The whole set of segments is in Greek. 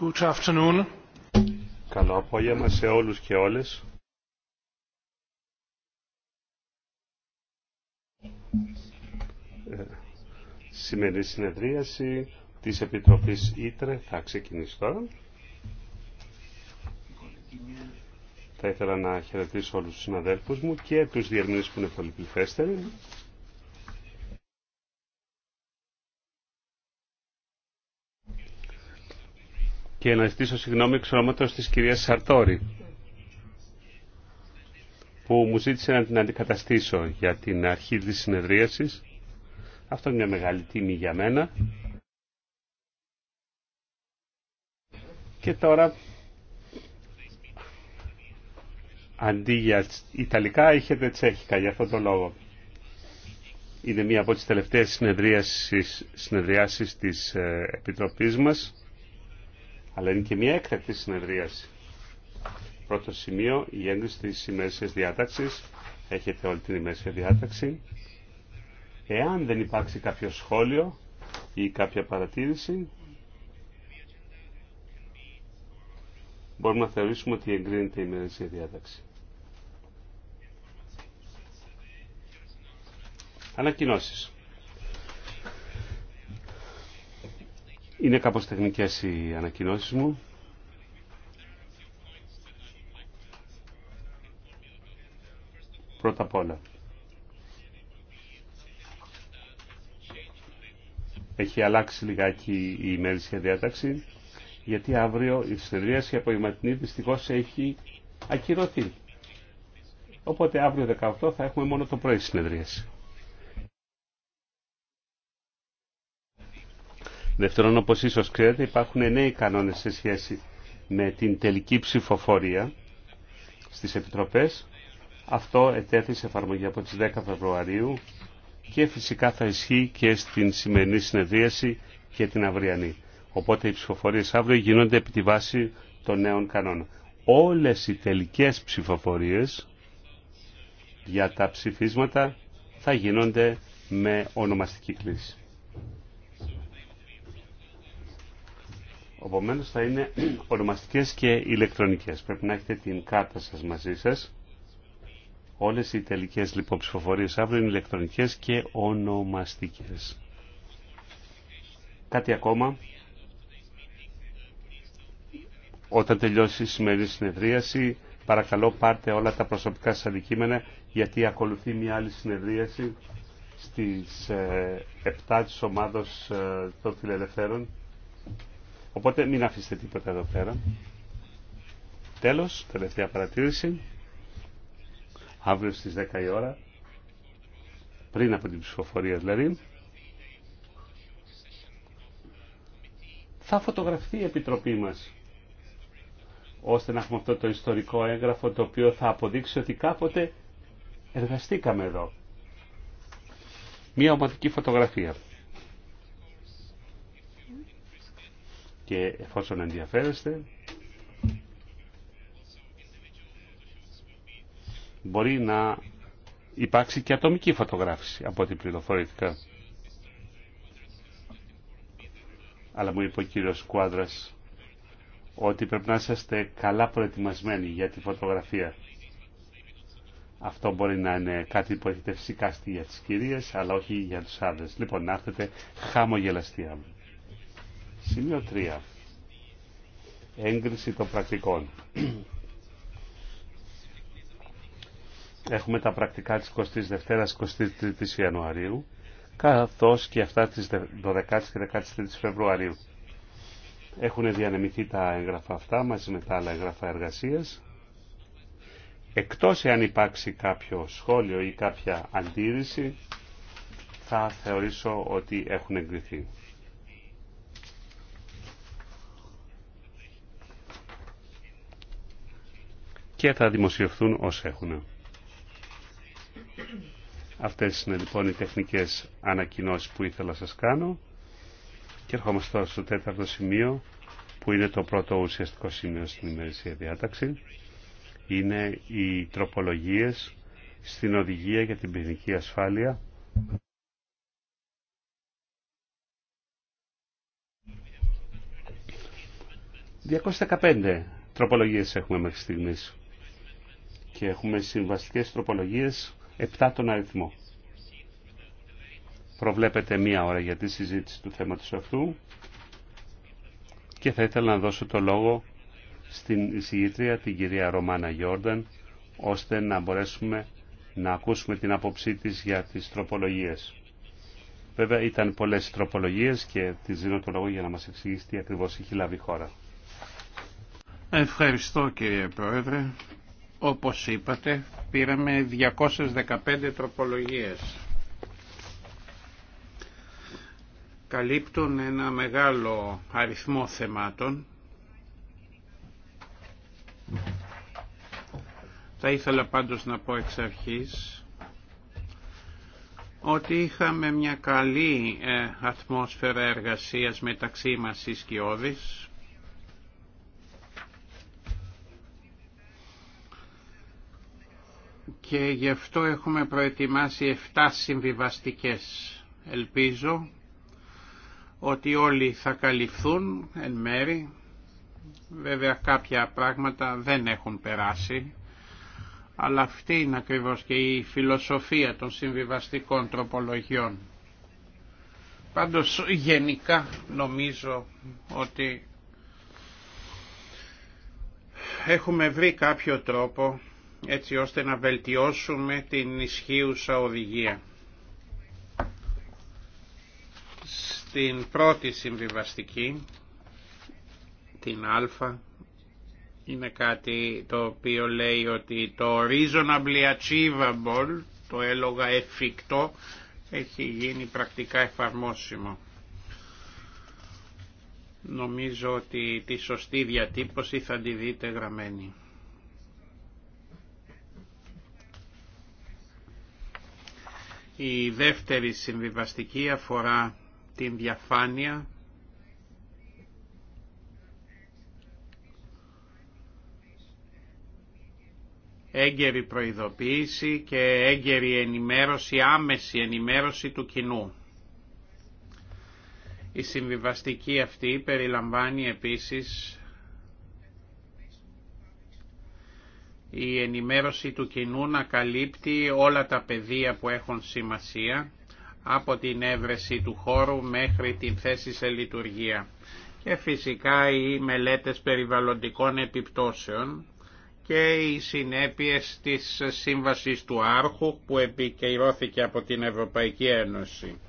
Good afternoon. Καλό απόγευμα σε όλους και όλες. Ε, σημερινή συνεδρίαση της Επιτροπής Ήτρε θα ξεκινήσει τώρα. Θα ήθελα να χαιρετήσω όλους τους συναδέλφους μου και τους διερμηνείς που είναι πολύ πληθέστεροι. και να ζητήσω συγγνώμη εξ ονόματος της κυρίας Σαρτόρη που μου ζήτησε να την αντικαταστήσω για την αρχή της συνεδρίασης. Αυτό είναι μια μεγάλη τιμή για μένα. Και τώρα, αντί για Ιταλικά, έχετε Τσέχικα για αυτόν τον λόγο. Είναι μία από τις τελευταίες συνεδριάσεις, συνεδριάσεις της ε, Επιτροπής μας αλλά είναι και μια έκτακτη συνεδρίαση. Πρώτο σημείο, η έγκριση της ημέρησιας διάταξης. Έχετε όλη την ημέρησια διάταξη. Εάν δεν υπάρξει κάποιο σχόλιο ή κάποια παρατήρηση, μπορούμε να θεωρήσουμε ότι εγκρίνεται η ημερησία διάταξη. Ανακοινώσεις. Είναι κάπως τεχνικές οι ανακοινώσεις μου. Πρώτα απ' όλα. Έχει αλλάξει λιγάκι η για διάταξη, γιατί αύριο η συνεδρίαση από η Ματινή δυστυχώς έχει ακυρωθεί. Οπότε αύριο 18 θα έχουμε μόνο το πρωί συνεδρίαση. Δεύτερον, όπως ίσως ξέρετε, υπάρχουν νέοι κανόνες σε σχέση με την τελική ψηφοφορία στις Επιτροπές. Αυτό ετέθη σε εφαρμογή από τις 10 Φεβρουαρίου και φυσικά θα ισχύει και στην σημερινή συνεδρίαση και την αυριανή. Οπότε οι ψηφοφορίες αύριο γίνονται επί τη βάση των νέων κανόνων. Όλες οι τελικές ψηφοφορίες για τα ψηφίσματα θα γίνονται με ονομαστική κλίση. Οπομένω θα είναι ονομαστικές και ηλεκτρονικές. Πρέπει να έχετε την κάρτα σας μαζί σας. Όλες οι τελικές λοιπόν αύριο είναι ηλεκτρονικές και ονομαστικές. Κάτι ακόμα. Όταν τελειώσει η σημερινή συνεδρίαση, παρακαλώ πάρτε όλα τα προσωπικά σας αντικείμενα, γιατί ακολουθεί μια άλλη συνεδρίαση στις 7 ε, της ομάδος ε, των φιλελευθέρων. Οπότε μην αφήσετε τίποτα εδώ πέρα. Τέλος, τελευταία παρατήρηση. Αύριο στις 10 η ώρα, πριν από την ψηφοφορία δηλαδή, θα φωτογραφθεί η Επιτροπή μας ώστε να έχουμε αυτό το ιστορικό έγγραφο το οποίο θα αποδείξει ότι κάποτε εργαστήκαμε εδώ. Μία ομαδική φωτογραφία. και εφόσον ενδιαφέρεστε μπορεί να υπάρξει και ατομική φωτογράφηση από ό,τι πληροφορήθηκα. Αλλά μου είπε ο κύριος Κουάδρας ότι πρέπει να είσαστε καλά προετοιμασμένοι για τη φωτογραφία. Αυτό μπορεί να είναι κάτι που έχετε φυσικά για τις κυρίες, αλλά όχι για τους άντρες. Λοιπόν, να έρθετε χαμογελαστία Σημείο 3. Έγκριση των πρακτικών. Έχουμε τα πρακτικά της 22ης-23ης Ιανουαρίου, καθώς και αυτά της 12ης και 13ης Φεβρουαρίου. Έχουν διανεμηθεί τα έγγραφα αυτά μαζί με τα άλλα έγγραφα εργασίας. Εκτός εάν υπάρξει κάποιο σχόλιο ή κάποια αντίρρηση, θα θεωρήσω ότι έχουν εγκριθεί. και θα δημοσιευθούν ως έχουν. Αυτές είναι λοιπόν οι τεχνικές ανακοινώσεις που ήθελα να σας κάνω και ερχόμαστε τώρα στο τέταρτο σημείο που είναι το πρώτο ουσιαστικό σημείο στην ημερησία διάταξη. Είναι οι τροπολογίες στην οδηγία για την ποινική ασφάλεια ...215 τροπολογίες έχουμε μέχρι στιγμής έχουμε συμβαστικές τροπολογίες 7 τον αριθμό. Προβλέπετε μία ώρα για τη συζήτηση του θέματος αυτού και θα ήθελα να δώσω το λόγο στην εισηγήτρια την κυρία Ρωμάνα Γιόρνταν ώστε να μπορέσουμε να ακούσουμε την άποψή της για τις τροπολογίες. Βέβαια ήταν πολλές τροπολογίες και της δίνω το λόγο για να μας εξηγήσει τι ακριβώς έχει λάβει η χώρα. Ευχαριστώ κύριε Πρόεδρε. Όπως είπατε, πήραμε 215 τροπολογίες. Καλύπτουν ένα μεγάλο αριθμό θεμάτων. Θα ήθελα πάντως να πω εξ αρχής ότι είχαμε μια καλή ε, ατμόσφαιρα εργασίας μεταξύ μας οι και γι' αυτό έχουμε προετοιμάσει 7 συμβιβαστικές. Ελπίζω ότι όλοι θα καλυφθούν εν μέρη. Βέβαια κάποια πράγματα δεν έχουν περάσει, αλλά αυτή είναι ακριβώς και η φιλοσοφία των συμβιβαστικών τροπολογιών. Πάντως γενικά νομίζω ότι έχουμε βρει κάποιο τρόπο έτσι ώστε να βελτιώσουμε την ισχύουσα οδηγία. Στην πρώτη συμβιβαστική, την Α, είναι κάτι το οποίο λέει ότι το reasonably achievable, το έλογα εφικτό, έχει γίνει πρακτικά εφαρμόσιμο. Νομίζω ότι τη σωστή διατύπωση θα τη δείτε γραμμένη. Η δεύτερη συμβιβαστική αφορά την διαφάνεια έγκαιρη προειδοποίηση και έγκαιρη ενημέρωση, άμεση ενημέρωση του κοινού. Η συμβιβαστική αυτή περιλαμβάνει επίσης η ενημέρωση του κοινού να καλύπτει όλα τα πεδία που έχουν σημασία από την έβρεση του χώρου μέχρι την θέση σε λειτουργία και φυσικά οι μελέτες περιβαλλοντικών επιπτώσεων και οι συνέπειες της σύμβασης του Άρχου που επικαιρώθηκε από την Ευρωπαϊκή Ένωση.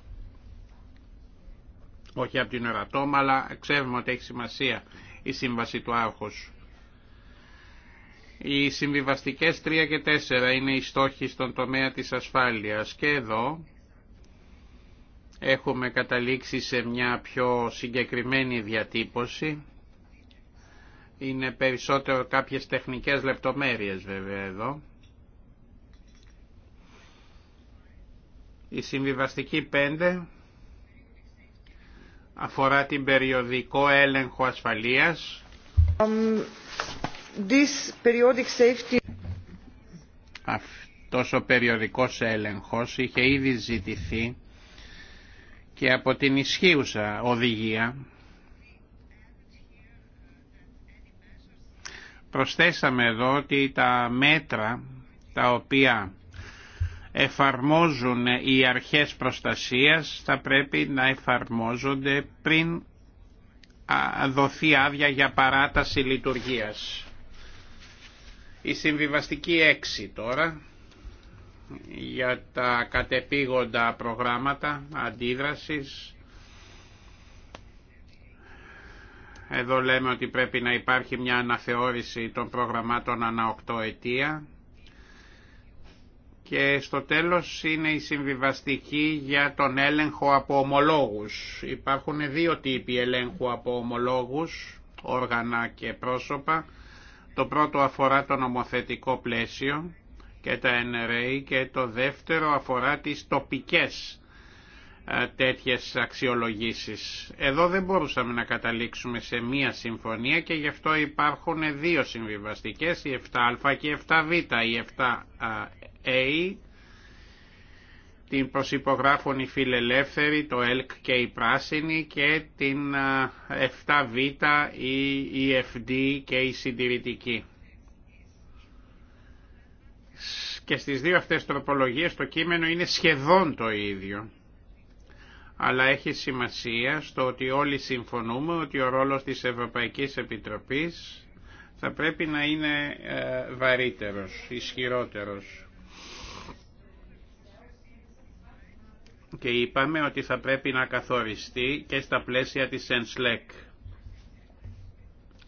Όχι από την Ερατόμα, αλλά ξέρουμε ότι έχει σημασία η σύμβαση του Άρχου. Οι συμβιβαστικές 3 και 4 είναι οι στόχοι στον τομέα της ασφάλειας και εδώ έχουμε καταλήξει σε μια πιο συγκεκριμένη διατύπωση. Είναι περισσότερο κάποιες τεχνικές λεπτομέρειες βέβαια εδώ. Η συμβιβαστική 5 αφορά την περιοδικό έλεγχο ασφαλείας. Αυτός ο περιοδικός έλεγχος είχε ήδη ζητηθεί και από την ισχύουσα οδηγία προσθέσαμε εδώ ότι τα μέτρα τα οποία εφαρμόζουν οι αρχές προστασίας θα πρέπει να εφαρμόζονται πριν δοθεί άδεια για παράταση λειτουργίας. Η συμβιβαστική 6 τώρα για τα κατεπήγοντα προγράμματα αντίδρασης. Εδώ λέμε ότι πρέπει να υπάρχει μια αναθεώρηση των προγραμμάτων ανά 8 ετία. Και στο τέλος είναι η συμβιβαστική για τον έλεγχο από ομολόγους. Υπάρχουν δύο τύποι ελέγχου από ομολόγους, όργανα και πρόσωπα το πρώτο αφορά το νομοθετικό πλαίσιο και τα NRA και το δεύτερο αφορά τις τοπικές ε, τέτοιες αξιολογήσεις. Εδώ δεν μπορούσαμε να καταλήξουμε σε μία συμφωνία και γι' αυτό υπάρχουν δύο συμβιβαστικές, η 7α και η 7β. Η 7α την προσυπογράφων η Φιλελεύθερη, το ΕΛΚ και η Πράσινη και την 7Β, ε, η EFD και η συντηρητική. Και στις δύο αυτές τροπολογίες το κείμενο είναι σχεδόν το ίδιο. Αλλά έχει σημασία στο ότι όλοι συμφωνούμε ότι ο ρόλος της Ευρωπαϊκής Επιτροπής θα πρέπει να είναι ε, βαρύτερος, ισχυρότερος. και είπαμε ότι θα πρέπει να καθοριστεί και στα πλαίσια της ΕΝΣΛΕΚ,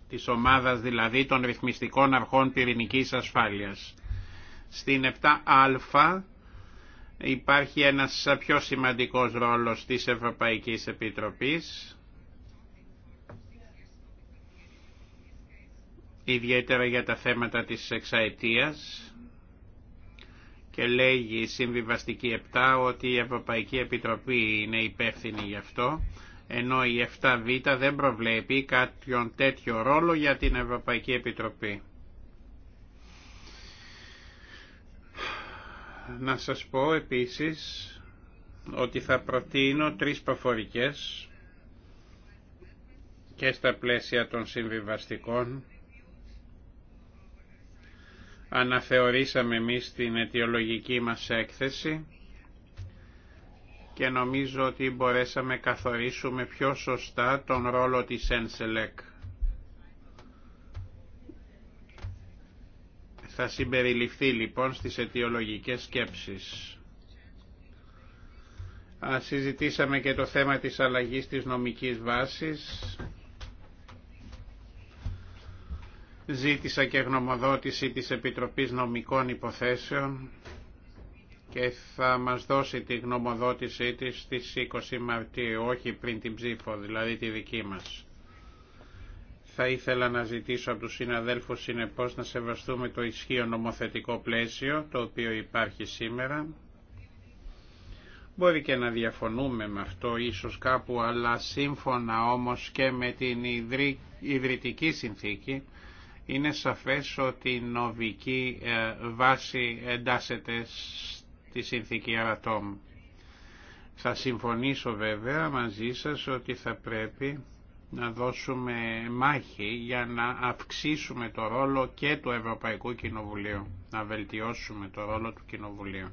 της ομάδας δηλαδή των ρυθμιστικών αρχών πυρηνικής ασφάλειας. Στην 7α υπάρχει ένας πιο σημαντικός ρόλος της Ευρωπαϊκής Επιτροπής, ιδιαίτερα για τα θέματα της εξαετίας, και λέγει η Συμβιβαστική 7 ότι η Ευρωπαϊκή Επιτροπή είναι υπεύθυνη γι' αυτό, ενώ η 7β δεν προβλέπει κάποιον τέτοιο ρόλο για την Ευρωπαϊκή Επιτροπή. Να σας πω επίσης ότι θα προτείνω τρεις προφορικές και στα πλαίσια των συμβιβαστικών αναθεωρήσαμε εμείς την αιτιολογική μας έκθεση και νομίζω ότι μπορέσαμε καθορίσουμε πιο σωστά τον ρόλο της ΕΝΣΕΛΕΚ. Θα συμπεριληφθεί λοιπόν στις αιτιολογικές σκέψεις. Συζητήσαμε και το θέμα της αλλαγής της νομικής βάσης Ζήτησα και γνωμοδότηση της Επιτροπής Νομικών Υποθέσεων και θα μας δώσει τη γνωμοδότησή της στις 20 Μαρτίου, όχι πριν την ψήφο, δηλαδή τη δική μας. Θα ήθελα να ζητήσω από τους συναδέλφους συνεπώς να σεβαστούμε το ισχύο νομοθετικό πλαίσιο το οποίο υπάρχει σήμερα. Μπορεί και να διαφωνούμε με αυτό ίσως κάπου, αλλά σύμφωνα όμως και με την ιδρυτική συνθήκη, είναι σαφές ότι η νοβική ε, βάση εντάσσεται στη συνθήκη Αρατόμ. Θα συμφωνήσω βέβαια μαζί σας ότι θα πρέπει να δώσουμε μάχη για να αυξήσουμε το ρόλο και του Ευρωπαϊκού Κοινοβουλίου, να βελτιώσουμε το ρόλο του Κοινοβουλίου.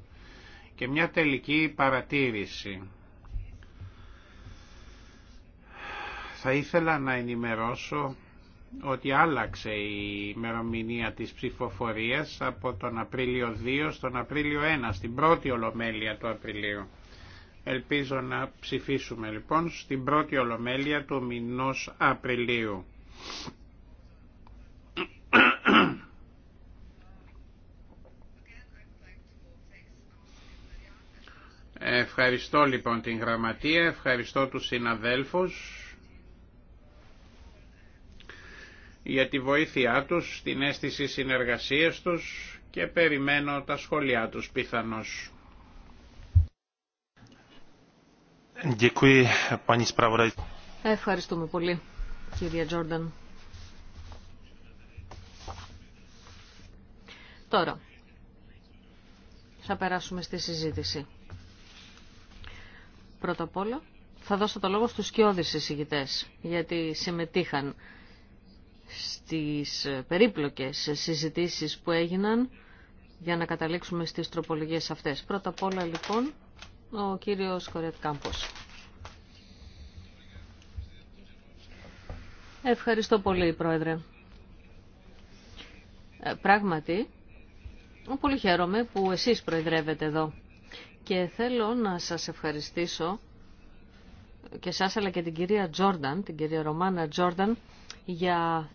Και μια τελική παρατήρηση. Θα ήθελα να ενημερώσω ότι άλλαξε η ημερομηνία της ψηφοφορίας από τον Απρίλιο 2 στον Απρίλιο 1, στην πρώτη Ολομέλεια του Απριλίου. Ελπίζω να ψηφίσουμε λοιπόν στην πρώτη Ολομέλεια του μηνός Απριλίου. Ευχαριστώ λοιπόν την γραμματεία, ευχαριστώ τους συναδέλφους. για τη βοήθειά τους, την αίσθηση συνεργασίας τους και περιμένω τα σχόλιά τους πιθανώς. Ευχαριστούμε πολύ, κυρία Τζόρνταν. Τώρα, θα περάσουμε στη συζήτηση. Πρώτα απ' όλα, θα δώσω το λόγο στους σκιώδεις συζητητές, γιατί συμμετείχαν στις περίπλοκες συζητήσεις που έγιναν για να καταλήξουμε στις τροπολογίες αυτές. Πρώτα απ' όλα λοιπόν ο κύριος Κορέτ Κάμπος. Ευχαριστώ πολύ Πρόεδρε. Ε, πράγματι, πολύ χαίρομαι που εσείς προεδρεύετε εδώ και θέλω να σας ευχαριστήσω και σας αλλά και την κυρία Τζόρνταν, την κυρία Ρωμάνα Τζόρνταν για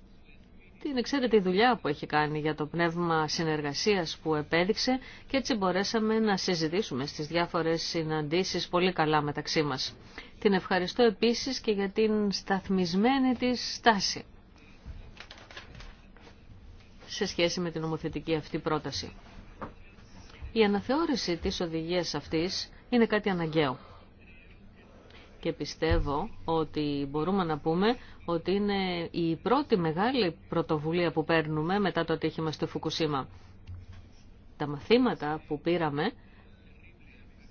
την εξαίρετη δουλειά που έχει κάνει για το πνεύμα συνεργασίας που επέδειξε και έτσι μπορέσαμε να συζητήσουμε στις διάφορες συναντήσεις πολύ καλά μεταξύ μας. Την ευχαριστώ επίσης και για την σταθμισμένη της στάση σε σχέση με την νομοθετική αυτή πρόταση. Η αναθεώρηση της οδηγίας αυτής είναι κάτι αναγκαίο και πιστεύω ότι μπορούμε να πούμε ότι είναι η πρώτη μεγάλη πρωτοβουλία που παίρνουμε μετά το ατύχημα στο Φουκουσίμα. Τα μαθήματα που πήραμε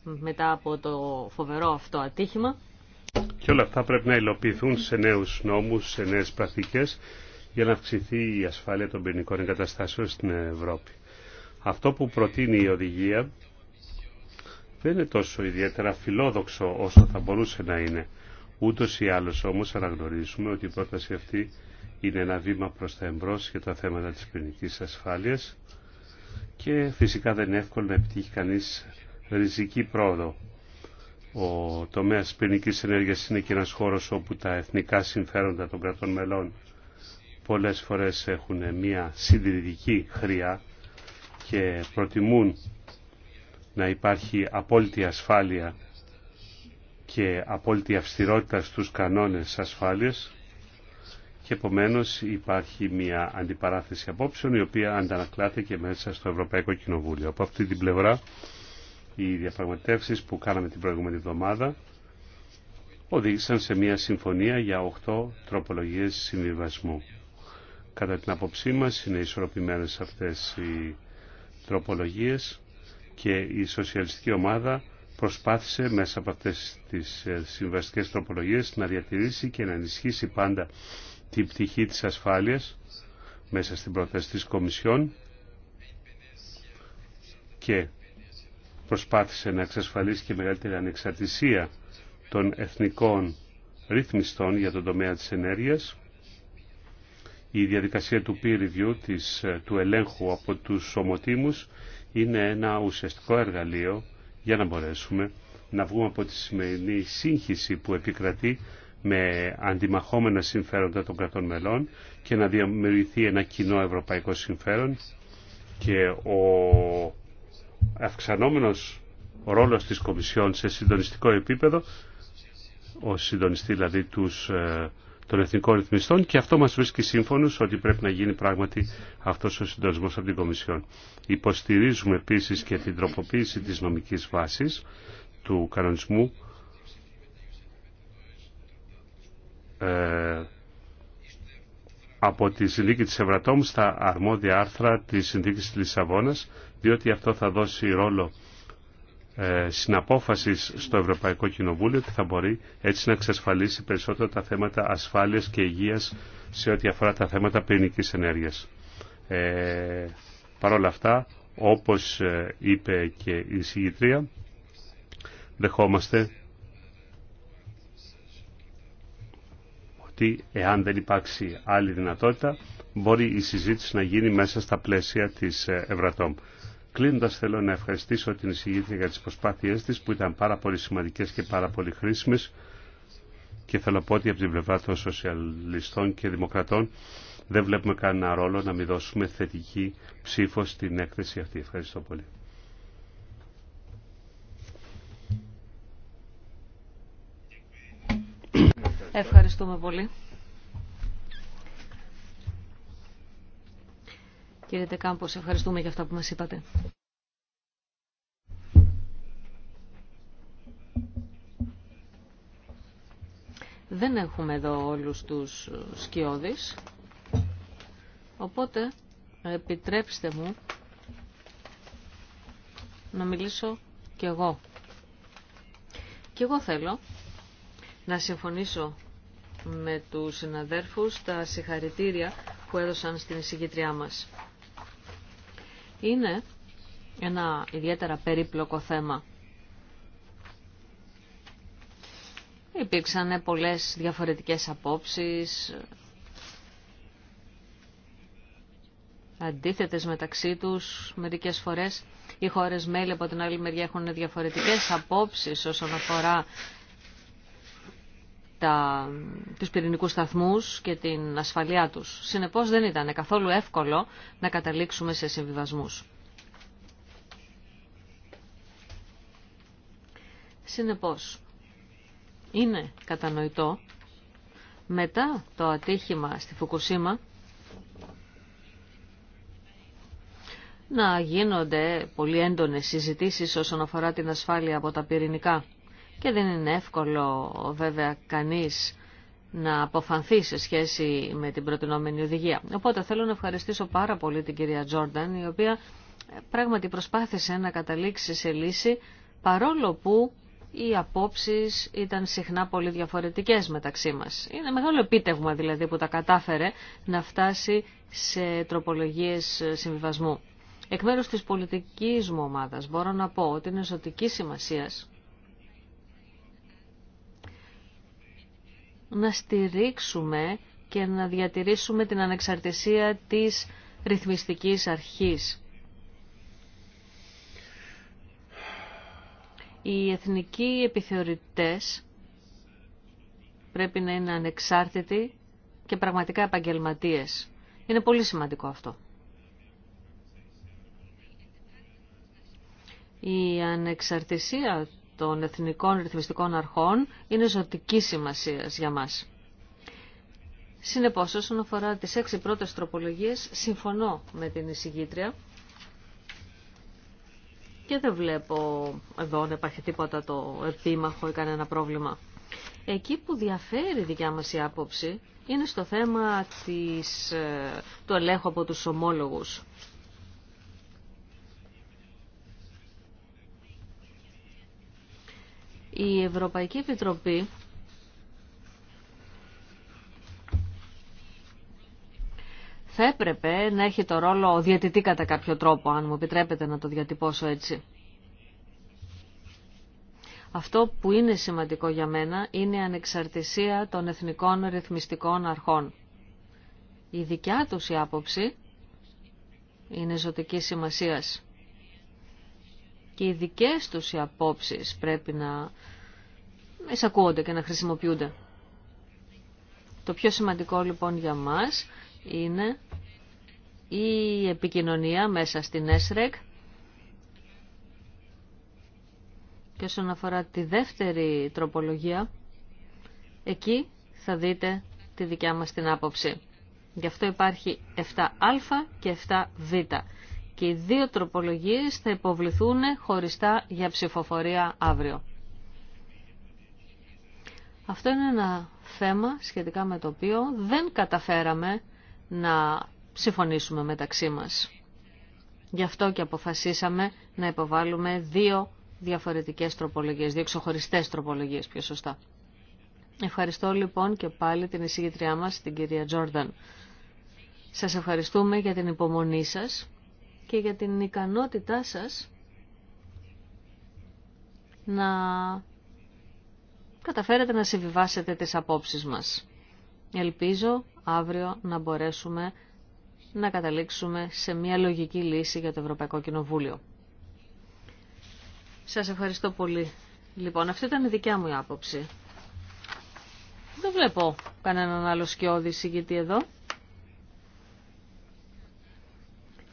μετά από το φοβερό αυτό ατύχημα και όλα αυτά πρέπει να υλοποιηθούν σε νέους νόμους, σε νέες πρακτικές για να αυξηθεί η ασφάλεια των πυρηνικών εγκαταστάσεων στην Ευρώπη. Αυτό που προτείνει η οδηγία δεν είναι τόσο ιδιαίτερα φιλόδοξο όσο θα μπορούσε να είναι. Ούτως ή άλλως όμως αναγνωρίζουμε ότι η πρόταση αυτή είναι ένα βήμα προς τα εμπρός για τα θέματα της ποινική ασφάλειας και φυσικά δεν είναι εύκολο να επιτύχει κανείς ριζική πρόοδο. Ο τομέας ποινική ενέργειας είναι και ένας χώρος όπου τα εθνικά συμφέροντα των κρατών μελών πολλές φορές έχουν μια συντηρητική χρειά και προτιμούν να υπάρχει απόλυτη ασφάλεια και απόλυτη αυστηρότητα στους κανόνες ασφάλειας και επομένως υπάρχει μια αντιπαράθεση απόψεων η οποία αντανακλάται και μέσα στο Ευρωπαϊκό Κοινοβούλιο. Από αυτή την πλευρά οι διαπραγματεύσεις που κάναμε την προηγούμενη εβδομάδα οδήγησαν σε μια συμφωνία για 8 τροπολογίες συμβιβασμού. Κατά την απόψή μας είναι ισορροπημένες αυτές οι τροπολογίες και η σοσιαλιστική ομάδα προσπάθησε μέσα από αυτές τις ε, συμβαστικές τροπολογίες να διατηρήσει και να ενισχύσει πάντα την πτυχή της ασφάλειας μέσα στην πρόταση της Κομισιόν και προσπάθησε να εξασφαλίσει και μεγαλύτερη ανεξαρτησία των εθνικών ρυθμιστών για τον τομέα της ενέργειας. Η διαδικασία του peer review, της, ε, του ελέγχου από τους ομοτήμους, είναι ένα ουσιαστικό εργαλείο για να μπορέσουμε να βγούμε από τη σημερινή σύγχυση που επικρατεί με αντιμαχόμενα συμφέροντα των κρατών μελών και να δημιουργηθεί ένα κοινό ευρωπαϊκό συμφέρον και ο αυξανόμενος ρόλος της Κομισιόν σε συντονιστικό επίπεδο, ο συντονιστή δηλαδή τους ε, των εθνικών ρυθμιστών και αυτό μας βρίσκει σύμφωνος ότι πρέπει να γίνει πράγματι αυτός ο συντονισμός από την Κομισιόν. Υποστηρίζουμε επίσης και την τροποποίηση της νομικής βάσης του κανονισμού ε, από τη συνδίκη της Ευρατόμου στα αρμόδια άρθρα της συνδίκης της Λισαβόνας, διότι αυτό θα δώσει ρόλο ε, συναπόφασης στο Ευρωπαϊκό Κοινοβούλιο ότι θα μπορεί έτσι να εξασφαλίσει περισσότερο τα θέματα ασφάλεια και υγείας σε ό,τι αφορά τα θέματα πυρηνική ενέργεια. Ε, Παρ' όλα αυτά, όπως ε, είπε και η συγγητρία, δεχόμαστε ότι εάν δεν υπάρξει άλλη δυνατότητα, μπορεί η συζήτηση να γίνει μέσα στα πλαίσια της ε, Ευρατόμ. Κλείνοντα, θέλω να ευχαριστήσω την εισηγήτρια για τι προσπάθειε τη, που ήταν πάρα πολύ σημαντικέ και πάρα πολύ χρήσιμε, και θέλω να πω ότι από την πλευρά των σοσιαλιστών και δημοκρατών δεν βλέπουμε κανένα ρόλο να μην δώσουμε θετική ψήφο στην έκθεση αυτή. Ευχαριστώ πολύ. Ευχαριστούμε πολύ. Κύριε Τεκάμπος, ευχαριστούμε για αυτά που μας είπατε. Δεν έχουμε εδώ όλους τους σκιώδεις, οπότε επιτρέψτε μου να μιλήσω κι εγώ. Κι εγώ θέλω να συμφωνήσω με τους συναδέρφους τα συγχαρητήρια που έδωσαν στην εισηγητριά μας είναι ένα ιδιαίτερα περίπλοκο θέμα. Υπήρξαν πολλές διαφορετικές απόψεις, αντίθετες μεταξύ τους μερικές φορές. Οι χώρες μέλη από την άλλη μεριά έχουν διαφορετικές απόψεις όσον αφορά τα, τους πυρηνικούς σταθμούς και την ασφαλειά τους. Συνεπώς δεν ήταν καθόλου εύκολο να καταλήξουμε σε συμβιβασμούς. Συνεπώς, είναι κατανοητό μετά το ατύχημα στη Φουκουσίμα να γίνονται πολύ έντονες συζητήσεις όσον αφορά την ασφάλεια από τα πυρηνικά και δεν είναι εύκολο βέβαια κανείς να αποφανθεί σε σχέση με την προτινόμενη οδηγία. Οπότε θέλω να ευχαριστήσω πάρα πολύ την κυρία Τζόρνταν, η οποία ε, πράγματι προσπάθησε να καταλήξει σε λύση, παρόλο που οι απόψεις ήταν συχνά πολύ διαφορετικές μεταξύ μας. Είναι μεγάλο επίτευγμα δηλαδή που τα κατάφερε να φτάσει σε τροπολογίες συμβιβασμού. Εκ μέρους της πολιτικής μου ομάδας μπορώ να πω ότι είναι ζωτική σημασίας να στηρίξουμε και να διατηρήσουμε την ανεξαρτησία της ρυθμιστικής αρχής. Οι εθνικοί επιθεωρητές πρέπει να είναι ανεξάρτητοι και πραγματικά επαγγελματίες. Είναι πολύ σημαντικό αυτό. Η ανεξαρτησία των εθνικών ρυθμιστικών αρχών είναι ζωτική σημασία για μας. Συνεπώ, όσον αφορά τι έξι πρώτες τροπολογίες, συμφωνώ με την εισηγήτρια και δεν βλέπω εδώ να υπάρχει τίποτα το επίμαχο ή κανένα πρόβλημα. Εκεί που διαφέρει η δικιά μας η άποψη είναι στο θέμα της, ε, του ελέγχου από τους ομόλογους. Η Ευρωπαϊκή Επιτροπή θα έπρεπε να έχει το ρόλο διαιτητή κατά κάποιο τρόπο, αν μου επιτρέπετε να το διατυπώσω έτσι. Αυτό που είναι σημαντικό για μένα είναι η ανεξαρτησία των εθνικών ρυθμιστικών αρχών. Η δικιά τους η άποψη είναι ζωτική σημασίας και οι δικές τους οι απόψεις πρέπει να εισακούονται και να χρησιμοποιούνται. Το πιο σημαντικό λοιπόν για μας είναι η επικοινωνία μέσα στην ΕΣΡΕΚ και όσον αφορά τη δεύτερη τροπολογία εκεί θα δείτε τη δικιά μας την άποψη. Γι' αυτό υπάρχει 7α και 7β και οι δύο τροπολογίες θα υποβληθούν χωριστά για ψηφοφορία αύριο. Αυτό είναι ένα θέμα σχετικά με το οποίο δεν καταφέραμε να συμφωνήσουμε μεταξύ μας. Γι' αυτό και αποφασίσαμε να υποβάλουμε δύο διαφορετικές τροπολογίες, δύο ξεχωριστές τροπολογίες πιο σωστά. Ευχαριστώ λοιπόν και πάλι την εισηγητριά μας, την κυρία Τζόρνταν. Σας ευχαριστούμε για την υπομονή σας και για την ικανότητά σας να καταφέρετε να συμβιβάσετε τις απόψεις μας. Ελπίζω αύριο να μπορέσουμε να καταλήξουμε σε μια λογική λύση για το Ευρωπαϊκό Κοινοβούλιο. Σας ευχαριστώ πολύ. Λοιπόν, αυτή ήταν η δικιά μου άποψη. Δεν βλέπω κανέναν άλλο σκιώδη συγκητή εδώ.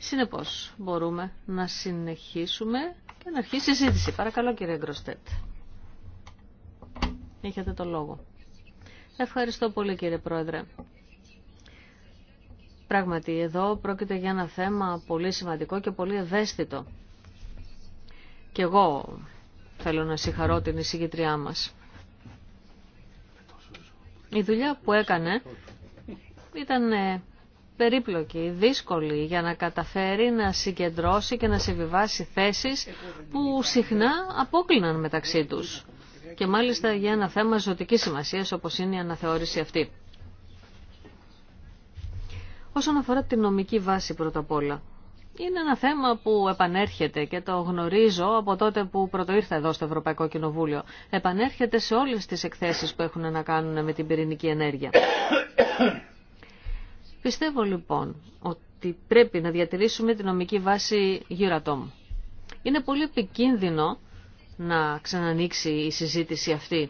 Συνεπώς μπορούμε να συνεχίσουμε και να αρχίσει η συζήτηση. Παρακαλώ κύριε Γκροστέτ. Έχετε το λόγο. Ευχαριστώ πολύ κύριε Πρόεδρε. Πράγματι, εδώ πρόκειται για ένα θέμα πολύ σημαντικό και πολύ ευαίσθητο. Και εγώ θέλω να συγχαρώ την εισηγητριά μας. Η δουλειά που έκανε ήταν ε, περίπλοκη, δύσκολη για να καταφέρει να συγκεντρώσει και να συμβιβάσει θέσεις που συχνά απόκλειναν μεταξύ τους και μάλιστα για ένα θέμα ζωτικής σημασίας όπως είναι η αναθεώρηση αυτή. Όσον αφορά την νομική βάση πρώτα απ' όλα, είναι ένα θέμα που επανέρχεται και το γνωρίζω από τότε που πρωτοήρθα εδώ στο Ευρωπαϊκό Κοινοβούλιο. Επανέρχεται σε όλες τις εκθέσεις που έχουν να κάνουν με την πυρηνική ενέργεια. Πιστεύω λοιπόν ότι πρέπει να διατηρήσουμε την νομική βάση γύρω Euratom. Είναι πολύ επικίνδυνο να ξανανοίξει η συζήτηση αυτή,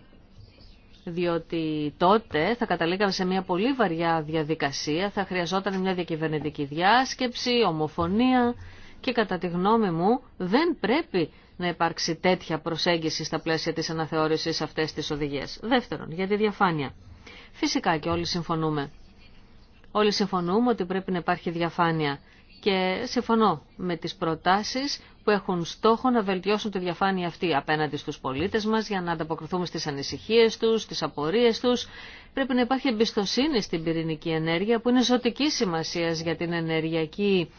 διότι τότε θα καταλήγαμε σε μια πολύ βαριά διαδικασία, θα χρειαζόταν μια διακυβερνητική διάσκεψη, ομοφωνία και κατά τη γνώμη μου δεν πρέπει να υπάρξει τέτοια προσέγγιση στα πλαίσια της αναθεώρησης αυτές της οδηγίας. Δεύτερον, για τη διαφάνεια. Φυσικά και όλοι συμφωνούμε Όλοι συμφωνούμε ότι πρέπει να υπάρχει διαφάνεια και συμφωνώ με τις προτάσεις που έχουν στόχο να βελτιώσουν τη διαφάνεια αυτή απέναντι στους πολίτες μας για να ανταποκριθούμε στις ανησυχίες τους, στις απορίες τους. Πρέπει να υπάρχει εμπιστοσύνη στην πυρηνική ενέργεια που είναι ζωτική σημασία για την ενεργειακή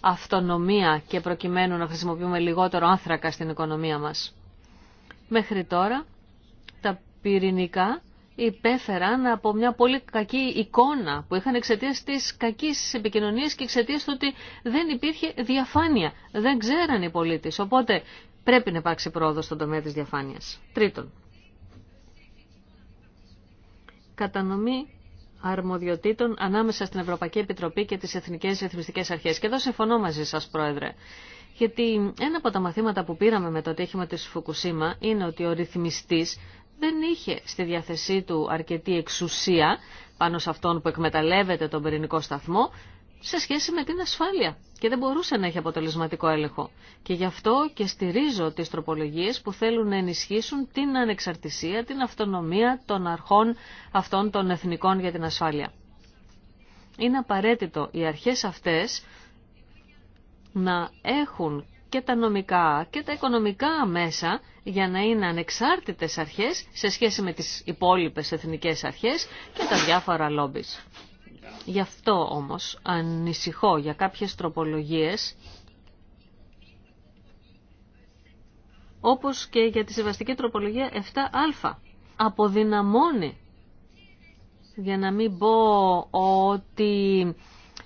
αυτονομία και προκειμένου να χρησιμοποιούμε λιγότερο άνθρακα στην οικονομία μας. Μέχρι τώρα τα πυρηνικά υπέφεραν από μια πολύ κακή εικόνα που είχαν εξαιτία τη κακή επικοινωνία και εξαιτία του ότι δεν υπήρχε διαφάνεια. Δεν ξέραν οι πολίτε. Οπότε πρέπει να υπάρξει πρόοδο στον τομέα τη διαφάνεια. Τρίτον, κατανομή αρμοδιοτήτων ανάμεσα στην Ευρωπαϊκή Επιτροπή και τις Εθνικές Ρυθμιστικές Αρχές. Και εδώ συμφωνώ μαζί σας, Πρόεδρε. Γιατί ένα από τα μαθήματα που πήραμε με το ατύχημα της Φουκουσίμα είναι ότι ο ρυθμιστής δεν είχε στη διάθεσή του αρκετή εξουσία πάνω σε αυτόν που εκμεταλλεύεται τον πυρηνικό σταθμό σε σχέση με την ασφάλεια και δεν μπορούσε να έχει αποτελεσματικό έλεγχο. Και γι' αυτό και στηρίζω τις τροπολογίες που θέλουν να ενισχύσουν την ανεξαρτησία, την αυτονομία των αρχών αυτών των εθνικών για την ασφάλεια. Είναι απαραίτητο οι αρχές αυτές να έχουν και τα νομικά και τα οικονομικά μέσα για να είναι ανεξάρτητες αρχές σε σχέση με τις υπόλοιπες εθνικές αρχές και τα διάφορα λόμπις. Γι' αυτό όμως ανησυχώ για κάποιες τροπολογίες όπως και για τη συμβαστική τροπολογία 7α. Αποδυναμώνει για να μην πω ότι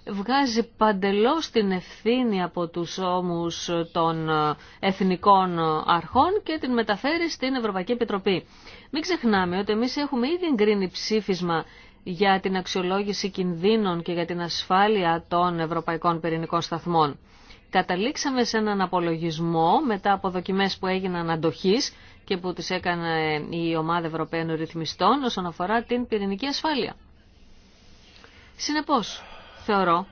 βγάζει παντελώς την ευθύνη από τους ώμους των ε, εθνικών αρχών και την μεταφέρει στην Ευρωπαϊκή Επιτροπή. Μην ξεχνάμε ότι εμείς έχουμε ήδη εγκρίνει ψήφισμα για την αξιολόγηση κινδύνων και για την ασφάλεια των ευρωπαϊκών πυρηνικών σταθμών. Καταλήξαμε σε έναν απολογισμό μετά από δοκιμές που έγιναν αντοχής και που τις έκανε η Ομάδα Ευρωπαίων Ρυθμιστών όσον αφορά την πυρηνική ασφάλεια θεωρώ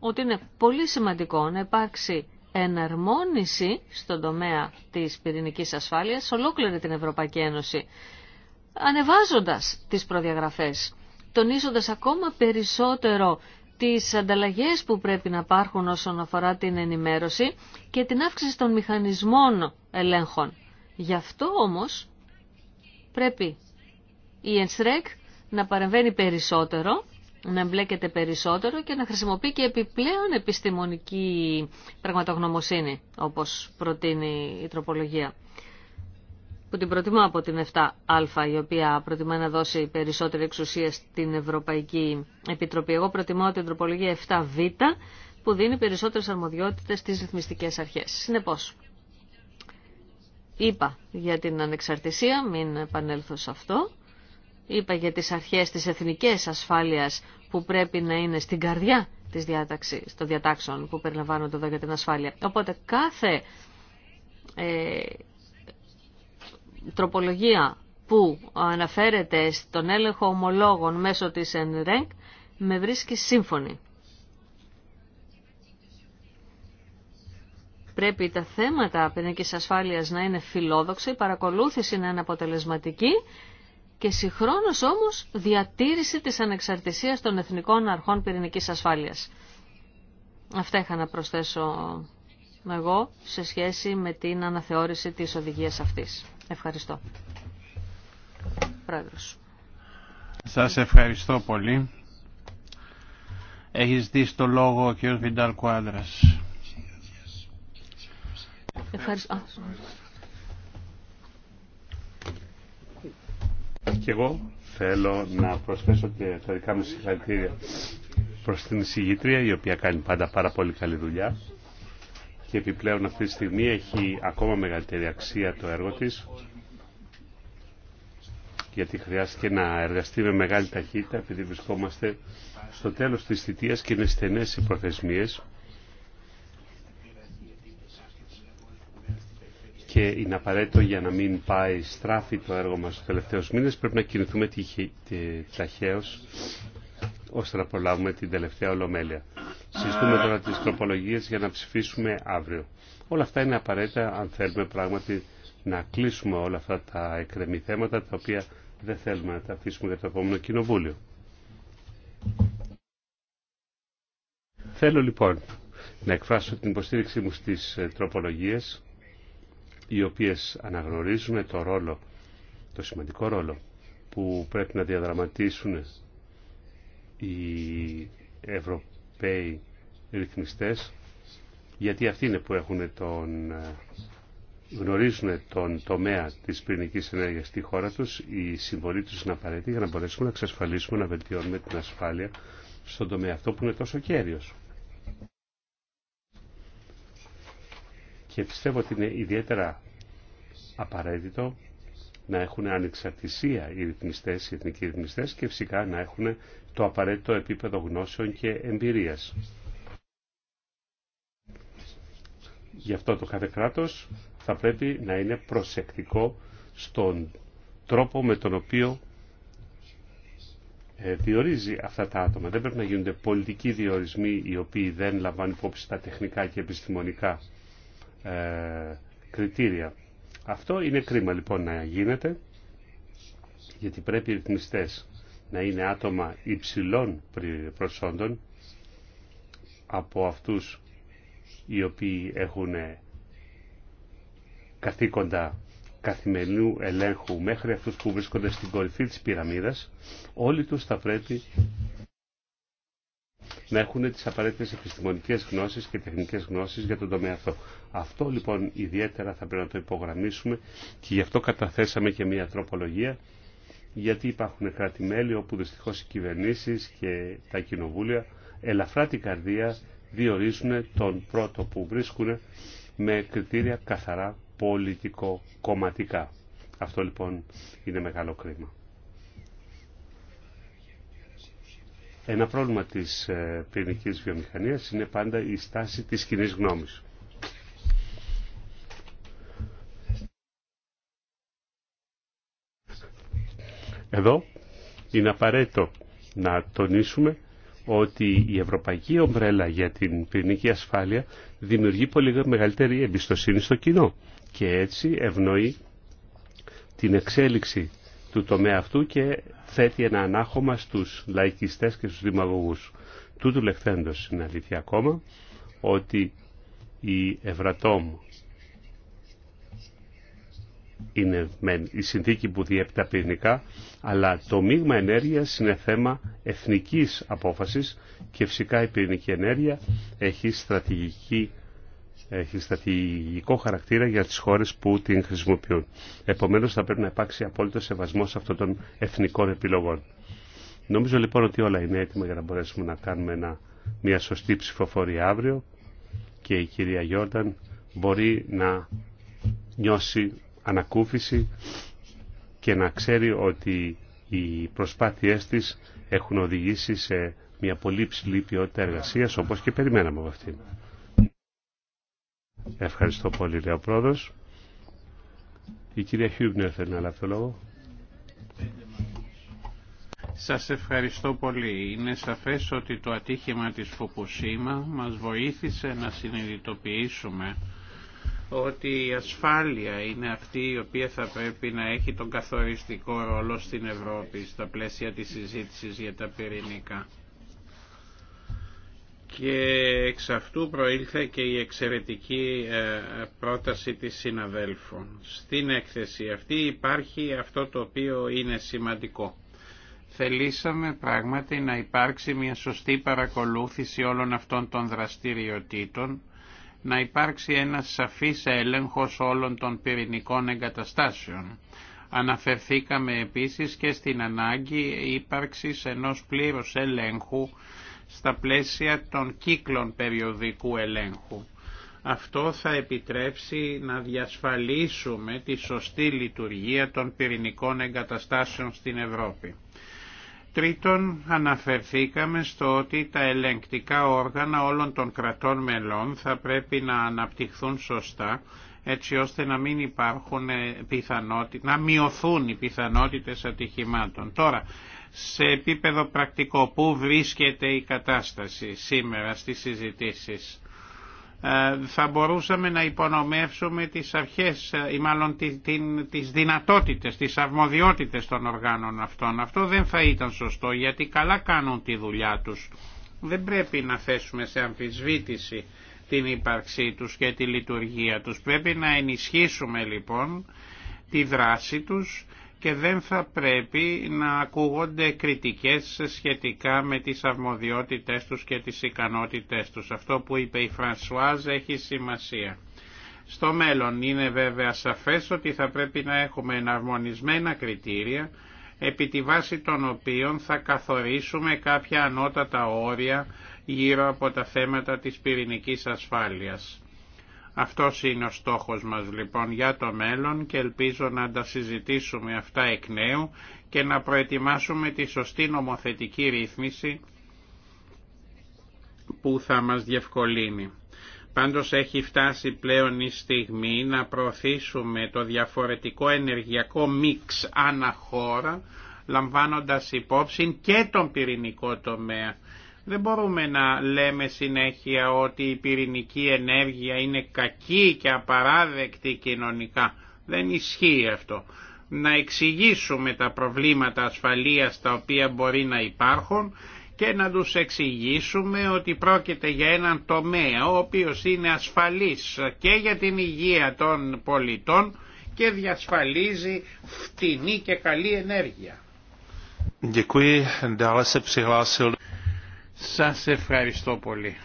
ότι είναι πολύ σημαντικό να υπάρξει εναρμόνιση στον τομέα της πυρηνικής ασφάλειας σε ολόκληρη την Ευρωπαϊκή Ένωση, ανεβάζοντας τις προδιαγραφές, τονίζοντας ακόμα περισσότερο τις ανταλλαγές που πρέπει να υπάρχουν όσον αφορά την ενημέρωση και την αύξηση των μηχανισμών ελέγχων. Γι' αυτό όμως πρέπει η ΕΝΣΡΕΚ να παρεμβαίνει περισσότερο να εμπλέκεται περισσότερο και να χρησιμοποιεί και επιπλέον επιστημονική πραγματογνωμοσύνη, όπως προτείνει η τροπολογία. Που την προτιμώ από την 7α, η οποία προτιμά να δώσει περισσότερη εξουσία στην Ευρωπαϊκή Επιτροπή. Εγώ προτιμώ την τροπολογία 7β, που δίνει περισσότερες αρμοδιότητες στις ρυθμιστικές αρχές. Συνεπώς, είπα για την ανεξαρτησία, μην επανέλθω σε αυτό. Είπα για τις αρχές της εθνικής ασφάλειας που πρέπει να είναι στην καρδιά της διάταξης, των διατάξεων που περιλαμβάνονται εδώ για την ασφάλεια. Οπότε κάθε ε, τροπολογία που αναφέρεται στον έλεγχο ομολόγων μέσω της ΕΝΡΕΝΚ με βρίσκει σύμφωνη. Πρέπει τα θέματα πυρηνικής ασφάλειας να είναι φιλόδοξη, παρακολούθηση να είναι αποτελεσματική και συγχρόνως όμως διατήρηση της ανεξαρτησίας των εθνικών αρχών πυρηνικής ασφάλειας. Αυτά είχα να προσθέσω εγώ σε σχέση με την αναθεώρηση της οδηγίας αυτής. Ευχαριστώ. Πρόεδρος. Σας ευχαριστώ πολύ. Έχεις δει στο λόγο ο κ. Βιντάλ Κουάντρας. Ευχαριστώ. Και εγώ θέλω να προσθέσω και τα δικά μου συγχαρητήρια προς την εισηγητρία η οποία κάνει πάντα πάρα πολύ καλή δουλειά και επιπλέον αυτή τη στιγμή έχει ακόμα μεγαλύτερη αξία το έργο της γιατί χρειάστηκε να εργαστεί με μεγάλη ταχύτητα επειδή βρισκόμαστε στο τέλος της θητείας και είναι στενές οι προθεσμίες και είναι απαραίτητο για να μην πάει στράφη το έργο μας στους τελευταίους μήνες πρέπει να κινηθούμε ταχαίω ώστε να προλάβουμε την τελευταία ολομέλεια. Συζητούμε τώρα τις τροπολογίες για να ψηφίσουμε αύριο. Όλα αυτά είναι απαραίτητα αν θέλουμε πράγματι να κλείσουμε όλα αυτά τα εκκρεμή θέματα τα οποία δεν θέλουμε να τα αφήσουμε για το επόμενο κοινοβούλιο. Θέλω λοιπόν να εκφράσω την υποστήριξή μου στις ε, τροπολογίες οι οποίες αναγνωρίζουν το ρόλο, το σημαντικό ρόλο που πρέπει να διαδραματίσουν οι Ευρωπαίοι ρυθμιστές γιατί αυτοί είναι που έχουν τον, γνωρίζουν τον τομέα της πυρηνικής ενέργειας στη χώρα τους, η συμβολή τους είναι απαραίτητη για να μπορέσουμε να εξασφαλίσουμε να βελτιώνουμε την ασφάλεια στον τομέα αυτό που είναι τόσο κέριος. και πιστεύω ότι είναι ιδιαίτερα απαραίτητο να έχουν ανεξαρτησία οι ρυθμιστές, οι εθνικοί ρυθμιστές και φυσικά να έχουν το απαραίτητο επίπεδο γνώσεων και εμπειρίας. Γι' αυτό το κάθε κράτο θα πρέπει να είναι προσεκτικό στον τρόπο με τον οποίο ε, διορίζει αυτά τα άτομα. Δεν πρέπει να γίνονται πολιτικοί διορισμοί οι οποίοι δεν λαμβάνουν υπόψη τα τεχνικά και επιστημονικά ε, κριτήρια. Αυτό είναι κρίμα λοιπόν να γίνεται, γιατί πρέπει οι ρυθμιστές να είναι άτομα υψηλών προσόντων από αυτούς οι οποίοι έχουν ε, καθήκοντα καθημερινού ελέγχου μέχρι αυτούς που βρίσκονται στην κορυφή της πυραμίδας, όλοι τους θα πρέπει να έχουν τις απαραίτητες επιστημονικές γνώσεις και τεχνικές γνώσεις για τον τομέα αυτό. Αυτό λοιπόν ιδιαίτερα θα πρέπει να το υπογραμμίσουμε και γι' αυτό καταθέσαμε και μια τροπολογία γιατί υπάρχουν κράτη-μέλη όπου δυστυχώ οι κυβερνήσει και τα κοινοβούλια ελαφρά την καρδία διορίζουν τον πρώτο που βρίσκουν με κριτήρια καθαρά πολιτικο-κομματικά. Αυτό λοιπόν είναι μεγάλο κρίμα. Ένα πρόβλημα της ε, πυρηνικής βιομηχανίας είναι πάντα η στάση της κοινή γνώμης. Εδώ είναι απαραίτητο να τονίσουμε ότι η Ευρωπαϊκή Ομπρέλα για την πυρηνική ασφάλεια δημιουργεί πολύ μεγαλύτερη εμπιστοσύνη στο κοινό και έτσι ευνοεί την εξέλιξη του τομέα αυτού και θέτει ένα ανάχωμα στους λαϊκιστές και στους δημαγωγούς. Τούτου λεχθέντος είναι αλήθεια ακόμα ότι η Ευρατόμ είναι η συνθήκη που διέπει τα πυρηνικά, αλλά το μείγμα ενέργειας είναι θέμα εθνικής απόφασης και φυσικά η πυρηνική ενέργεια έχει στρατηγική έχει στρατηγικό χαρακτήρα για τις χώρες που την χρησιμοποιούν. Επομένως θα πρέπει να υπάρξει απόλυτο σεβασμός αυτών των εθνικών επιλογών. Νομίζω λοιπόν ότι όλα είναι έτοιμα για να μπορέσουμε να κάνουμε μια σωστή ψηφοφορία αύριο και η κυρία Γιόρταν μπορεί να νιώσει ανακούφιση και να ξέρει ότι οι προσπάθειές της έχουν οδηγήσει σε μια πολύ ψηλή ποιότητα εργασίας όπως και περιμέναμε από αυτήν. Ευχαριστώ πολύ, λέει ο Η κυρία Χιούμπνερ θέλει να λάβει το λόγο. Σας ευχαριστώ πολύ. Είναι σαφές ότι το ατύχημα της Φουκουσίμα μας βοήθησε να συνειδητοποιήσουμε ότι η ασφάλεια είναι αυτή η οποία θα πρέπει να έχει τον καθοριστικό ρόλο στην Ευρώπη στα πλαίσια της συζήτησης για τα πυρηνικά και εξ αυτού προήλθε και η εξαιρετική ε, πρόταση της συναδέλφων. Στην έκθεση αυτή υπάρχει αυτό το οποίο είναι σημαντικό. Θελήσαμε πράγματι να υπάρξει μια σωστή παρακολούθηση όλων αυτών των δραστηριοτήτων, να υπάρξει ένα σαφής έλεγχος όλων των πυρηνικών εγκαταστάσεων. Αναφερθήκαμε επίσης και στην ανάγκη ύπαρξης ενός πλήρους ελέγχου στα πλαίσια των κύκλων περιοδικού ελέγχου. Αυτό θα επιτρέψει να διασφαλίσουμε τη σωστή λειτουργία των πυρηνικών εγκαταστάσεων στην Ευρώπη. Τρίτον, αναφερθήκαμε στο ότι τα ελεγκτικά όργανα όλων των κρατών μελών θα πρέπει να αναπτυχθούν σωστά, έτσι ώστε να μην υπάρχουν ε, πιθανότητες, να μειωθούν οι πιθανότητες ατυχημάτων. Τώρα, σε επίπεδο πρακτικό. Πού βρίσκεται η κατάσταση σήμερα στις συζητήσεις. Ε, θα μπορούσαμε να υπονομεύσουμε τις αρχές ε, ή μάλλον τις δυνατότητες, τις αρμοδιότητες των οργάνων αυτών. Αυτό δεν θα ήταν σωστό γιατί καλά κάνουν τη δουλειά τους. Δεν πρέπει να θέσουμε σε αμφισβήτηση την ύπαρξή τους και τη λειτουργία τους. Πρέπει να ενισχύσουμε λοιπόν τη δράση τους και δεν θα πρέπει να ακούγονται κριτικές σχετικά με τις αρμοδιότητες τους και τις ικανότητες τους. Αυτό που είπε η Φρανσουάζ έχει σημασία. Στο μέλλον είναι βέβαια σαφές ότι θα πρέπει να έχουμε εναρμονισμένα κριτήρια επί τη βάση των οποίων θα καθορίσουμε κάποια ανώτατα όρια γύρω από τα θέματα της πυρηνικής ασφάλειας. Αυτός είναι ο στόχος μας λοιπόν για το μέλλον και ελπίζω να τα συζητήσουμε αυτά εκ νέου και να προετοιμάσουμε τη σωστή νομοθετική ρύθμιση που θα μας διευκολύνει. Πάντως έχει φτάσει πλέον η στιγμή να προωθήσουμε το διαφορετικό ενεργειακό μίξ αναχώρα, λαμβάνοντας υπόψη και τον πυρηνικό τομέα δεν μπορούμε να λέμε συνέχεια ότι η πυρηνική ενέργεια είναι κακή και απαράδεκτη κοινωνικά. Δεν ισχύει αυτό. Να εξηγήσουμε τα προβλήματα ασφαλείας τα οποία μπορεί να υπάρχουν και να τους εξηγήσουμε ότι πρόκειται για έναν τομέα ο οποίος είναι ασφαλής και για την υγεία των πολιτών και διασφαλίζει φτηνή και καλή ενέργεια. Σας ευχαριστώ πολύ.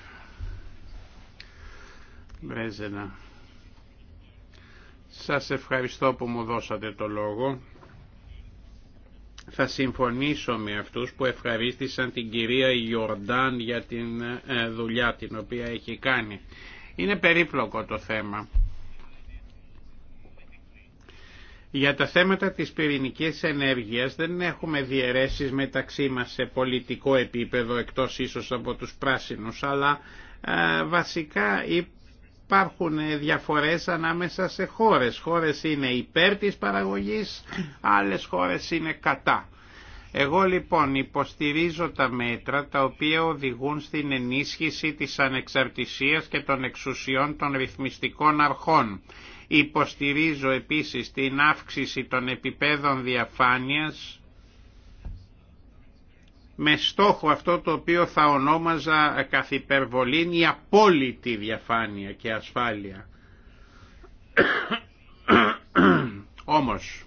Σα Σας ευχαριστώ που μου δώσατε το λόγο. Θα συμφωνήσω με αυτούς που ευχαρίστησαν την κυρία Ιορντάν για την ε, δουλειά την οποία έχει κάνει. Είναι περίπλοκο το θέμα. Για τα θέματα της πυρηνικής ενέργειας δεν έχουμε διαιρέσεις μεταξύ μας σε πολιτικό επίπεδο εκτός ίσως από τους πράσινους, αλλά ε, βασικά υπάρχουν διαφορές ανάμεσα σε χώρες. Χώρες είναι υπέρ της παραγωγής, άλλες χώρες είναι κατά. Εγώ λοιπόν υποστηρίζω τα μέτρα τα οποία οδηγούν στην ενίσχυση της ανεξαρτησίας και των εξουσιών των ρυθμιστικών αρχών Υποστηρίζω επίσης την αύξηση των επιπέδων διαφάνειας με στόχο αυτό το οποίο θα ονόμαζα καθ' η απόλυτη διαφάνεια και ασφάλεια. Όμως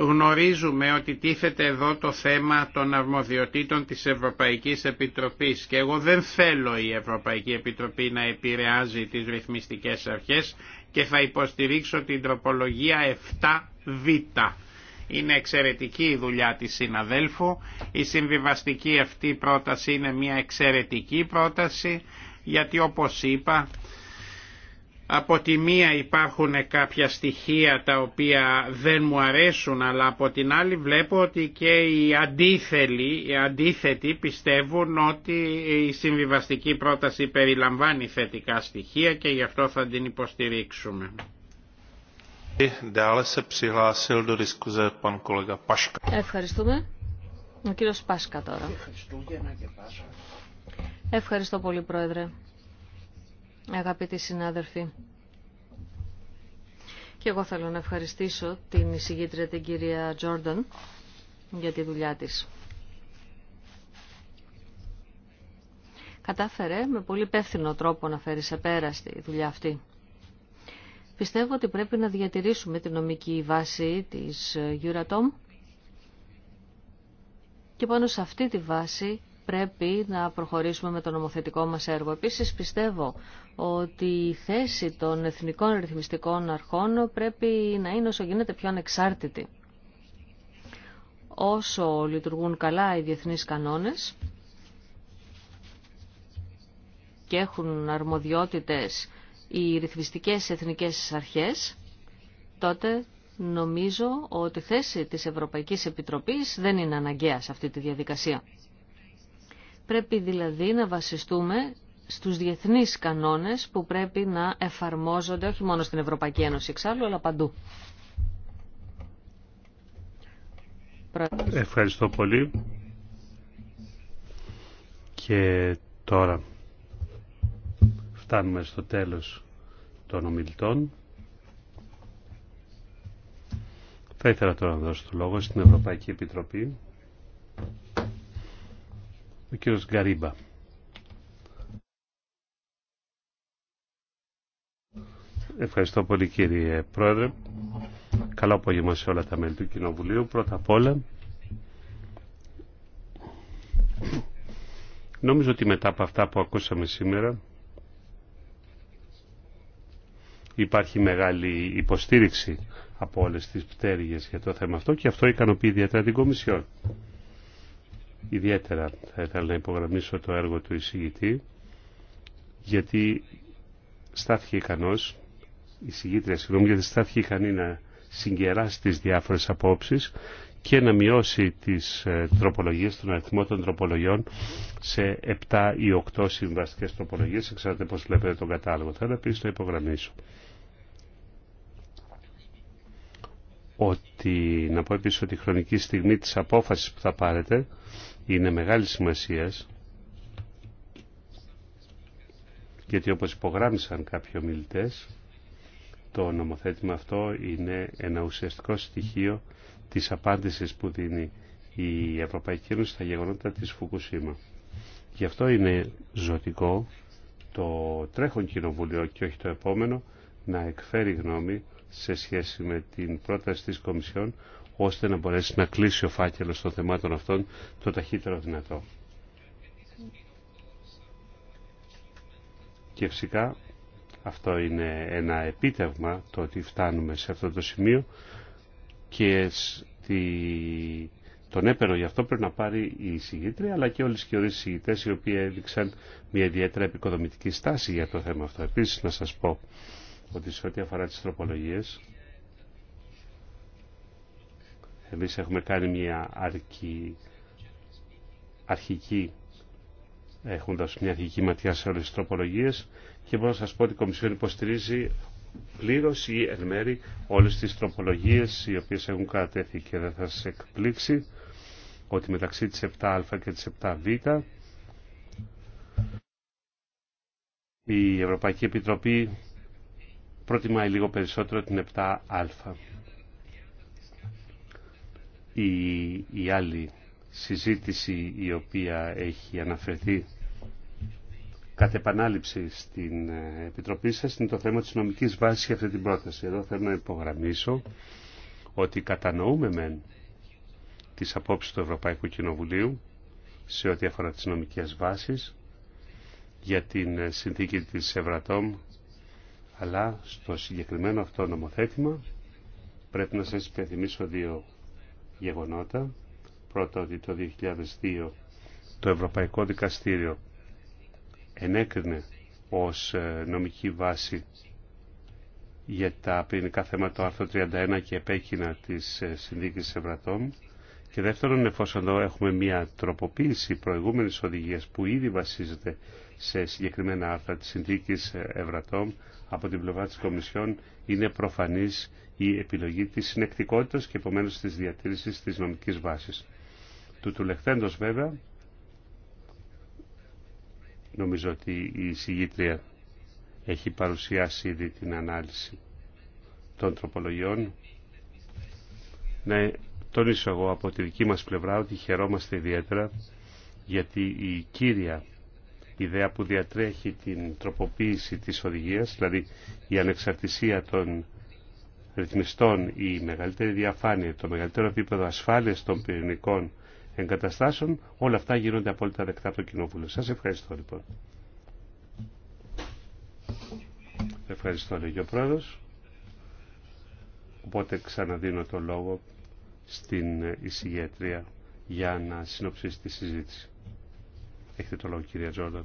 Γνωρίζουμε ότι τίθεται εδώ το θέμα των αρμοδιοτήτων της Ευρωπαϊκής Επιτροπής και εγώ δεν θέλω η Ευρωπαϊκή Επιτροπή να επηρεάζει τις ρυθμιστικές αρχές και θα υποστηρίξω την τροπολογία 7β. Είναι εξαιρετική η δουλειά της συναδέλφου. Η συμβιβαστική αυτή πρόταση είναι μια εξαιρετική πρόταση γιατί όπως είπα από τη μία υπάρχουν κάποια στοιχεία τα οποία δεν μου αρέσουν αλλά από την άλλη βλέπω ότι και οι αντίθελοι, οι αντίθετοι πιστεύουν ότι η συμβιβαστική πρόταση περιλαμβάνει θετικά στοιχεία και γι' αυτό θα την υποστηρίξουμε. Ευχαριστούμε. Ο κύριος Πάσκα τώρα. Ευχαριστώ πολύ πρόεδρε αγαπητοί συνάδελφοι. Και εγώ θέλω να ευχαριστήσω την εισηγήτρια την κυρία Τζόρνταν για τη δουλειά της. Κατάφερε με πολύ υπεύθυνο τρόπο να φέρει σε πέρα στη δουλειά αυτή. Πιστεύω ότι πρέπει να διατηρήσουμε την νομική βάση της Euratom και πάνω σε αυτή τη βάση πρέπει να προχωρήσουμε με το νομοθετικό μας έργο. Επίσης πιστεύω ότι η θέση των εθνικών ρυθμιστικών αρχών πρέπει να είναι όσο γίνεται πιο ανεξάρτητη. Όσο λειτουργούν καλά οι διεθνείς κανόνες και έχουν αρμοδιότητες οι ρυθμιστικές εθνικές αρχές, τότε νομίζω ότι η θέση της Ευρωπαϊκής Επιτροπής δεν είναι αναγκαία σε αυτή τη διαδικασία. Πρέπει δηλαδή να βασιστούμε στους διεθνείς κανόνες που πρέπει να εφαρμόζονται όχι μόνο στην Ευρωπαϊκή Ένωση εξάλλου, αλλά παντού. Ευχαριστώ πολύ. Και τώρα φτάνουμε στο τέλος των ομιλητών. Θα ήθελα τώρα να δώσω το λόγο στην Ευρωπαϊκή Επιτροπή. Ο κύριος Γκαρίμπα. Ευχαριστώ πολύ κύριε Πρόεδρε. Καλό απόγευμα σε όλα τα μέλη του Κοινοβουλίου. Πρώτα απ' όλα, νομίζω ότι μετά από αυτά που ακούσαμε σήμερα, υπάρχει μεγάλη υποστήριξη από όλες τις πτέρυγες για το θέμα αυτό και αυτό ικανοποιεί ιδιαίτερα την Κομισιόν. Ιδιαίτερα θα ήθελα να υπογραμμίσω το έργο του εισηγητή γιατί στάθηκε ικανός η συγγήτρια, γιατί στάθηκε ικανή να συγκεράσει τις διάφορες απόψεις και να μειώσει τις ε, τροπολογίες, τον αριθμό των τροπολογιών σε 7 ή 8 συμβαστικές τροπολογίες, ξέρετε πώς βλέπετε τον κατάλογο. Θα επίσης να υπογραμμίσω ότι, να πω επίσης ότι η χρονική στιγμή της απόφασης που θα πάρετε είναι μεγάλη σημασία γιατί όπως υπογράμμισαν κάποιοι ομιλητέ, το νομοθέτημα αυτό είναι ένα ουσιαστικό στοιχείο της απάντησης που δίνει η Ευρωπαϊκή Ένωση στα γεγονότα της Φουκουσίμα. Γι' αυτό είναι ζωτικό το τρέχον κοινοβουλίο και όχι το επόμενο να εκφέρει γνώμη σε σχέση με την πρόταση της Κομισιόν ώστε να μπορέσει να κλείσει ο φάκελος των θεμάτων αυτών το ταχύτερο δυνατό. Και φυσικά αυτό είναι ένα επίτευγμα το ότι φτάνουμε σε αυτό το σημείο και στη... τον έπαιρνο γι' αυτό πρέπει να πάρει η συγγήτρια αλλά και όλες οι συγγητές οι οποίοι έδειξαν μια ιδιαίτερα επικοδομητική στάση για το θέμα αυτό. Επίσης να σας πω ότι σε ό,τι αφορά τις τροπολογίες εμείς έχουμε κάνει μια αρκή, αρχική έχουν δώσει μια αρχική ματιά σε όλες τις τροπολογίες και μπορώ να σας πω ότι η Κομισιόν υποστηρίζει πλήρως ή εν μέρη όλες τις τροπολογίες οι οποίες έχουν κατατέθει και δεν θα σας εκπλήξει ότι μεταξύ της 7α και της 7β η Ευρωπαϊκή Επιτροπή προτιμάει λίγο περισσότερο την 7α. Η, η άλλη συζήτηση η οποία έχει αναφερθεί κατ' επανάληψη στην ε, Επιτροπή σας είναι το θέμα της νομικής βάσης για αυτή την πρόταση. Εδώ θέλω να υπογραμμίσω ότι κατανοούμε μεν τις απόψεις του Ευρωπαϊκού Κοινοβουλίου σε ό,τι αφορά τις νομικές βάσεις για την συνθήκη της Ευρατόμ αλλά στο συγκεκριμένο αυτό νομοθέτημα πρέπει να σας υπενθυμίσω δύο γεγονότα. Πρώτα ότι το 2002 το Ευρωπαϊκό Δικαστήριο ενέκρινε ως ε, νομική βάση για τα ποινικά θέματα το άρθρο 31 και επέκεινα της ε, Συνδίκης Ευρατών και δεύτερον εφόσον εδώ έχουμε μια τροποποίηση προηγούμενης οδηγίας που ήδη βασίζεται σε συγκεκριμένα άρθρα της συνθήκης ε, Ευρατόμ από την πλευρά της Κομισιόν είναι προφανής η επιλογή της συνεκτικότητας και επομένως της διατήρησης της νομικής βάσης. Του τουλεχθέντος βέβαια, νομίζω ότι η συγγήτρια έχει παρουσιάσει ήδη την ανάλυση των τροπολογιών. Ναι, τονίσω εγώ από τη δική μας πλευρά ότι χαιρόμαστε ιδιαίτερα γιατί η κύρια ιδέα που διατρέχει την τροποποίηση της οδηγίας, δηλαδή η ανεξαρτησία των ρυθμιστών, η μεγαλύτερη διαφάνεια, το μεγαλύτερο επίπεδο ασφάλειας των πυρηνικών εγκαταστάσεων, όλα αυτά γίνονται απόλυτα δεκτά από το Κοινοβούλιο. Σας ευχαριστώ λοιπόν. Ευχαριστώ λέγει ο Πρόεδρος. Οπότε ξαναδίνω το λόγο στην εισηγέτρια για να συνοψίσει τη συζήτηση. Έχετε το λόγο κυρία Τζόρνταν.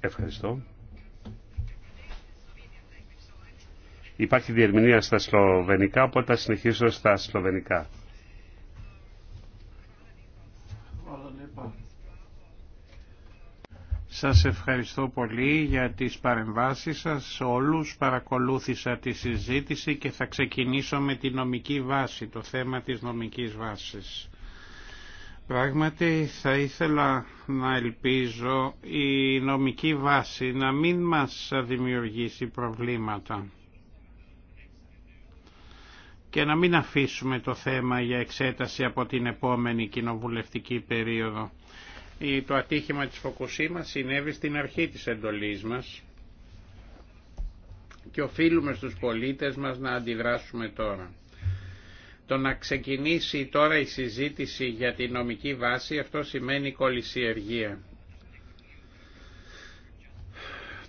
Ευχαριστώ. Υπάρχει διερμηνία στα σλοβενικά, οπότε θα συνεχίσω στα σλοβενικά. Σας ευχαριστώ πολύ για τις παρεμβάσεις σας. Όλους παρακολούθησα τη συζήτηση και θα ξεκινήσω με τη νομική βάση, το θέμα της νομικής βάσης. Πράγματι θα ήθελα να ελπίζω η νομική βάση να μην μας δημιουργήσει προβλήματα και να μην αφήσουμε το θέμα για εξέταση από την επόμενη κοινοβουλευτική περίοδο. Το ατύχημα της Φοκουσίμα συνέβη στην αρχή της εντολής μας και οφείλουμε στους πολίτες μας να αντιδράσουμε τώρα. Το να ξεκινήσει τώρα η συζήτηση για την νομική βάση αυτό σημαίνει κολυσιεργία.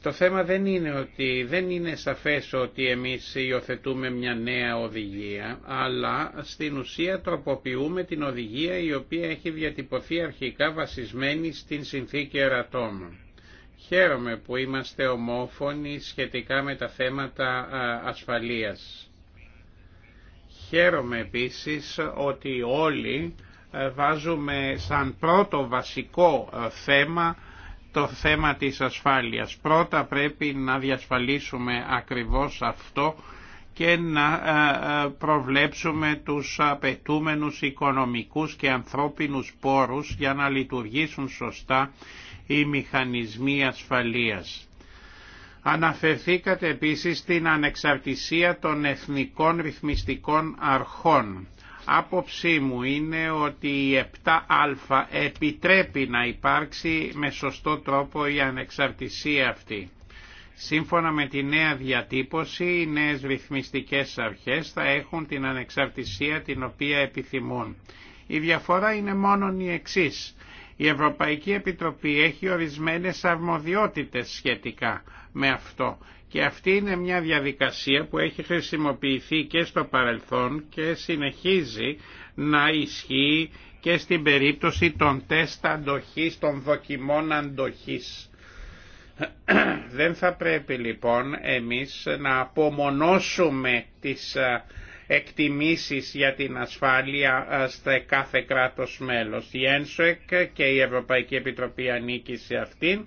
Το θέμα δεν είναι ότι δεν είναι σαφές ότι εμείς υιοθετούμε μια νέα οδηγία, αλλά στην ουσία τροποποιούμε την οδηγία η οποία έχει διατυπωθεί αρχικά βασισμένη στην συνθήκη ερατών. Χαίρομαι που είμαστε ομόφωνοι σχετικά με τα θέματα ασφαλείας. Χαίρομαι επίσης ότι όλοι ε, βάζουμε σαν πρώτο βασικό ε, θέμα το θέμα της ασφάλειας. Πρώτα πρέπει να διασφαλίσουμε ακριβώς αυτό και να ε, ε, προβλέψουμε τους απαιτούμενους οικονομικούς και ανθρώπινους πόρους για να λειτουργήσουν σωστά οι μηχανισμοί ασφαλείας. Αναφερθήκατε επίσης στην ανεξαρτησία των εθνικών ρυθμιστικών αρχών. Άποψή μου είναι ότι η 7α επιτρέπει να υπάρξει με σωστό τρόπο η ανεξαρτησία αυτή. Σύμφωνα με τη νέα διατύπωση, οι νέες ρυθμιστικές αρχές θα έχουν την ανεξαρτησία την οποία επιθυμούν. Η διαφορά είναι μόνον η εξής. Η Ευρωπαϊκή Επιτροπή έχει ορισμένες αρμοδιότητες σχετικά με αυτό και αυτή είναι μια διαδικασία που έχει χρησιμοποιηθεί και στο παρελθόν και συνεχίζει να ισχύει και στην περίπτωση των τεστ αντοχής, των δοκιμών αντοχής. Δεν θα πρέπει λοιπόν εμείς να απομονώσουμε τις εκτιμήσεις για την ασφάλεια στα κάθε κράτος μέλος. Η ΕΝΣΟΕΚ και η Ευρωπαϊκή Επιτροπή ανήκει σε αυτήν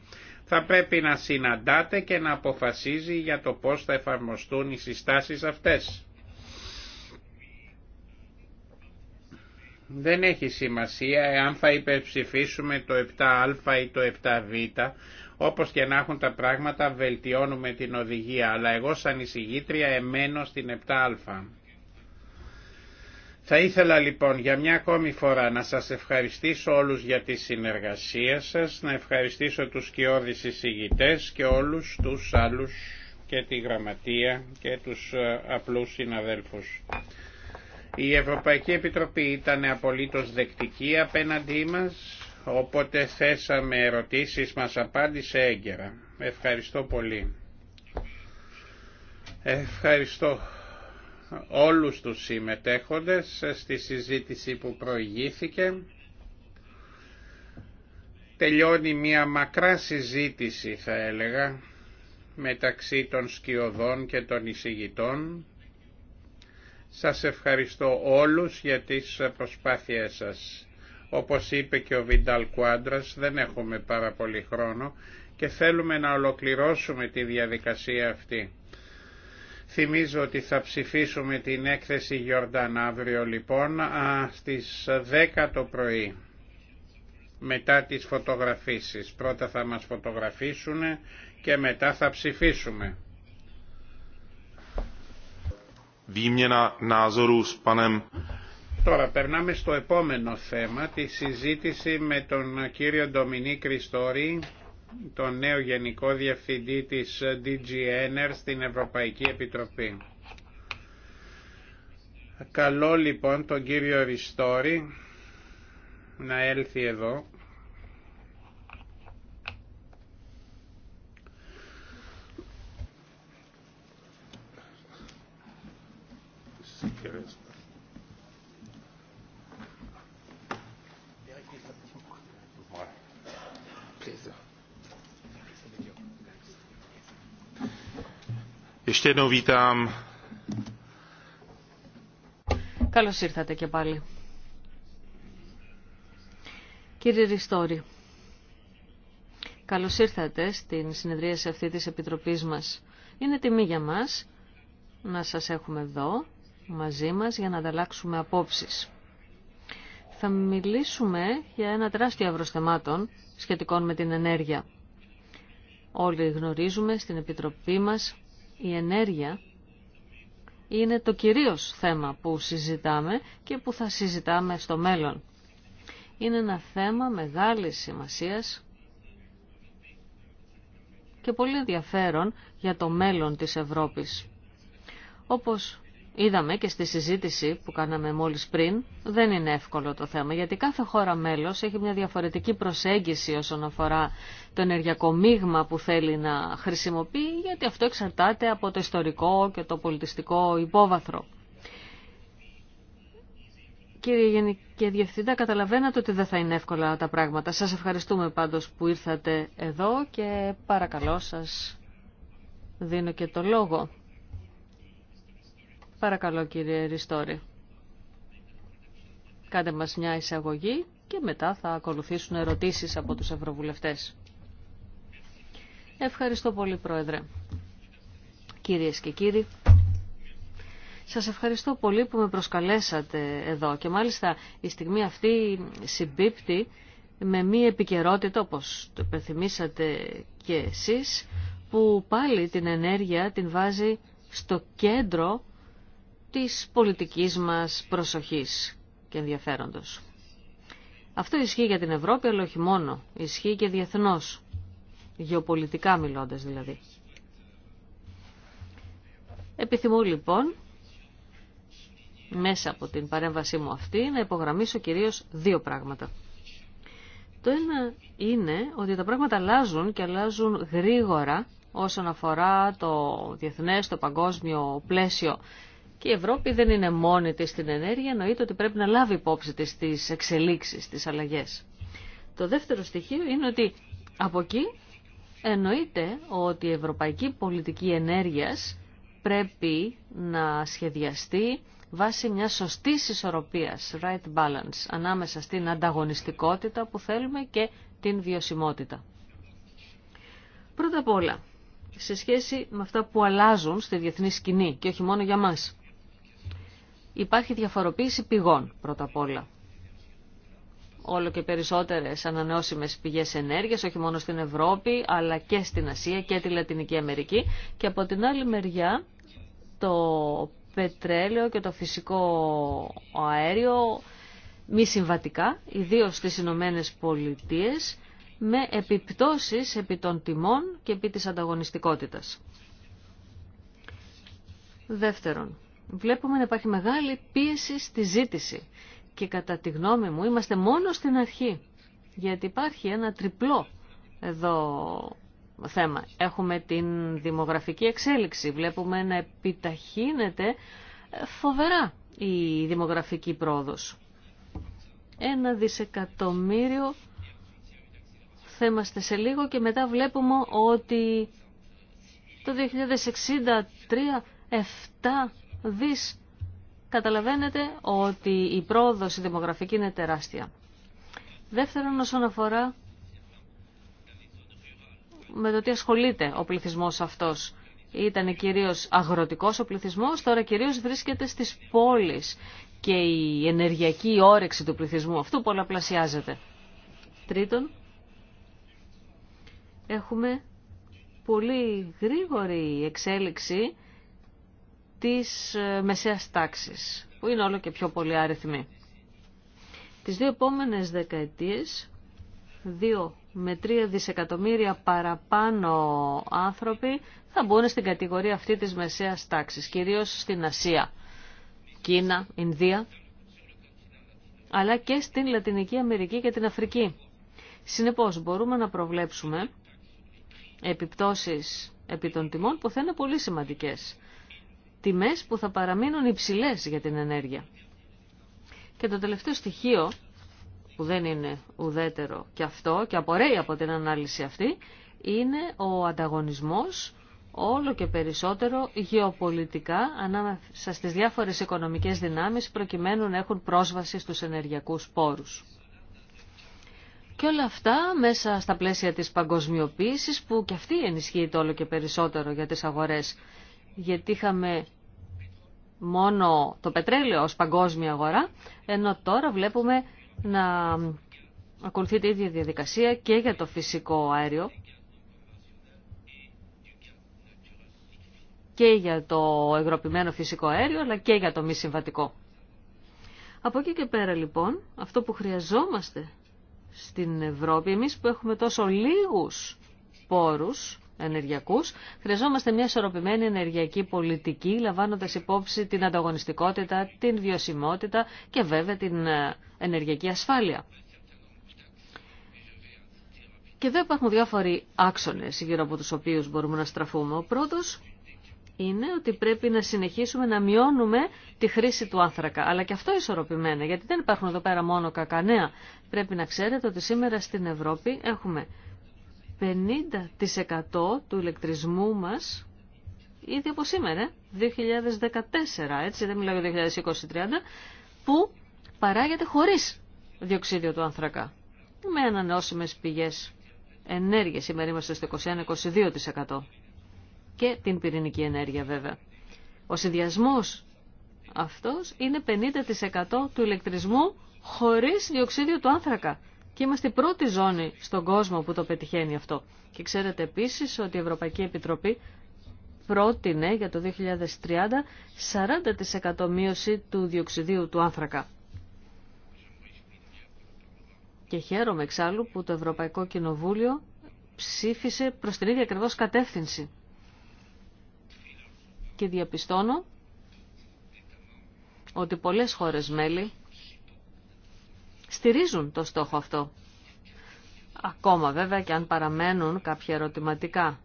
θα πρέπει να συναντάτε και να αποφασίζει για το πώς θα εφαρμοστούν οι συστάσεις αυτές. Δεν έχει σημασία εάν θα υπερψηφίσουμε το 7α ή το 7β, όπως και να έχουν τα πράγματα βελτιώνουμε την οδηγία, αλλά εγώ σαν εισηγήτρια εμένω στην 7α. Θα ήθελα λοιπόν για μια ακόμη φορά να σας ευχαριστήσω όλους για τη συνεργασία σας, να ευχαριστήσω τους σκιώδεις εισηγητές και όλους τους άλλους και τη γραμματεία και τους ε, απλούς συναδέλφους. Η Ευρωπαϊκή Επιτροπή ήταν απολύτως δεκτική απέναντί μας, οπότε θέσαμε ερωτήσεις, μας απάντησε έγκαιρα. Ευχαριστώ πολύ. Ευχαριστώ όλους τους συμμετέχοντες στη συζήτηση που προηγήθηκε. Τελειώνει μια μακρά συζήτηση θα έλεγα μεταξύ των σκιωδών και των εισηγητών. Σας ευχαριστώ όλους για τις προσπάθειές σας. Όπως είπε και ο Βιντάλ Κουάντρας δεν έχουμε πάρα πολύ χρόνο και θέλουμε να ολοκληρώσουμε τη διαδικασία αυτή. Θυμίζω ότι θα ψηφίσουμε την έκθεση Γιόρνταν αύριο λοιπόν στις 10 το πρωί μετά τις φωτογραφίσεις. Πρώτα θα μας φωτογραφίσουν και μετά θα ψηφίσουμε. Τώρα περνάμε στο επόμενο θέμα, τη συζήτηση με τον κύριο Ντομινί Κριστόρη τον νέο Γενικό Διευθυντή της DG στην Ευρωπαϊκή Επιτροπή. Καλό λοιπόν τον κύριο Ριστόρη να έλθει εδώ. Ještě Καλώς ήρθατε και πάλι. Κύριε Ριστόρη, καλώς ήρθατε στην συνεδρίαση αυτή της Επιτροπής μας. Είναι τιμή για μας να σα έχουμε εδώ μαζί μας για να ανταλλάξουμε απόψεις. Θα μιλήσουμε για ένα τεράστιο εύρος θεμάτων σχετικών με την ενέργεια. Όλοι γνωρίζουμε στην Επιτροπή μας η ενέργεια είναι το κυρίως θέμα που συζητάμε και που θα συζητάμε στο μέλλον. Είναι ένα θέμα μεγάλης σημασίας και πολύ ενδιαφέρον για το μέλλον της Ευρώπης. Όπως Είδαμε και στη συζήτηση που κάναμε μόλις πριν, δεν είναι εύκολο το θέμα, γιατί κάθε χώρα μέλος έχει μια διαφορετική προσέγγιση όσον αφορά το ενεργειακό μείγμα που θέλει να χρησιμοποιεί, γιατί αυτό εξαρτάται από το ιστορικό και το πολιτιστικό υπόβαθρο. Κύριε Γενική Διευθυντά, καταλαβαίνατε ότι δεν θα είναι εύκολα τα πράγματα. Σας ευχαριστούμε πάντως που ήρθατε εδώ και παρακαλώ σας δίνω και το λόγο. Παρακαλώ κύριε Ριστόρη. Κάντε μας μια εισαγωγή και μετά θα ακολουθήσουν ερωτήσεις από τους ευρωβουλευτές. Ευχαριστώ πολύ Πρόεδρε. Κυρίες και κύριοι, σας ευχαριστώ πολύ που με προσκαλέσατε εδώ και μάλιστα η στιγμή αυτή συμπίπτει με μία επικαιρότητα όπως το υπενθυμίσατε και εσείς που πάλι την ενέργεια την βάζει στο κέντρο της πολιτικής μας προσοχής και ενδιαφέροντος. Αυτό ισχύει για την Ευρώπη, αλλά όχι μόνο. Ισχύει και διεθνώς, γεωπολιτικά μιλώντας δηλαδή. Επιθυμώ λοιπόν, μέσα από την παρέμβασή μου αυτή, να υπογραμμίσω κυρίως δύο πράγματα. Το ένα είναι ότι τα πράγματα αλλάζουν και αλλάζουν γρήγορα όσον αφορά το διεθνές, το παγκόσμιο πλαίσιο η Ευρώπη δεν είναι μόνη της στην ενέργεια, εννοείται ότι πρέπει να λάβει υπόψη της τις εξελίξεις, τις αλλαγές. Το δεύτερο στοιχείο είναι ότι από εκεί εννοείται ότι η ευρωπαϊκή πολιτική ενέργειας πρέπει να σχεδιαστεί βάσει μια σωστή ισορροπίας, right balance, ανάμεσα στην ανταγωνιστικότητα που θέλουμε και την βιωσιμότητα. Πρώτα απ' όλα, σε σχέση με αυτά που αλλάζουν στη διεθνή σκηνή και όχι μόνο για μας. Υπάρχει διαφοροποίηση πηγών πρώτα απ' όλα. Όλο και περισσότερες ανανεώσιμες πηγές ενέργειας, όχι μόνο στην Ευρώπη, αλλά και στην Ασία και τη Λατινική Αμερική. Και από την άλλη μεριά, το πετρέλαιο και το φυσικό αέριο μη συμβατικά, ιδίως στις Ηνωμένε Πολιτείες, με επιπτώσεις επί των τιμών και επί της ανταγωνιστικότητας. Δεύτερον, βλέπουμε να υπάρχει μεγάλη πίεση στη ζήτηση. Και κατά τη γνώμη μου είμαστε μόνο στην αρχή. Γιατί υπάρχει ένα τριπλό εδώ θέμα. Έχουμε την δημογραφική εξέλιξη. Βλέπουμε να επιταχύνεται ε, φοβερά η δημογραφική πρόοδος. Ένα δισεκατομμύριο θέμαστε σε λίγο και μετά βλέπουμε ότι το 2063 7 δις. Καταλαβαίνετε ότι η πρόοδος η δημογραφική είναι τεράστια. Δεύτερον, όσον αφορά με το τι ασχολείται ο πληθυσμός αυτός. Ήταν κυρίως αγροτικός ο πληθυσμός, τώρα κυρίως βρίσκεται στις πόλεις και η ενεργειακή όρεξη του πληθυσμού αυτού πολλαπλασιάζεται. Τρίτον, έχουμε πολύ γρήγορη εξέλιξη της ε, μεσαίας τάξης, που είναι όλο και πιο πολύ αριθμοί. Τις δύο επόμενες δεκαετίες, 2 με 3 δισεκατομμύρια παραπάνω άνθρωποι θα μπουν στην κατηγορία αυτή της μεσαίας τάξης, κυρίως στην Ασία, Κίνα, Ινδία, αλλά και στην Λατινική Αμερική και την Αφρική. Συνεπώς μπορούμε να προβλέψουμε επιπτώσεις επί των τιμών που θα είναι πολύ σημαντικές τιμές που θα παραμείνουν υψηλές για την ενέργεια. Και το τελευταίο στοιχείο, που δεν είναι ουδέτερο και αυτό και απορρέει από την ανάλυση αυτή, είναι ο ανταγωνισμός όλο και περισσότερο γεωπολιτικά ανάμεσα στις διάφορες οικονομικές δυνάμεις προκειμένου να έχουν πρόσβαση στους ενεργειακούς πόρους. Και όλα αυτά μέσα στα πλαίσια της παγκοσμιοποίησης που και αυτή ενισχύει το όλο και περισσότερο για τις αγορές. Γιατί είχαμε μόνο το πετρέλαιο ως παγκόσμια αγορά, ενώ τώρα βλέπουμε να ακολουθείται η ίδια διαδικασία και για το φυσικό αέριο και για το εγροπημένο φυσικό αέριο, αλλά και για το μη συμβατικό. Από εκεί και πέρα λοιπόν, αυτό που χρειαζόμαστε στην Ευρώπη, εμείς που έχουμε τόσο λίγους πόρους, χρειαζόμαστε μια ισορροπημένη ενεργειακή πολιτική, λαμβάνοντα υπόψη την ανταγωνιστικότητα, την βιωσιμότητα και βέβαια την ε, ενεργειακή ασφάλεια. Και εδώ υπάρχουν διάφοροι άξονε γύρω από του οποίου μπορούμε να στραφούμε. Ο πρώτο είναι ότι πρέπει να συνεχίσουμε να μειώνουμε τη χρήση του άνθρακα. Αλλά και αυτό ισορροπημένα, γιατί δεν υπάρχουν εδώ πέρα μόνο κακανέα. Πρέπει να ξέρετε ότι σήμερα στην Ευρώπη έχουμε 50% του ηλεκτρισμού μας ήδη από σήμερα, 2014, έτσι δεν μιλάω για 2020 που παράγεται χωρίς διοξίδιο του άνθρακα. Με ανανεώσιμες πηγές ενέργειας, σήμερα είμαστε στο 21-22% και την πυρηνική ενέργεια βέβαια. Ο συνδυασμός αυτός είναι 50% του ηλεκτρισμού χωρίς διοξίδιο του άνθρακα. Και είμαστε η πρώτη ζώνη στον κόσμο που το πετυχαίνει αυτό. Και ξέρετε επίσης ότι η Ευρωπαϊκή Επιτροπή πρότεινε για το 2030 40% μείωση του διοξιδίου του άνθρακα. Και χαίρομαι εξάλλου που το Ευρωπαϊκό Κοινοβούλιο ψήφισε προς την ίδια ακριβώς κατεύθυνση. Και διαπιστώνω ότι πολλές χώρες μέλη στηρίζουν το στόχο αυτό. Ακόμα βέβαια και αν παραμένουν κάποια ερωτηματικά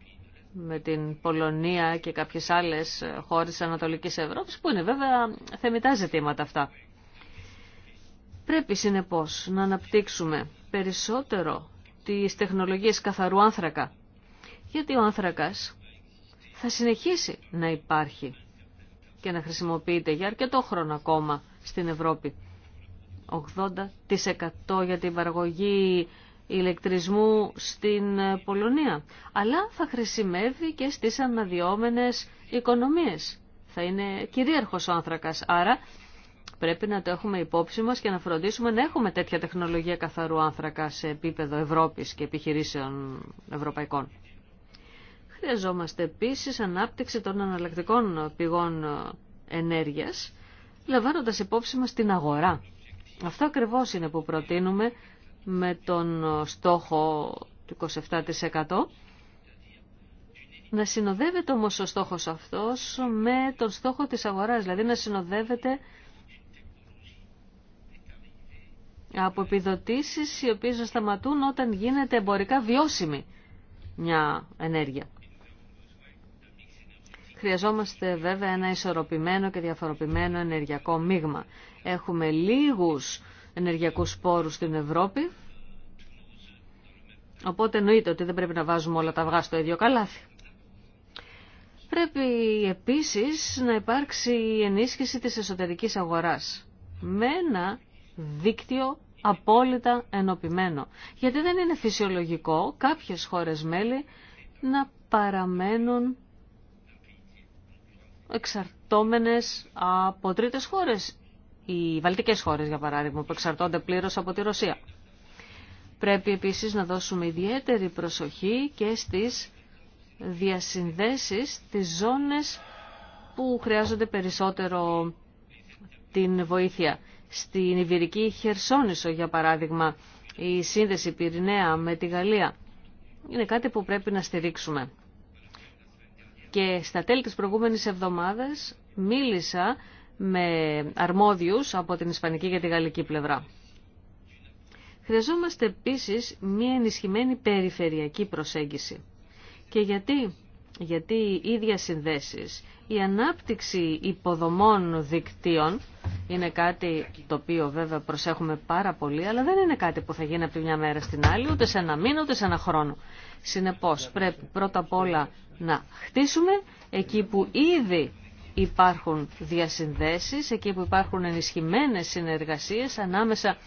με την Πολωνία και κάποιες άλλες χώρες της Ανατολικής Ευρώπης που είναι βέβαια θεμητά ζητήματα αυτά. Πρέπει συνεπώς να αναπτύξουμε περισσότερο τις τεχνολογίες καθαρού άνθρακα γιατί ο άνθρακας θα συνεχίσει να υπάρχει και να χρησιμοποιείται για αρκετό χρόνο ακόμα στην Ευρώπη. 80% για την παραγωγή ηλεκτρισμού στην ε, Πολωνία. Αλλά θα χρησιμεύει και στις αναδυόμενες οικονομίες. Θα είναι κυρίαρχος ο άνθρακας. Άρα πρέπει να το έχουμε υπόψη μας και να φροντίσουμε να έχουμε τέτοια τεχνολογία καθαρού άνθρακα σε επίπεδο Ευρώπης και επιχειρήσεων ευρωπαϊκών. Χρειαζόμαστε επίσης ανάπτυξη των αναλλακτικών πηγών ε, ενέργειας, λαμβάνοντας υπόψη μας την αγορά. Αυτό ακριβώς είναι που προτείνουμε με τον στόχο του 27% να συνοδεύεται όμως ο στόχος αυτός με τον στόχο της αγοράς, δηλαδή να συνοδεύεται από επιδοτήσεις οι οποίες να σταματούν όταν γίνεται εμπορικά βιώσιμη μια ενέργεια. Χρειαζόμαστε βέβαια ένα ισορροπημένο και διαφοροποιημένο ενεργειακό μείγμα. Έχουμε λίγους ενεργειακούς πόρους στην Ευρώπη, οπότε εννοείται ότι δεν πρέπει να βάζουμε όλα τα αυγά στο ίδιο καλάθι. Πρέπει επίσης να υπάρξει η ενίσχυση της εσωτερικής αγοράς με ένα δίκτυο απόλυτα ενωπημένο. Γιατί δεν είναι φυσιολογικό κάποιες χώρες μέλη να παραμένουν εξαρτώμενες από τρίτες χώρες. Οι βαλτικές χώρες, για παράδειγμα, που εξαρτώνται πλήρως από τη Ρωσία. Πρέπει επίσης να δώσουμε ιδιαίτερη προσοχή και στις διασυνδέσεις, τις ζώνες που χρειάζονται περισσότερο την βοήθεια. Στην Ιβυρική Χερσόνησο, για παράδειγμα, η σύνδεση Πυρηναία με τη Γαλλία είναι κάτι που πρέπει να στηρίξουμε. Και στα τέλη της προηγούμενης εβδομάδας μίλησα με αρμόδιους από την Ισπανική και τη Γαλλική πλευρά. Χρειαζόμαστε επίσης μία ενισχυμένη περιφερειακή προσέγγιση. Και γιατί γιατί οι ίδιες συνδέσεις, η ανάπτυξη υποδομών δικτύων είναι κάτι το οποίο βέβαια προσέχουμε πάρα πολύ, αλλά δεν είναι κάτι που θα γίνει από τη μια μέρα στην άλλη, ούτε σε ένα μήνα, ούτε σε ένα χρόνο. Συνεπώς πρέπει πρώτα απ' όλα να χτίσουμε εκεί που ήδη υπάρχουν διασυνδέσεις, εκεί που υπάρχουν ενισχυμένες συνεργασίες ανάμεσα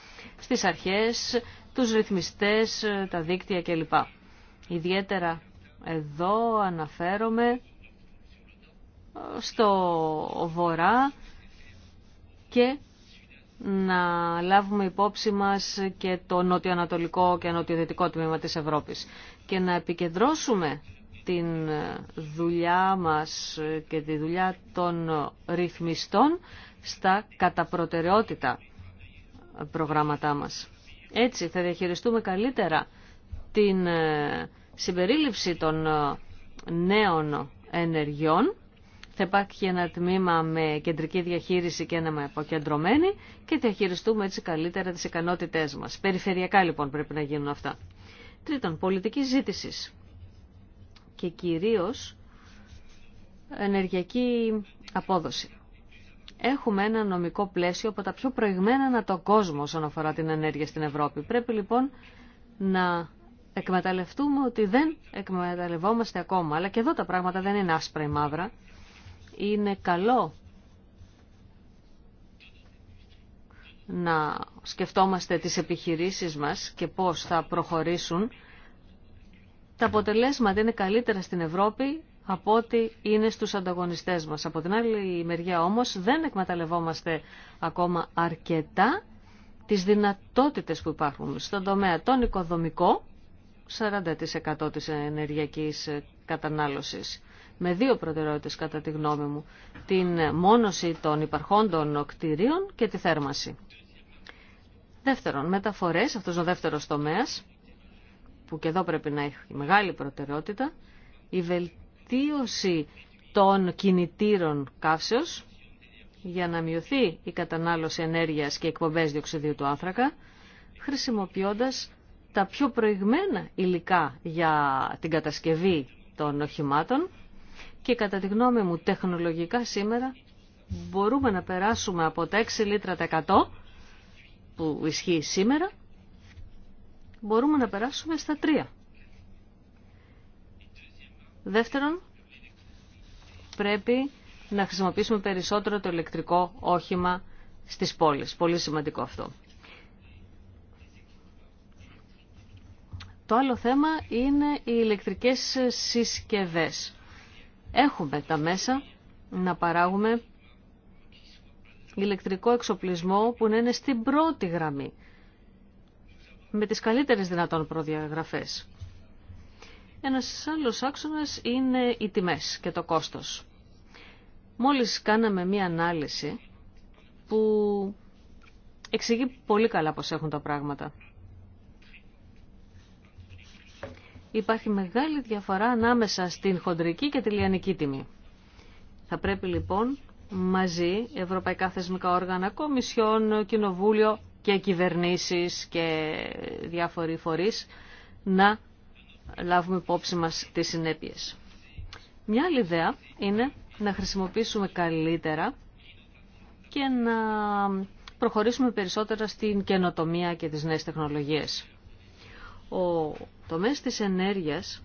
στις αρχές, τους ρυθμιστές, τα δίκτυα κλπ. Ιδιαίτερα εδώ αναφέρομαι στο βορρά και να λάβουμε υπόψη μας και το νοτιοανατολικό και νοτιοδυτικό τμήμα της Ευρώπης και να επικεντρώσουμε την δουλειά μας και τη δουλειά των ρυθμιστών στα κατά προτεραιότητα προγράμματά μας. Έτσι θα διαχειριστούμε καλύτερα την ε, συμπερίληψη των ε, νέων ενεργειών. Θα υπάρχει ένα τμήμα με κεντρική διαχείριση και ένα με αποκεντρωμένη και διαχειριστούμε έτσι καλύτερα τις ικανότητές μας. Περιφερειακά λοιπόν πρέπει να γίνουν αυτά. Τρίτον, πολιτική ζήτηση και κυρίως ενεργειακή απόδοση. Έχουμε ένα νομικό πλαίσιο από τα πιο προηγμένα να το κόσμο όσον αφορά την ενέργεια στην Ευρώπη. Πρέπει λοιπόν να εκμεταλλευτούμε ότι δεν εκμεταλλευόμαστε ακόμα. Αλλά και εδώ τα πράγματα δεν είναι άσπρα ή μαύρα. Είναι καλό να σκεφτόμαστε τις επιχειρήσεις μας και πώς θα προχωρήσουν. Τα αποτελέσματα είναι καλύτερα στην Ευρώπη από ό,τι είναι στους ανταγωνιστές μας. Από την άλλη μεριά όμως δεν εκμεταλλευόμαστε ακόμα αρκετά τις δυνατότητες που υπάρχουν στον τομέα τον οικοδομικό 40% της ενεργειακής κατανάλωσης. Με δύο προτεραιότητες κατά τη γνώμη μου. Την μόνωση των υπαρχόντων κτηρίων και τη θέρμαση. Δεύτερον, μεταφορές, αυτός ο δεύτερος τομέας, που και εδώ πρέπει να έχει μεγάλη προτεραιότητα, η βελτίωση των κινητήρων καύσεως για να μειωθεί η κατανάλωση ενέργειας και εκπομπές διοξιδίου του άνθρακα, χρησιμοποιώντας τα πιο προηγμένα υλικά για την κατασκευή των οχημάτων και κατά τη γνώμη μου τεχνολογικά σήμερα μπορούμε να περάσουμε από τα 6 λίτρα τα 100 που ισχύει σήμερα μπορούμε να περάσουμε στα 3. Δεύτερον, πρέπει να χρησιμοποιήσουμε περισσότερο το ηλεκτρικό όχημα στις πόλεις. Πολύ σημαντικό αυτό. Το άλλο θέμα είναι οι ηλεκτρικές συσκευές. Έχουμε τα μέσα να παράγουμε ηλεκτρικό εξοπλισμό που να είναι στην πρώτη γραμμή, με τις καλύτερες δυνατόν προδιαγραφές. Ένας άλλος άξονας είναι οι τιμές και το κόστος. Μόλις κάναμε μία ανάλυση που εξηγεί πολύ καλά πώς έχουν τα πράγματα. Υπάρχει μεγάλη διαφορά ανάμεσα στην χοντρική και τη λιανική τιμή. Θα πρέπει λοιπόν μαζί ευρωπαϊκά θεσμικά όργανα, κομισιόν, κοινοβούλιο και κυβερνήσεις και διάφοροι φορείς να λάβουμε υπόψη μας τις συνέπειες. Μια άλλη ιδέα είναι να χρησιμοποιήσουμε καλύτερα και να προχωρήσουμε περισσότερα στην καινοτομία και τις νέες τεχνολογίες. Ο το τομές της ενέργειας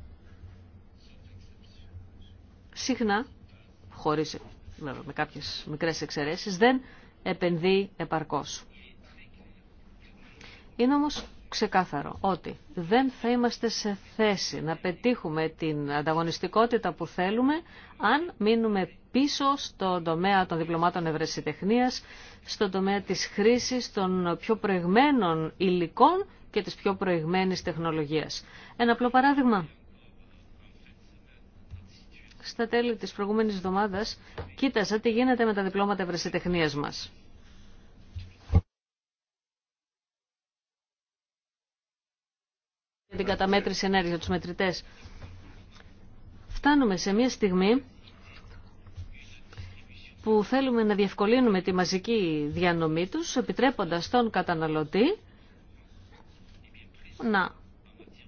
συχνά, χωρίς με κάποιες μικρές εξαιρέσεις, δεν επενδύει επαρκώς. Είναι όμως ξεκάθαρο ότι δεν θα είμαστε σε θέση να πετύχουμε την ανταγωνιστικότητα που θέλουμε αν μείνουμε πίσω στον τομέα των διπλωμάτων ευρεσιτεχνίας, στον τομέα της χρήσης των πιο προηγμένων υλικών και της πιο προηγμένης τεχνολογίας. Ένα απλό παράδειγμα. Στα τέλη της προηγούμενης εβδομάδας κοίταζα τι γίνεται με τα διπλώματα ευρεσιτεχνίας μας. την καταμέτρηση ενέργεια τους μετρητές. Φτάνουμε σε μια στιγμή που θέλουμε να διευκολύνουμε τη μαζική διανομή τους, επιτρέποντας τον καταναλωτή να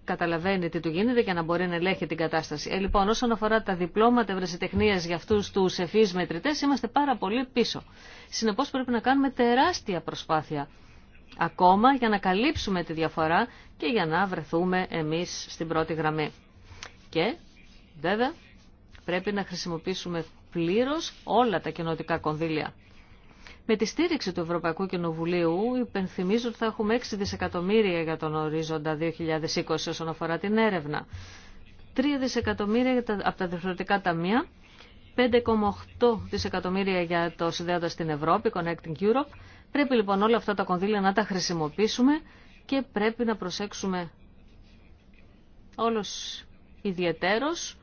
καταλαβαίνει τι του γίνεται και να μπορεί να ελέγχει την κατάσταση. Ε, λοιπόν, όσον αφορά τα διπλώματα ευρεσιτεχνία για αυτού του ευφύ μετρητέ, είμαστε πάρα πολύ πίσω. Συνεπώ, πρέπει να κάνουμε τεράστια προσπάθεια ακόμα για να καλύψουμε τη διαφορά και για να βρεθούμε εμείς στην πρώτη γραμμή. Και βέβαια πρέπει να χρησιμοποιήσουμε πλήρως όλα τα κοινοτικά κονδύλια. Με τη στήριξη του Ευρωπαϊκού Κοινοβουλίου υπενθυμίζω ότι θα έχουμε 6 δισεκατομμύρια για τον ορίζοντα 2020 όσον αφορά την έρευνα. 3 δισεκατομμύρια από τα διευθυντικά ταμεία, 5,8 δισεκατομμύρια για το συνδέοντα στην Ευρώπη, Connecting Europe Πρέπει λοιπόν όλα αυτά τα κονδύλια να τα χρησιμοποιήσουμε και πρέπει να προσέξουμε όλος ιδιαίτερος,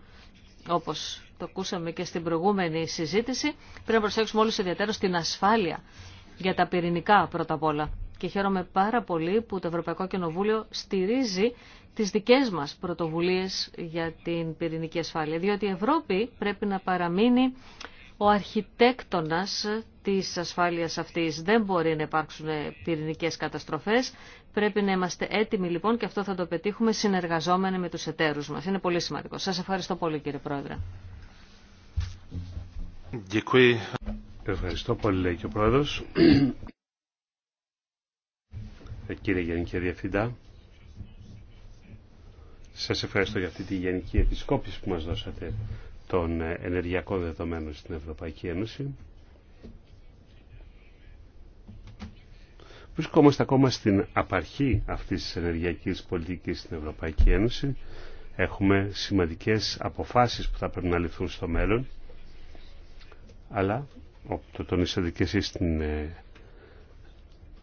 όπως το ακούσαμε και στην προηγούμενη συζήτηση, πρέπει να προσέξουμε όλους ιδιαίτερος την ασφάλεια για τα πυρηνικά πρώτα απ' όλα. Και χαίρομαι πάρα πολύ που το Ευρωπαϊκό Κοινοβούλιο στηρίζει τις δικές μας πρωτοβουλίες για την πυρηνική ασφάλεια, διότι η Ευρώπη πρέπει να παραμείνει ο αρχιτέκτονας της ασφάλειας αυτής. Δεν μπορεί να υπάρξουν πυρηνικές καταστροφές. Πρέπει να είμαστε έτοιμοι λοιπόν και αυτό θα το πετύχουμε συνεργαζόμενοι με τους εταίρους μας. Είναι πολύ σημαντικό. Σας ευχαριστώ πολύ κύριε Πρόεδρε. Ευχαριστώ πολύ λέει και ο Πρόεδρος. Ε, κύριε Γενική Διευθυντά, σας ευχαριστώ για αυτή τη γενική επισκόπηση που μας δώσατε των ε, ενεργειακών δεδομένων στην Ευρωπαϊκή Ένωση. Βρισκόμαστε ακόμα στην απαρχή αυτής της ενεργειακής πολιτικής στην Ευρωπαϊκή Ένωση. Έχουμε σημαντικές αποφάσεις που θα πρέπει να ληφθούν στο μέλλον. Αλλά, όπως το τονίσατε και εσείς στην ε,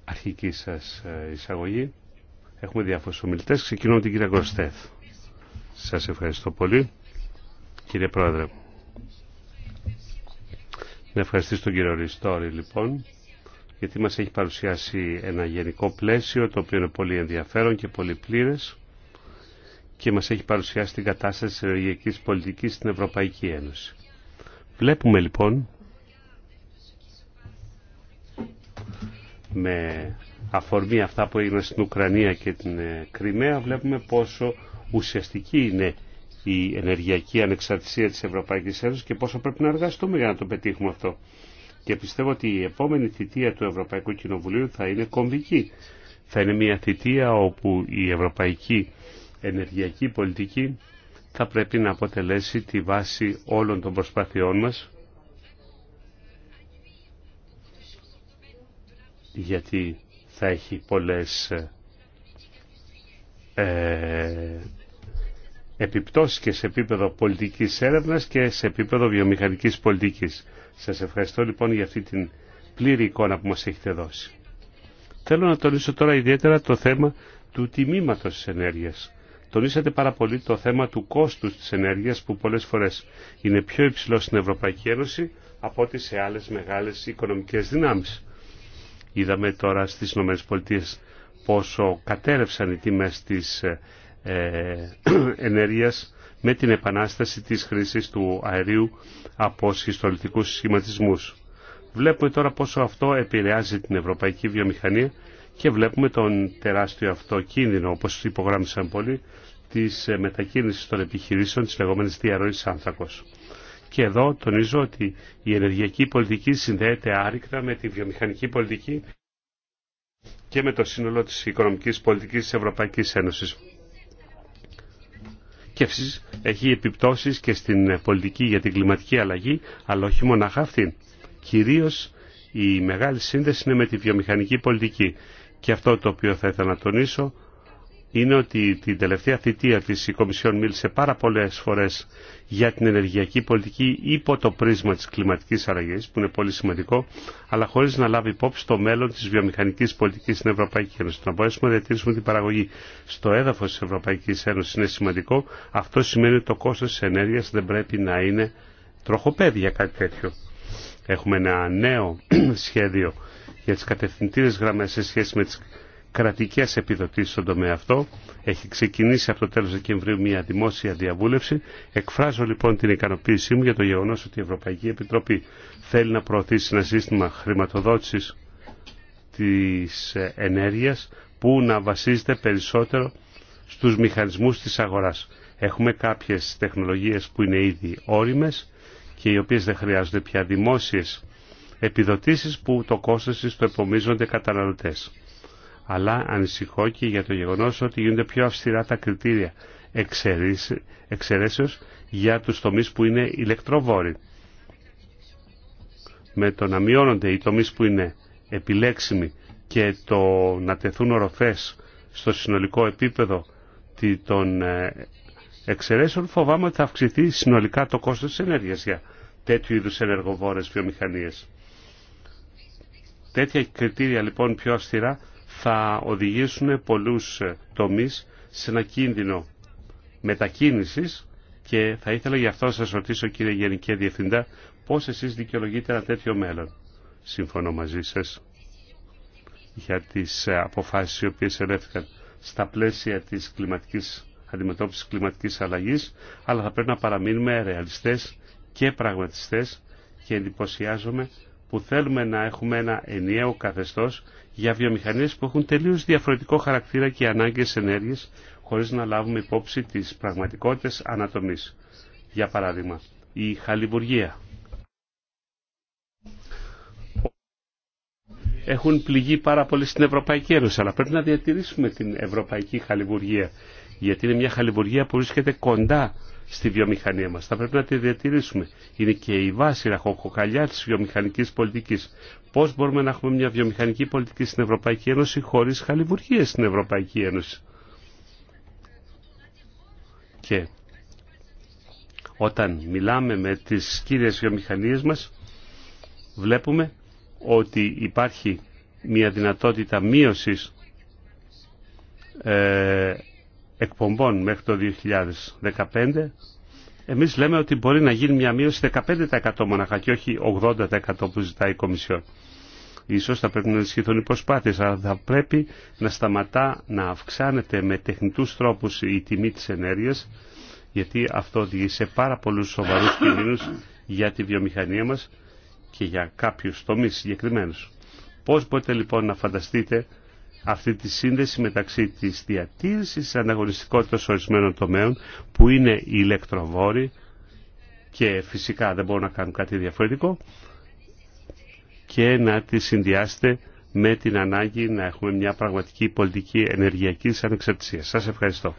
αρχική σας ε, εισαγωγή, έχουμε διάφορους ομιλητές. Ξεκινώ με την κυρία Γκροστέθ. Σας ευχαριστώ πολύ, κύριε Πρόεδρε. Να ευχαριστήσω τον κύριο Ριστόρη, λοιπόν, γιατί μας έχει παρουσιάσει ένα γενικό πλαίσιο το οποίο είναι πολύ ενδιαφέρον και πολύ πλήρες και μας έχει παρουσιάσει την κατάσταση της ενεργειακής πολιτικής στην Ευρωπαϊκή Ένωση. Βλέπουμε λοιπόν με αφορμή αυτά που έγιναν στην Ουκρανία και την ε, Κρυμαία βλέπουμε πόσο ουσιαστική είναι η ενεργειακή ανεξαρτησία της Ευρωπαϊκής Ένωσης και πόσο πρέπει να εργαστούμε για να το πετύχουμε αυτό και πιστεύω ότι η επόμενη θητεία του Ευρωπαϊκού Κοινοβουλίου θα είναι κομβική. Θα είναι μια θητεία όπου η ευρωπαϊκή ενεργειακή πολιτική θα πρέπει να αποτελέσει τη βάση όλων των προσπάθειών μας γιατί θα έχει πολλές ε, επιπτώσεις και σε επίπεδο πολιτικής έρευνας και σε επίπεδο βιομηχανικής πολιτικής. Σας ευχαριστώ λοιπόν για αυτή την πλήρη εικόνα που μας έχετε δώσει. Θέλω να τονίσω τώρα ιδιαίτερα το θέμα του τιμήματος της ενέργειας. Τονίσατε πάρα πολύ το θέμα του κόστους της ενέργειας που πολλές φορές είναι πιο υψηλό στην Ευρωπαϊκή Ένωση από ό,τι σε άλλες μεγάλες οικονομικές δυνάμεις. Είδαμε τώρα στις ΗΠΑ πόσο κατέρευσαν οι τιμές της ε, ε ενέργειας με την επανάσταση της χρήσης του αερίου από συστολιτικούς σχηματισμούς. Βλέπουμε τώρα πόσο αυτό επηρεάζει την ευρωπαϊκή βιομηχανία και βλέπουμε τον τεράστιο αυτό κίνδυνο, όπως υπογράμμισαν πολλοί, της μετακίνησης των επιχειρήσεων της λεγόμενης διαρροής άνθρακος. Και εδώ τονίζω ότι η ενεργειακή πολιτική συνδέεται άρρηκτα με τη βιομηχανική πολιτική και με το σύνολο της οικονομικής πολιτικής της Ευρωπαϊκής Ένωσης. Και έχει επιπτώσεις και στην πολιτική για την κλιματική αλλαγή, αλλά όχι μονάχα αυτή. Κυρίως η μεγάλη σύνδεση είναι με τη βιομηχανική πολιτική. Και αυτό το οποίο θα ήθελα να τονίσω είναι ότι την τελευταία θητεία της η Κομισιόν μίλησε πάρα πολλές φορές για την ενεργειακή πολιτική υπό το πρίσμα της κλιματικής αλλαγής, που είναι πολύ σημαντικό, αλλά χωρίς να λάβει υπόψη το μέλλον της βιομηχανικής πολιτικής στην Ευρωπαϊκή Ένωση. Να μπορέσουμε να διατηρήσουμε την παραγωγή στο έδαφος της Ευρωπαϊκής Ένωσης είναι σημαντικό. Αυτό σημαίνει ότι το κόστος της ενέργειας δεν πρέπει να είναι τροχοπέδι για κάτι τέτοιο. Έχουμε ένα νέο σχέδιο για τις κατευθυντήρες γραμμές σε σχέση με τις κρατικές επιδοτήσεις στον τομέα αυτό. Έχει ξεκινήσει από το τέλος Δεκεμβρίου μια δημόσια διαβούλευση. Εκφράζω λοιπόν την ικανοποίησή μου για το γεγονός ότι η Ευρωπαϊκή Επιτροπή θέλει να προωθήσει ένα σύστημα χρηματοδότησης της ενέργειας που να βασίζεται περισσότερο στους μηχανισμούς της αγοράς. Έχουμε κάποιες τεχνολογίες που είναι ήδη όριμε και οι οποίες δεν χρειάζονται πια δημόσιες επιδοτήσεις που το κόστος της το επομίζονται καταναλωτές αλλά ανησυχώ και για το γεγονός ότι γίνονται πιο αυστηρά τα κριτήρια εξαιρέσεως για τους τομείς που είναι ηλεκτροβόροι. Με το να μειώνονται οι τομείς που είναι επιλέξιμοι και το να τεθούν οροφές στο συνολικό επίπεδο των ε, εξαιρέσεων φοβάμαι ότι θα αυξηθεί συνολικά το κόστος της ενέργειας για τέτοιου είδους ενεργοβόρες βιομηχανίες. Τέτοια κριτήρια λοιπόν πιο αυστηρά θα οδηγήσουν πολλούς τομείς σε ένα κίνδυνο μετακίνησης και θα ήθελα γι' αυτό να σας ρωτήσω κύριε Γενική Διευθυντά πώς εσείς δικαιολογείτε ένα τέτοιο μέλλον. Συμφωνώ μαζί σας για τις αποφάσεις οι οποίες ελέφθηκαν... στα πλαίσια της κλιματικής αντιμετώπισης κλιματικής αλλαγής, αλλά θα πρέπει να παραμείνουμε ρεαλιστές και πραγματιστές και εντυπωσιάζομαι που θέλουμε να έχουμε ένα ενιαίο καθεστώς για βιομηχανίες που έχουν τελείως διαφορετικό χαρακτήρα και ανάγκες ενέργειας χωρίς να λάβουμε υπόψη τις πραγματικότητες ανατομής. Για παράδειγμα, η χαλιβουργία. Έχουν πληγεί πάρα πολύ στην Ευρωπαϊκή Ένωση, αλλά πρέπει να διατηρήσουμε την Ευρωπαϊκή Χαλιβουργία, γιατί είναι μια χαλιβουργία που βρίσκεται κοντά στη βιομηχανία μας. Θα πρέπει να τη διατηρήσουμε. Είναι και η βάση ραχοκοκαλιά της βιομηχανικής πολιτικής. Πώς μπορούμε να έχουμε μια βιομηχανική πολιτική στην Ευρωπαϊκή Ένωση χωρίς χαλιβουργίες στην Ευρωπαϊκή Ένωση. Και όταν μιλάμε με τις κύριες βιομηχανίες μας βλέπουμε ότι υπάρχει μια δυνατότητα μείωσης ε, εκπομπών μέχρι το 2015, εμείς λέμε ότι μπορεί να γίνει μια μείωση 15% μοναχα και όχι 80% που ζητάει η Κομισιόν. Ίσως θα πρέπει να ενισχυθούν οι προσπάθειες, αλλά θα πρέπει να σταματά να αυξάνεται με τεχνητούς τρόπους η τιμή της ενέργειας, γιατί αυτό οδηγεί σε πάρα πολλούς σοβαρούς κινδύνους για τη βιομηχανία μας και για κάποιους τομείς συγκεκριμένους. Πώς μπορείτε λοιπόν να φανταστείτε αυτή τη σύνδεση μεταξύ της διατήρησης της ανταγωνιστικότητας ορισμένων τομέων που είναι οι ηλεκτροβόρη και φυσικά δεν μπορούν να κάνουν κάτι διαφορετικό και να τη συνδυάσετε με την ανάγκη να έχουμε μια πραγματική πολιτική ενεργειακή ανεξαρτησίας. Σας ευχαριστώ.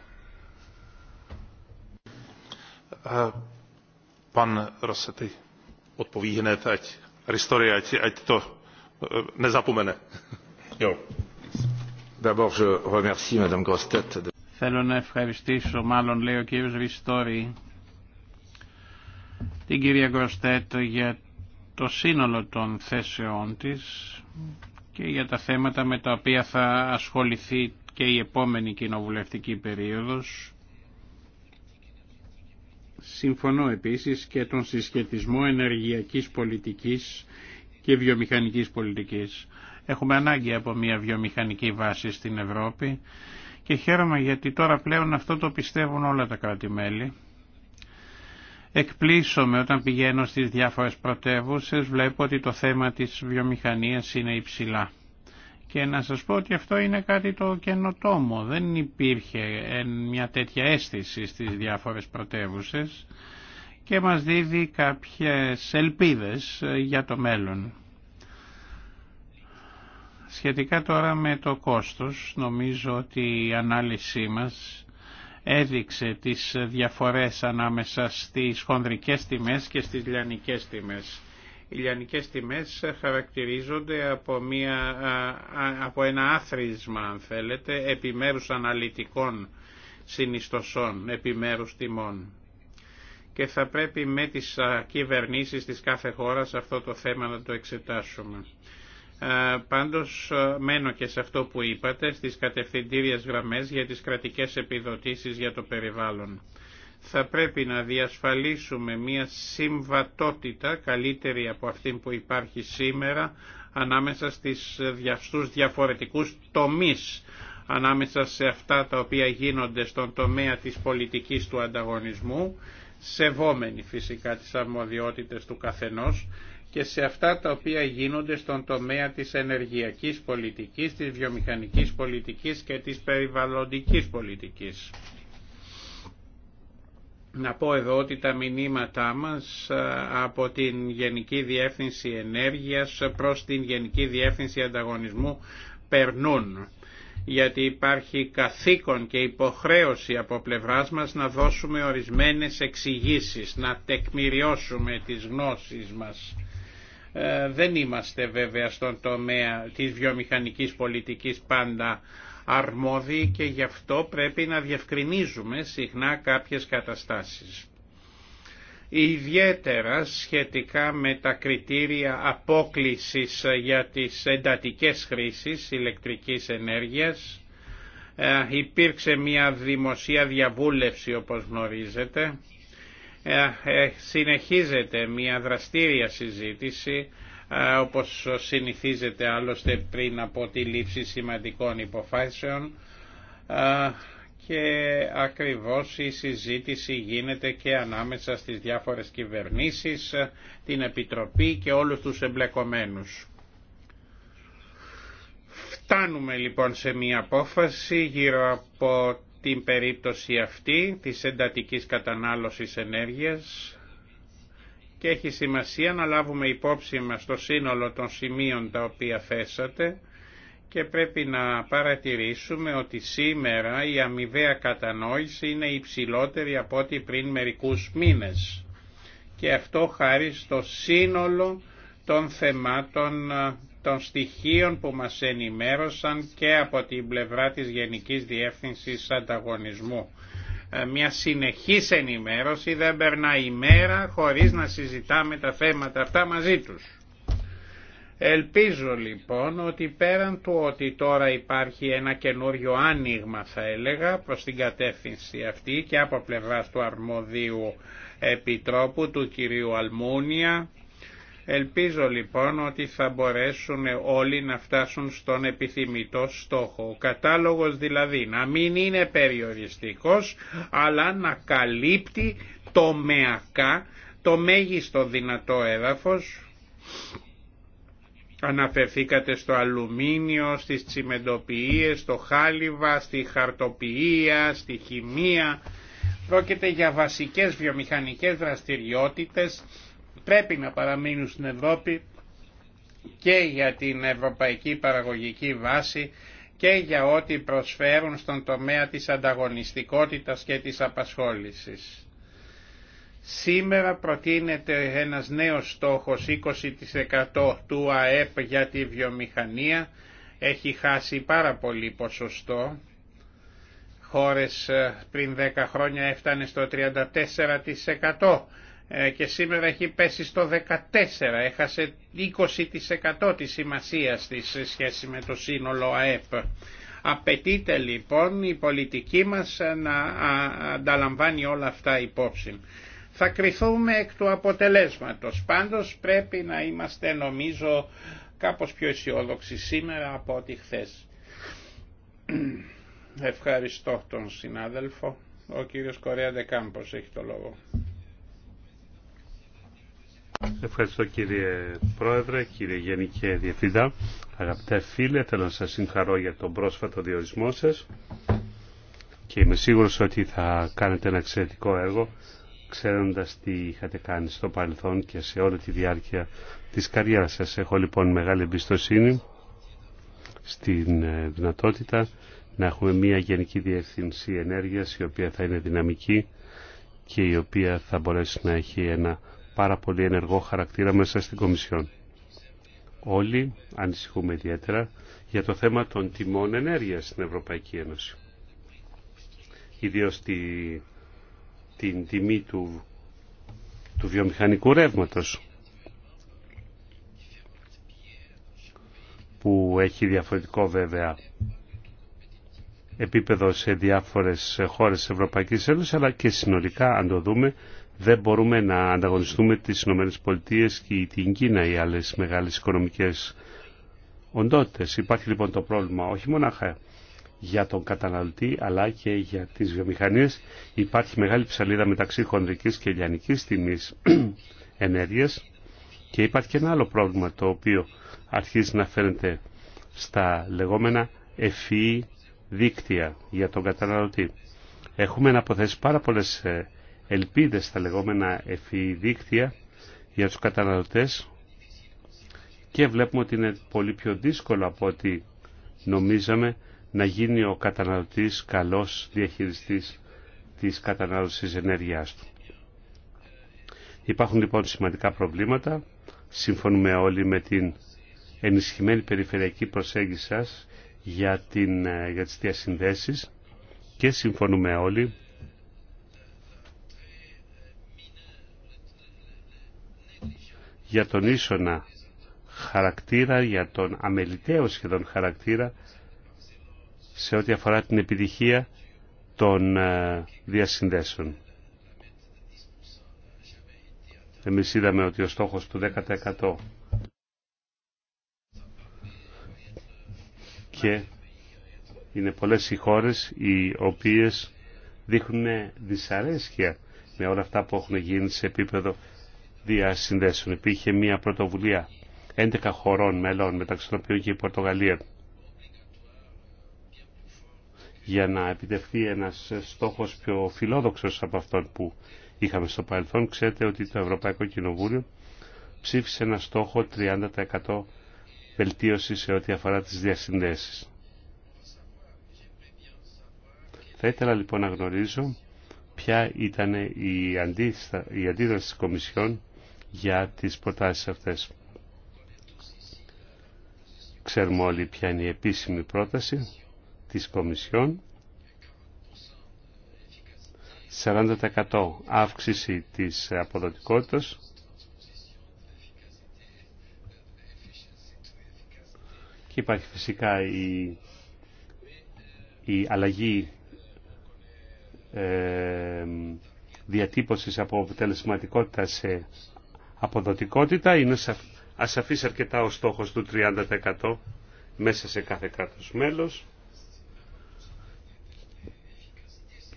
Θέλω να ευχαριστήσω, μάλλον λέει ο κύριος Ριστόρη, την κυρία Γκροστέτ για το σύνολο των θέσεών της και για τα θέματα με τα οποία θα ασχοληθεί και η επόμενη κοινοβουλευτική περίοδος. Συμφωνώ επίσης και τον συσχετισμό ενεργειακής πολιτικής και βιομηχανικής πολιτικής. Έχουμε ανάγκη από μια βιομηχανική βάση στην Ευρώπη και χαίρομαι γιατί τώρα πλέον αυτό το πιστεύουν όλα τα κράτη-μέλη. Εκπλήσωμαι όταν πηγαίνω στις διάφορες πρωτεύουσε, βλέπω ότι το θέμα της βιομηχανίας είναι υψηλά. Και να σας πω ότι αυτό είναι κάτι το καινοτόμο. Δεν υπήρχε μια τέτοια αίσθηση στις διάφορες πρωτεύουσε και μας δίδει κάποιες ελπίδες ε, για το μέλλον. Σχετικά τώρα με το κόστος, νομίζω ότι η ανάλυση μας έδειξε τις διαφορές ανάμεσα στις χονδρικές τιμές και στις λιανικές τιμές. Οι λιανικές τιμές χαρακτηρίζονται από, μια, από ένα άθροισμα, αν θέλετε, επιμέρους αναλυτικών συνιστοσών, επιμέρους τιμών. Και θα πρέπει με τις κυβερνήσεις της κάθε χώρας αυτό το θέμα να το εξετάσουμε. Ε, πάντως ε, μένω και σε αυτό που είπατε στις κατευθυντήριες γραμμές για τις κρατικές επιδοτήσεις για το περιβάλλον. Θα πρέπει να διασφαλίσουμε μια συμβατότητα καλύτερη από αυτή που υπάρχει σήμερα ανάμεσα στις ε, στους διαφορετικούς τομείς ανάμεσα σε αυτά τα οποία γίνονται στον τομέα της πολιτικής του ανταγωνισμού, σεβόμενοι φυσικά τις αρμοδιότητες του καθενός και σε αυτά τα οποία γίνονται στον τομέα της ενεργειακής πολιτικής, της βιομηχανικής πολιτικής και της περιβαλλοντικής πολιτικής. Να πω εδώ ότι τα μηνύματά μας ε, από την Γενική Διεύθυνση Ενέργειας προς την Γενική Διεύθυνση Ανταγωνισμού περνούν γιατί υπάρχει καθήκον και υποχρέωση από πλευράς μας να δώσουμε ορισμένες εξηγήσει, να τεκμηριώσουμε τις γνώσεις μας ε, δεν είμαστε βέβαια στον τομέα της βιομηχανικής πολιτικής πάντα αρμόδιοι και γι' αυτό πρέπει να διευκρινίζουμε συχνά κάποιες καταστάσεις. Ιδιαίτερα σχετικά με τα κριτήρια απόκλησης για τις εντατικές χρήσεις ηλεκτρικής ενέργειας ε, υπήρξε μια δημοσία διαβούλευση όπως γνωρίζετε ε, ε, συνεχίζεται μια δραστήρια συζήτηση ε, όπως συνηθίζεται άλλωστε πριν από τη λήψη σημαντικών υποφάσεων και ακριβώς η συζήτηση γίνεται και ανάμεσα στις διάφορες κυβερνήσεις, την Επιτροπή και όλους τους εμπλεκομένους. Φτάνουμε λοιπόν σε μια απόφαση γύρω από την περίπτωση αυτή της εντατικής κατανάλωσης ενέργειας και έχει σημασία να λάβουμε υπόψη μας το σύνολο των σημείων τα οποία θέσατε και πρέπει να παρατηρήσουμε ότι σήμερα η αμοιβαία κατανόηση είναι υψηλότερη από ό,τι πριν μερικούς μήνες και αυτό χάρη στο σύνολο των θεμάτων των στοιχείων που μας ενημέρωσαν και από την πλευρά της Γενικής Διεύθυνσης Ανταγωνισμού. Ε, μια συνεχής ενημέρωση δεν περνά ημέρα χωρίς να συζητάμε τα θέματα αυτά μαζί τους. Ελπίζω λοιπόν ότι πέραν του ότι τώρα υπάρχει ένα καινούριο άνοιγμα θα έλεγα προς την κατεύθυνση αυτή και από πλευράς του αρμοδίου επιτρόπου του κυρίου Αλμούνια Ελπίζω λοιπόν ότι θα μπορέσουν όλοι να φτάσουν στον επιθυμητό στόχο. Ο κατάλογος δηλαδή να μην είναι περιοριστικός αλλά να καλύπτει τομεακά το μέγιστο δυνατό έδαφος. Αναφερθήκατε στο αλουμίνιο, στις τσιμεντοποιίες, στο χάλιβα, στη χαρτοποιία, στη χημεία. Πρόκειται για βασικές βιομηχανικές δραστηριότητες πρέπει να παραμείνουν στην Ευρώπη και για την ευρωπαϊκή παραγωγική βάση και για ό,τι προσφέρουν στον τομέα της ανταγωνιστικότητας και της απασχόλησης. Σήμερα προτείνεται ένας νέος στόχος 20% του ΑΕΠ για τη βιομηχανία. Έχει χάσει πάρα πολύ ποσοστό. Χώρες ε, πριν 10 χρόνια έφτανε στο 34%. Ε, και σήμερα έχει πέσει στο 14, έχασε 20% της σημασίας της σε σχέση με το σύνολο ΑΕΠ. Απαιτείται λοιπόν η πολιτική μας να ανταλαμβάνει όλα αυτά υπόψη. Θα κρυθούμε εκ του αποτελέσματος. Πάντως πρέπει να είμαστε νομίζω κάπως πιο αισιόδοξοι σήμερα από ό,τι χθε. Ευχαριστώ τον συνάδελφο. Ο κύριος Κορέα Δεκάμπος έχει το λόγο. Ευχαριστώ κύριε Πρόεδρε, κύριε Γενική Διευθυντά. Αγαπητέ φίλε, θέλω να σας συγχαρώ για τον πρόσφατο διορισμό σας και είμαι σίγουρος ότι θα κάνετε ένα εξαιρετικό έργο ξέροντας τι είχατε κάνει στο παρελθόν και σε όλη τη διάρκεια της καριέρας σας. Έχω λοιπόν μεγάλη εμπιστοσύνη στην ε, δυνατότητα να έχουμε μια γενική διευθυνσή ενέργειας η οποία θα είναι δυναμική και η οποία θα μπορέσει να έχει ένα πάρα πολύ ενεργό χαρακτήρα μέσα στην Κομισιόν. Όλοι ανησυχούμε ιδιαίτερα για το θέμα των τιμών ενέργειας στην Ευρωπαϊκή Ένωση. Ιδίως τη, την τιμή του, του βιομηχανικού ρεύματος που έχει διαφορετικό βέβαια επίπεδο σε διάφορες χώρες της Ευρωπαϊκής Ένωσης αλλά και συνολικά αν το δούμε δεν μπορούμε να ανταγωνιστούμε τις ΗΠΑ και την Κίνα ή άλλες μεγάλες οικονομικές οντότητες. Υπάρχει λοιπόν το πρόβλημα όχι μονάχα για τον καταναλωτή αλλά και για τις βιομηχανίες. Υπάρχει μεγάλη ψαλίδα μεταξύ χονδρικής και λιανικής τιμής ενέργειας και υπάρχει και ένα άλλο πρόβλημα το οποίο αρχίζει να φαίνεται στα λεγόμενα ευφυή δίκτυα για τον καταναλωτή. Έχουμε να αποθέσει πάρα πολλές ε, ελπίδες στα λεγόμενα εφηδίκτια για τους καταναλωτές και βλέπουμε ότι είναι πολύ πιο δύσκολο από ό,τι νομίζαμε να γίνει ο καταναλωτής καλός διαχειριστής της κατανάλωσης ενέργειάς του. Υπάρχουν λοιπόν σημαντικά προβλήματα. Συμφωνούμε όλοι με την ενισχυμένη περιφερειακή προσέγγιση σας για, την, ε, για τις διασυνδέσεις και συμφωνούμε όλοι για τον ίσονα χαρακτήρα, για τον αμεληταίο σχεδόν χαρακτήρα σε ό,τι αφορά την επιτυχία των ε, διασυνδέσεων. Εμείς είδαμε ότι ο στόχος του 10% και είναι πολλές οι χώρες οι οποίες δείχνουν δυσαρέσκεια με όλα αυτά που έχουν γίνει σε επίπεδο διασυνδέσεων. Υπήρχε μια πρωτοβουλία 11 χωρών μελών, μεταξύ των οποίων και η Πορτογαλία, για να επιτευχθεί ένας στόχος πιο φιλόδοξος από αυτόν που είχαμε στο παρελθόν. Ξέρετε ότι το Ευρωπαϊκό Κοινοβούλιο ψήφισε ένα στόχο 30% βελτίωση σε ό,τι αφορά τις διασυνδέσεις. Θα ήθελα λοιπόν να γνωρίζω ποια ήταν η, αντίδραση της Κομισιόν για τις προτάσεις αυτές. Ξέρουμε όλοι ποια είναι η επίσημη πρόταση της Κομισιόν. 40% αύξηση της αποδοτικότητας και υπάρχει φυσικά η, αλλαγή ε, διατύπωσης από αποτελεσματικότητα σε αποδοτικότητα. Είναι ασαφής αρκετά ο στόχος του 30% μέσα σε κάθε κράτος μέλος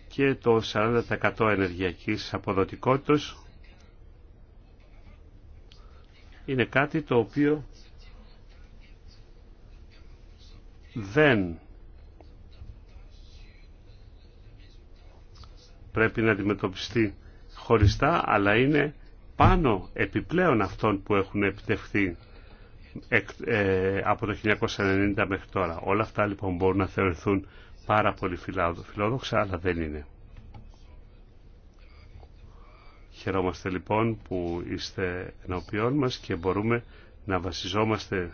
και το 40% ενεργειακής αποδοτικότητας είναι κάτι το οποίο δεν πρέπει να αντιμετωπιστεί χωριστά αλλά είναι πάνω επιπλέον αυτών που έχουν επιτευχθεί ε, από το 1990 μέχρι τώρα. Όλα αυτά λοιπόν μπορούν να θεωρηθούν πάρα πολύ φιλόδοξα, αλλά δεν είναι. Χαιρόμαστε λοιπόν που είστε ενώπιόν μας και μπορούμε να βασιζόμαστε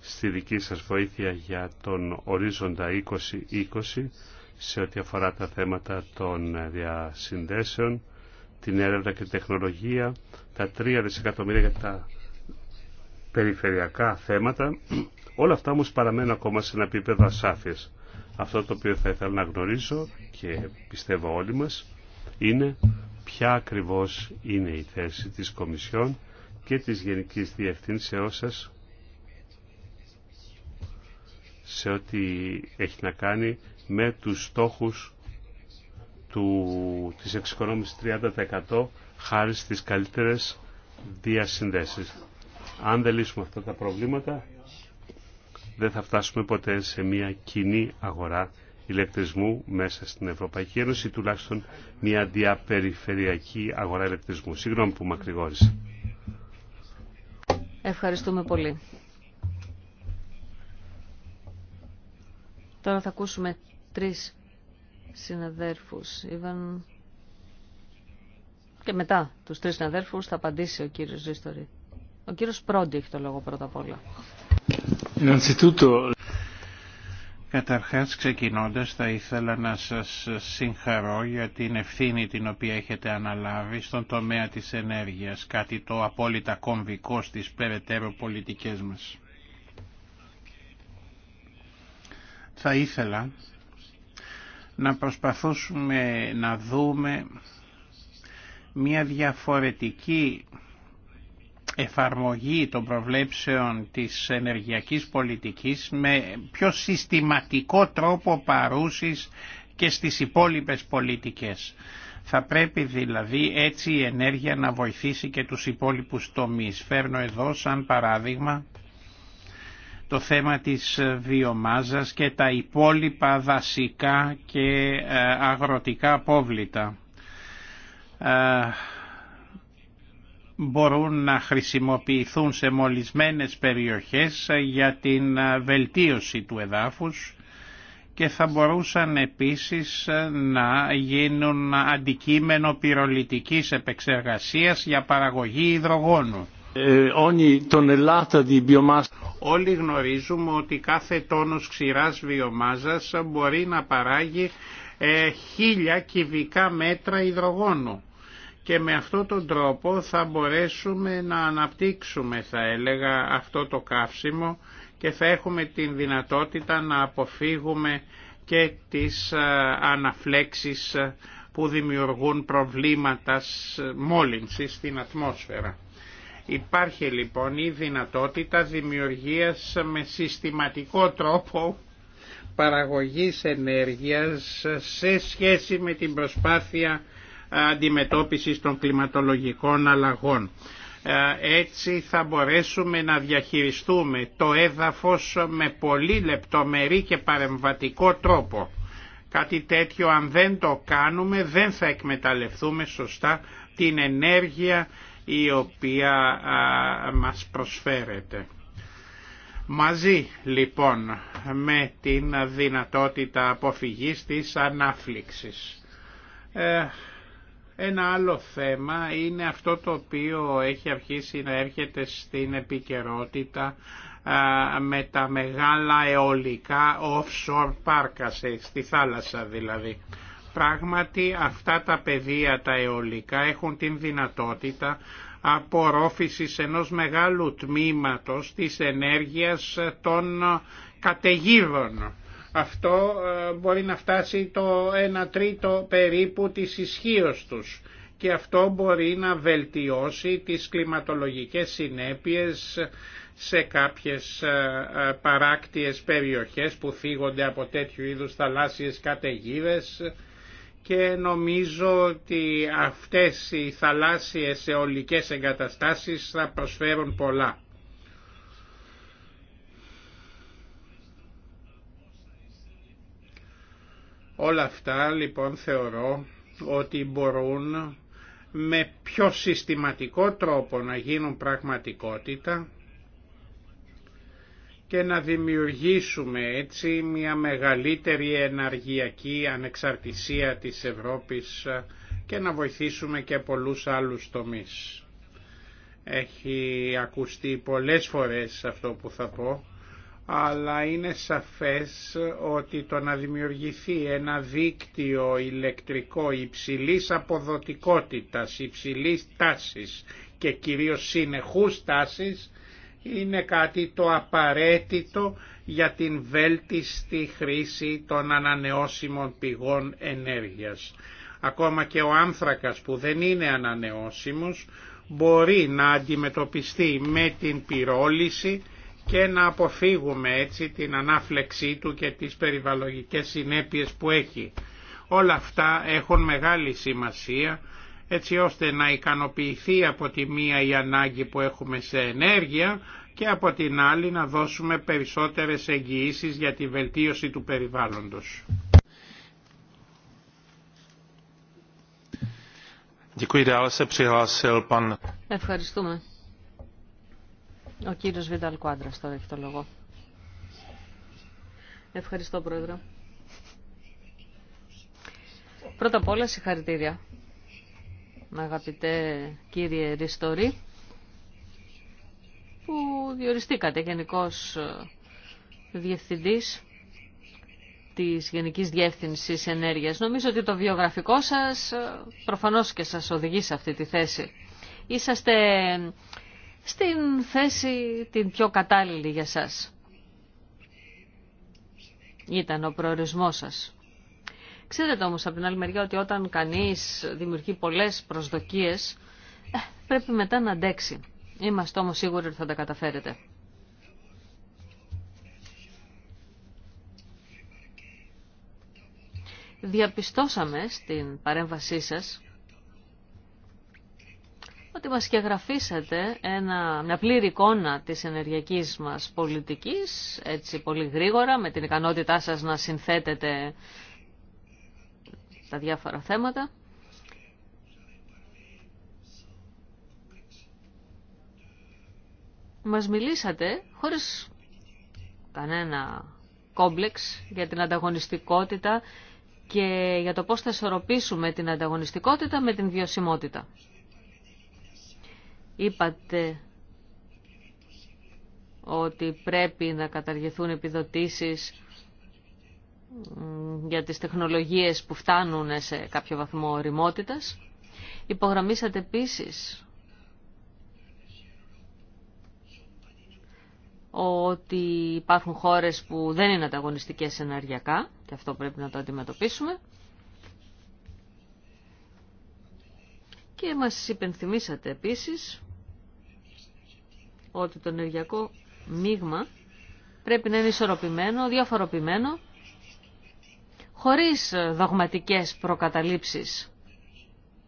στη δική σας βοήθεια για τον ορίζοντα 2020 σε ό,τι αφορά τα θέματα των διασυνδέσεων την έρευνα και την τεχνολογία, τα 3 δισεκατομμύρια για τα περιφερειακά θέματα. Όλα αυτά όμως παραμένουν ακόμα σε ένα επίπεδο ασάφειας. Αυτό το οποίο θα ήθελα να γνωρίζω και πιστεύω όλοι μας είναι ποια ακριβώς είναι η θέση της Κομισιόν και της Γενικής Διευθύνσεώς σας σε ό,τι έχει να κάνει με τους στόχους του, της εξοικονόμησης 30% χάρη στις καλύτερες διασυνδέσεις. Αν δεν λύσουμε αυτά τα προβλήματα, δεν θα φτάσουμε ποτέ σε μια κοινή αγορά ηλεκτρισμού μέσα στην Ευρωπαϊκή Ένωση, τουλάχιστον μια διαπεριφερειακή αγορά ηλεκτρισμού. Συγγνώμη που μακρηγόρησα. Ευχαριστούμε πολύ. Τώρα θα ακούσουμε τρεις συναδέρφους. Ήβαν... Και μετά τους τρεις συναδέρφους θα απαντήσει ο κύριος Ζήστορη. Ο κύριος Πρόντι έχει το λόγο πρώτα απ' όλα. Καταρχάς ξεκινώντας θα ήθελα να σας συγχαρώ για την ευθύνη την οποία έχετε αναλάβει στον τομέα της ενέργειας, κάτι το απόλυτα κομβικό στις περαιτέρω πολιτικές μας. Θα ήθελα να προσπαθούσουμε να δούμε μια διαφορετική εφαρμογή των προβλέψεων της ενεργειακής πολιτικής με πιο συστηματικό τρόπο παρούσης και στις υπόλοιπες πολιτικές. Θα πρέπει δηλαδή έτσι η ενέργεια να βοηθήσει και τους υπόλοιπους τομείς. Φέρνω εδώ σαν παράδειγμα το θέμα της βιομάζας και τα υπόλοιπα δασικά και ε, αγροτικά απόβλητα ε, μπορούν να χρησιμοποιηθούν σε μολυσμένες περιοχές για την ε, βελτίωση του εδάφους και θα μπορούσαν επίσης να γίνουν αντικείμενο πυρολιτικής επεξεργασίας για παραγωγή υδρογόνου. Ε, Όλοι γνωρίζουμε ότι κάθε τόνος ξηράς βιομάζας μπορεί να παράγει ε, χίλια κυβικά μέτρα υδρογόνου και με αυτόν τον τρόπο θα μπορέσουμε να αναπτύξουμε θα έλεγα αυτό το καύσιμο και θα έχουμε την δυνατότητα να αποφύγουμε και τις ε, αναφλέξεις που δημιουργούν προβλήματα μόλυνσης στην ατμόσφαιρα. Υπάρχει λοιπόν η δυνατότητα δημιουργίας με συστηματικό τρόπο παραγωγής ενέργειας σε σχέση με την προσπάθεια αντιμετώπισης των κλιματολογικών αλλαγών. Ε, έτσι θα μπορέσουμε να διαχειριστούμε το έδαφος με πολύ λεπτομερή και παρεμβατικό τρόπο. Κάτι τέτοιο αν δεν το κάνουμε δεν θα εκμεταλλευτούμε σωστά την ενέργεια η οποία μας προσφέρεται. Μαζί λοιπόν με την δυνατότητα αποφυγής της ανάφλιξης. Ε, ένα άλλο θέμα είναι αυτό το οποίο έχει αρχίσει να έρχεται στην επικαιρότητα με τα μεγάλα αιωλικά offshore πάρκα στη θάλασσα δηλαδή. Πράγματι αυτά τα πεδία τα αιωλικά έχουν την δυνατότητα απορρόφησης ενός μεγάλου τμήματος της ενέργειας των καταιγίδων. Αυτό ε, μπορεί να φτάσει το 1 τρίτο περίπου της ισχύω τους και αυτό μπορεί να βελτιώσει τις κλιματολογικές συνέπειες σε κάποιες ε, ε, παράκτιες περιοχές που φύγονται από τέτοιου είδους θαλάσσιες καταιγίδες και νομίζω ότι αυτές οι θαλάσσιες αιωλικές εγκαταστάσεις θα προσφέρουν πολλά. Όλα αυτά λοιπόν θεωρώ ότι μπορούν με πιο συστηματικό τρόπο να γίνουν πραγματικότητα και να δημιουργήσουμε έτσι μια μεγαλύτερη εναργειακή ανεξαρτησία της Ευρώπης ε, και να βοηθήσουμε και πολλούς άλλους τομείς. Έχει ακουστεί πολλές φορές αυτό που θα πω, αλλά είναι σαφές ότι το να δημιουργηθεί ένα δίκτυο ηλεκτρικό υψηλής αποδοτικότητας, υψηλής τάσης και κυρίως συνεχούς τάσης είναι κάτι το απαραίτητο για την βέλτιστη χρήση των ανανεώσιμων πηγών ενέργειας. Ακόμα και ο άνθρακας που δεν είναι ανανεώσιμος μπορεί να αντιμετωπιστεί με την πυρόληση και να αποφύγουμε έτσι την ανάφλεξή του και τις περιβαλλοντικές συνέπειες που έχει. Όλα αυτά έχουν μεγάλη σημασία έτσι ώστε να ικανοποιηθεί από τη μία η ανάγκη που έχουμε σε ενέργεια και από την άλλη να δώσουμε περισσότερες εγγυήσει για τη βελτίωση του περιβάλλοντος. Ευχαριστούμε. Ο κύριος Βινταλ Κουάντρας τώρα έχει το λόγο. Ευχαριστώ, Πρόεδρε. Πρώτα απ' όλα, συγχαρητήρια αγαπητέ κύριε Ριστορή, που διοριστήκατε γενικός ε, διευθυντής της Γενικής Διεύθυνσης Ενέργειας. Νομίζω ότι το βιογραφικό σας ε, προφανώς και σας οδηγεί σε αυτή τη θέση. Είσαστε στην θέση την πιο κατάλληλη για σας. Ήταν ο προορισμός σας. Ξέρετε όμως από την άλλη μεριά ότι όταν κανείς δημιουργεί πολλές προσδοκίες ε, πρέπει μετά να αντέξει. Είμαστε όμως σίγουροι ότι θα τα καταφέρετε. Διαπιστώσαμε στην παρέμβασή σας ότι μας και γραφίσατε ένα, μια πλήρη εικόνα της ενεργειακής μας πολιτικής, έτσι πολύ γρήγορα, με την ικανότητά σας να συνθέτετε στα διάφορα θέματα. Μας μιλήσατε χωρίς κανένα κόμπλεξ για την ανταγωνιστικότητα και για το πώς θα ισορροπήσουμε την ανταγωνιστικότητα με την βιωσιμότητα. Είπατε ότι πρέπει να καταργηθούν επιδοτήσεις για τις τεχνολογίες που φτάνουν σε κάποιο βαθμό ρημότητας. Υπογραμμίσατε επίσης ότι υπάρχουν χώρες που δεν είναι ανταγωνιστικές ενεργειακά και αυτό πρέπει να το αντιμετωπίσουμε. Και μας υπενθυμίσατε επίσης ότι το ενεργειακό μείγμα πρέπει να είναι ισορροπημένο, διαφοροποιημένο χωρίς δογματικές προκαταλήψεις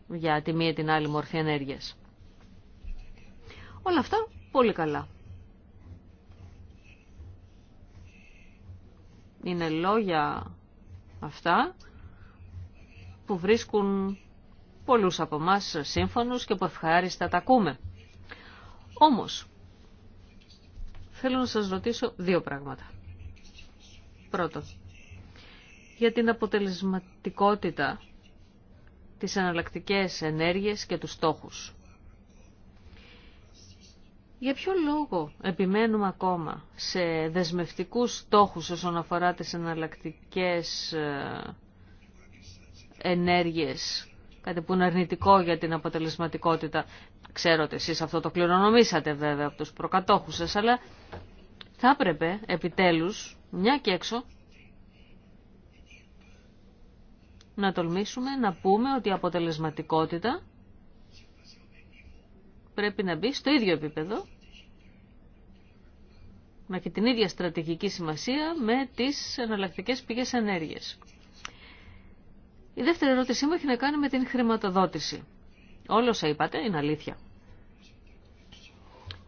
για τη μία την άλλη μορφή ενέργειας. Όλα αυτά πολύ καλά. Είναι λόγια αυτά που βρίσκουν πολλούς από εμά σύμφωνους και που ευχάριστα τα ακούμε. Όμως, θέλω να σας ρωτήσω δύο πράγματα. Πρώτον, για την αποτελεσματικότητα, τις εναλλακτικέ ενέργειες και τους στόχους. Για ποιο λόγο επιμένουμε ακόμα σε δεσμευτικούς στόχους όσον αφορά τις εναλλακτικέ ε, ενέργειες, κάτι που είναι αρνητικό για την αποτελεσματικότητα. Ξέρω ότι εσείς αυτό το κληρονομήσατε βέβαια από τους προκατόχους σας, αλλά θα έπρεπε επιτέλους, μια και έξω, να τολμήσουμε να πούμε ότι η αποτελεσματικότητα πρέπει να μπει στο ίδιο επίπεδο να και την ίδια στρατηγική σημασία με τις εναλλακτικέ πηγές ενέργειας. Η δεύτερη ερώτησή μου έχει να κάνει με την χρηματοδότηση. Όλο όσα είπατε είναι αλήθεια.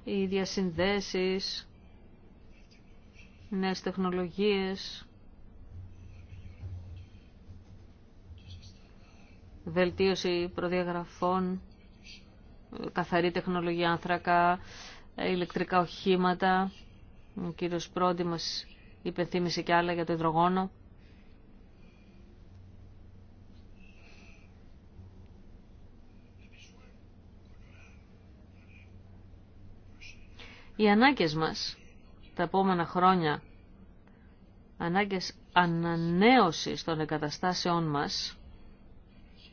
Οι διασυνδέσεις, νέες τεχνολογίες, βελτίωση προδιαγραφών, καθαρή τεχνολογία άνθρακα, ηλεκτρικά οχήματα. Ο κύριος Πρόντι μας υπενθύμησε και άλλα για το υδρογόνο. Οι ανάγκες μας τα επόμενα χρόνια, ανάγκες ανανέωσης των εγκαταστάσεών μας,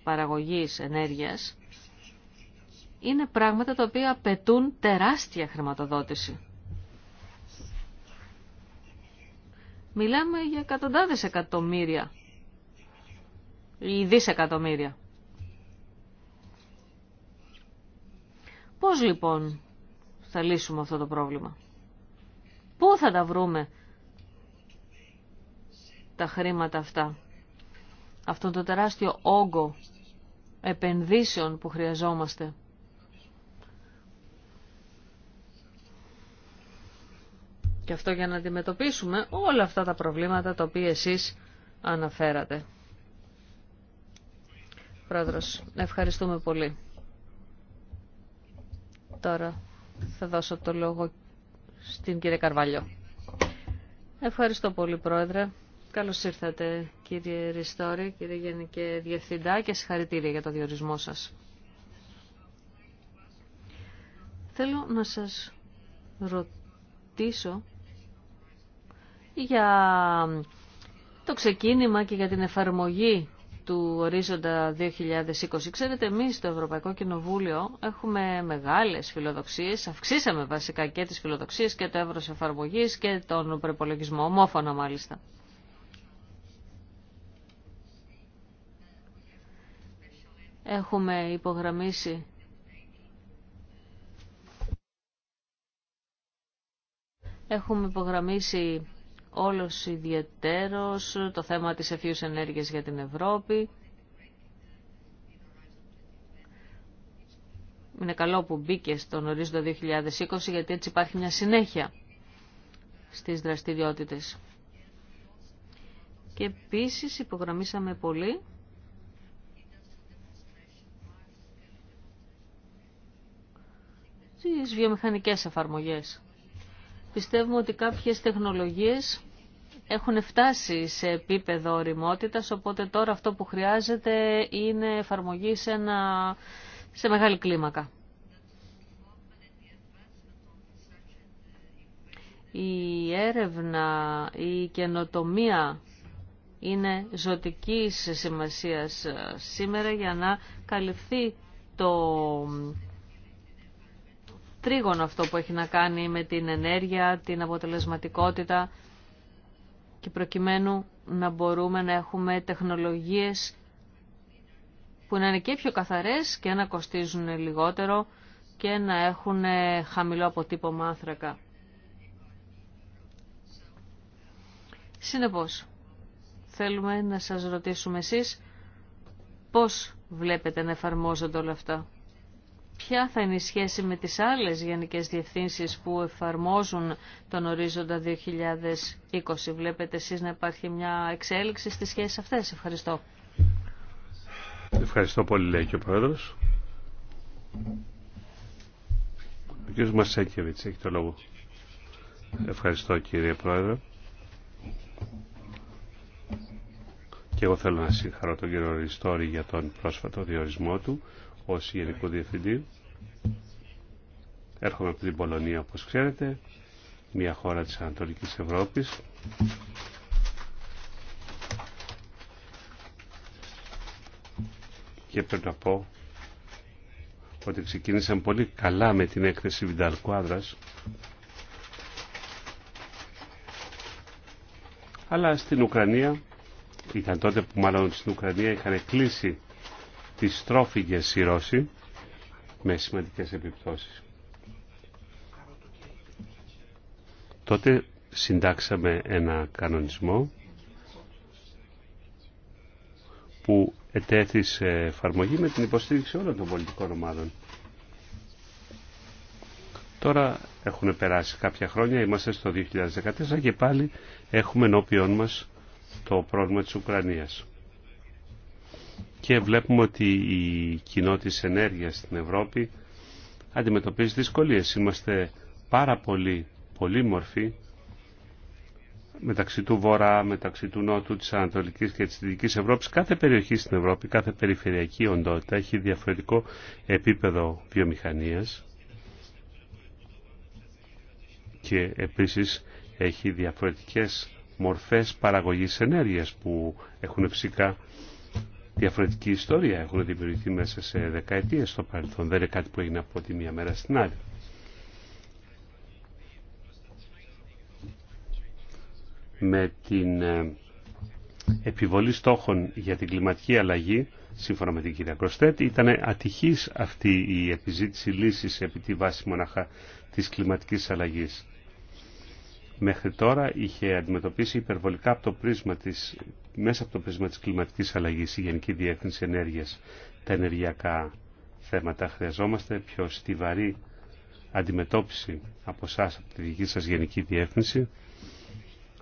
παραγωγής ενέργειας είναι πράγματα τα οποία απαιτούν τεράστια χρηματοδότηση. Μιλάμε για εκατοντάδες εκατομμύρια ή δισεκατομμύρια. Πώς λοιπόν θα λύσουμε αυτό το πρόβλημα. Πού θα τα βρούμε τα χρήματα αυτά. Αυτό το τεράστιο όγκο επενδύσεων που χρειαζόμαστε. Και αυτό για να αντιμετωπίσουμε όλα αυτά τα προβλήματα τα οποία εσείς αναφέρατε. Πρόεδρος, ευχαριστούμε πολύ. Τώρα θα δώσω το λόγο στην κυρία Καρβάλιο. Ευχαριστώ πολύ, Πρόεδρε. Καλώς ήρθατε κύριε Ριστόρη, κύριε Γενικέ Διευθυντά και συγχαρητήρια για το διορισμό σας. Θέλω να σας ρωτήσω για το ξεκίνημα και για την εφαρμογή του ορίζοντα 2020. Ξέρετε, εμεί στο Ευρωπαϊκό Κοινοβούλιο έχουμε μεγάλε φιλοδοξίε. Αυξήσαμε βασικά και τι φιλοδοξίε και το εύρο εφαρμογή και τον προπολογισμό. Ομόφωνα μάλιστα. έχουμε υπογραμμίσει έχουμε υπογραμμίσει όλος ιδιαιτέρως το θέμα της ευφύους ενέργειας για την Ευρώπη. Είναι καλό που μπήκε στον ορίζοντα 2020 γιατί έτσι υπάρχει μια συνέχεια στις δραστηριότητες. Και επίσης υπογραμμίσαμε πολύ στις βιομηχανικές εφαρμογές. Πιστεύουμε ότι κάποιες τεχνολογίες έχουν φτάσει σε επίπεδο οριμότητας, οπότε τώρα αυτό που χρειάζεται είναι εφαρμογή σε, σε μεγάλη κλίμακα. Η έρευνα, η καινοτομία είναι ζωτικής σημασίας ε, σήμερα για να καλυφθεί το τρίγωνο αυτό που έχει να κάνει με την ενέργεια, την αποτελεσματικότητα και προκειμένου να μπορούμε να έχουμε τεχνολογίες που να είναι και πιο καθαρές και να κοστίζουν λιγότερο και να έχουν χαμηλό αποτύπωμα άνθρακα. Συνεπώς, θέλουμε να σας ρωτήσουμε εσείς πώς βλέπετε να εφαρμόζονται όλα αυτά ποια θα είναι η σχέση με τις άλλες γενικές διευθύνσεις που εφαρμόζουν τον ορίζοντα 2020. Βλέπετε εσείς να υπάρχει μια εξέλιξη στις σχέσεις αυτές. Ευχαριστώ. Ευχαριστώ πολύ, λέει και ο Πρόεδρος. Ο κ. Μασέκεβιτς έχει το λόγο. Ευχαριστώ, κύριε Πρόεδρε. Και εγώ θέλω να συγχαρώ τον κύριο Ριστόρη για τον πρόσφατο διορισμό του ως Γενικό Διευθυντή. Έρχομαι από την Πολωνία, όπως ξέρετε, μια χώρα της Ανατολικής Ευρώπης. Και πρέπει να πω ότι ξεκίνησαν πολύ καλά με την έκθεση Βιντάλ Κουάδρας. Αλλά στην Ουκρανία, ήταν τότε που μάλλον στην Ουκρανία είχαν κλείσει τις τρόφιγγες οι με σημαντικές επιπτώσεις. Τότε συντάξαμε ένα κανονισμό που ετέθη σε εφαρμογή με την υποστήριξη όλων των πολιτικών ομάδων. Τώρα έχουν περάσει κάποια χρόνια, είμαστε στο 2014 και πάλι έχουμε ενώπιόν μας το πρόβλημα της Ουκρανίας και βλέπουμε ότι η κοινότητα ενέργειας στην Ευρώπη αντιμετωπίζει δυσκολίες. Είμαστε πάρα πολύ πολύμορφοι μεταξύ του Βορρά, μεταξύ του Νότου, της Ανατολικής και της Δυτικής Ευρώπης. Κάθε περιοχή στην Ευρώπη, κάθε περιφερειακή οντότητα έχει διαφορετικό επίπεδο βιομηχανίας και επίσης έχει διαφορετικές μορφές παραγωγής ενέργειας που έχουν φυσικά διαφορετική ιστορία. Έχουν δημιουργηθεί μέσα σε δεκαετίες στο παρελθόν. Δεν είναι κάτι που έγινε από τη μία μέρα στην άλλη. Με την ε, επιβολή στόχων για την κλιματική αλλαγή, σύμφωνα με την κυρία Κροστέτ, ήταν ατυχής αυτή η επιζήτηση λύσης επί τη βάση μοναχά της κλιματικής αλλαγής. Μέχρι τώρα είχε αντιμετωπίσει υπερβολικά από το πρίσμα της μέσα από το πρίσμα της κλιματικής αλλαγής η Γενική Διεύθυνση Ενέργειας τα ενεργειακά θέματα. Χρειαζόμαστε πιο στιβαρή αντιμετώπιση από εσά από τη δική σας Γενική Διεύθυνση,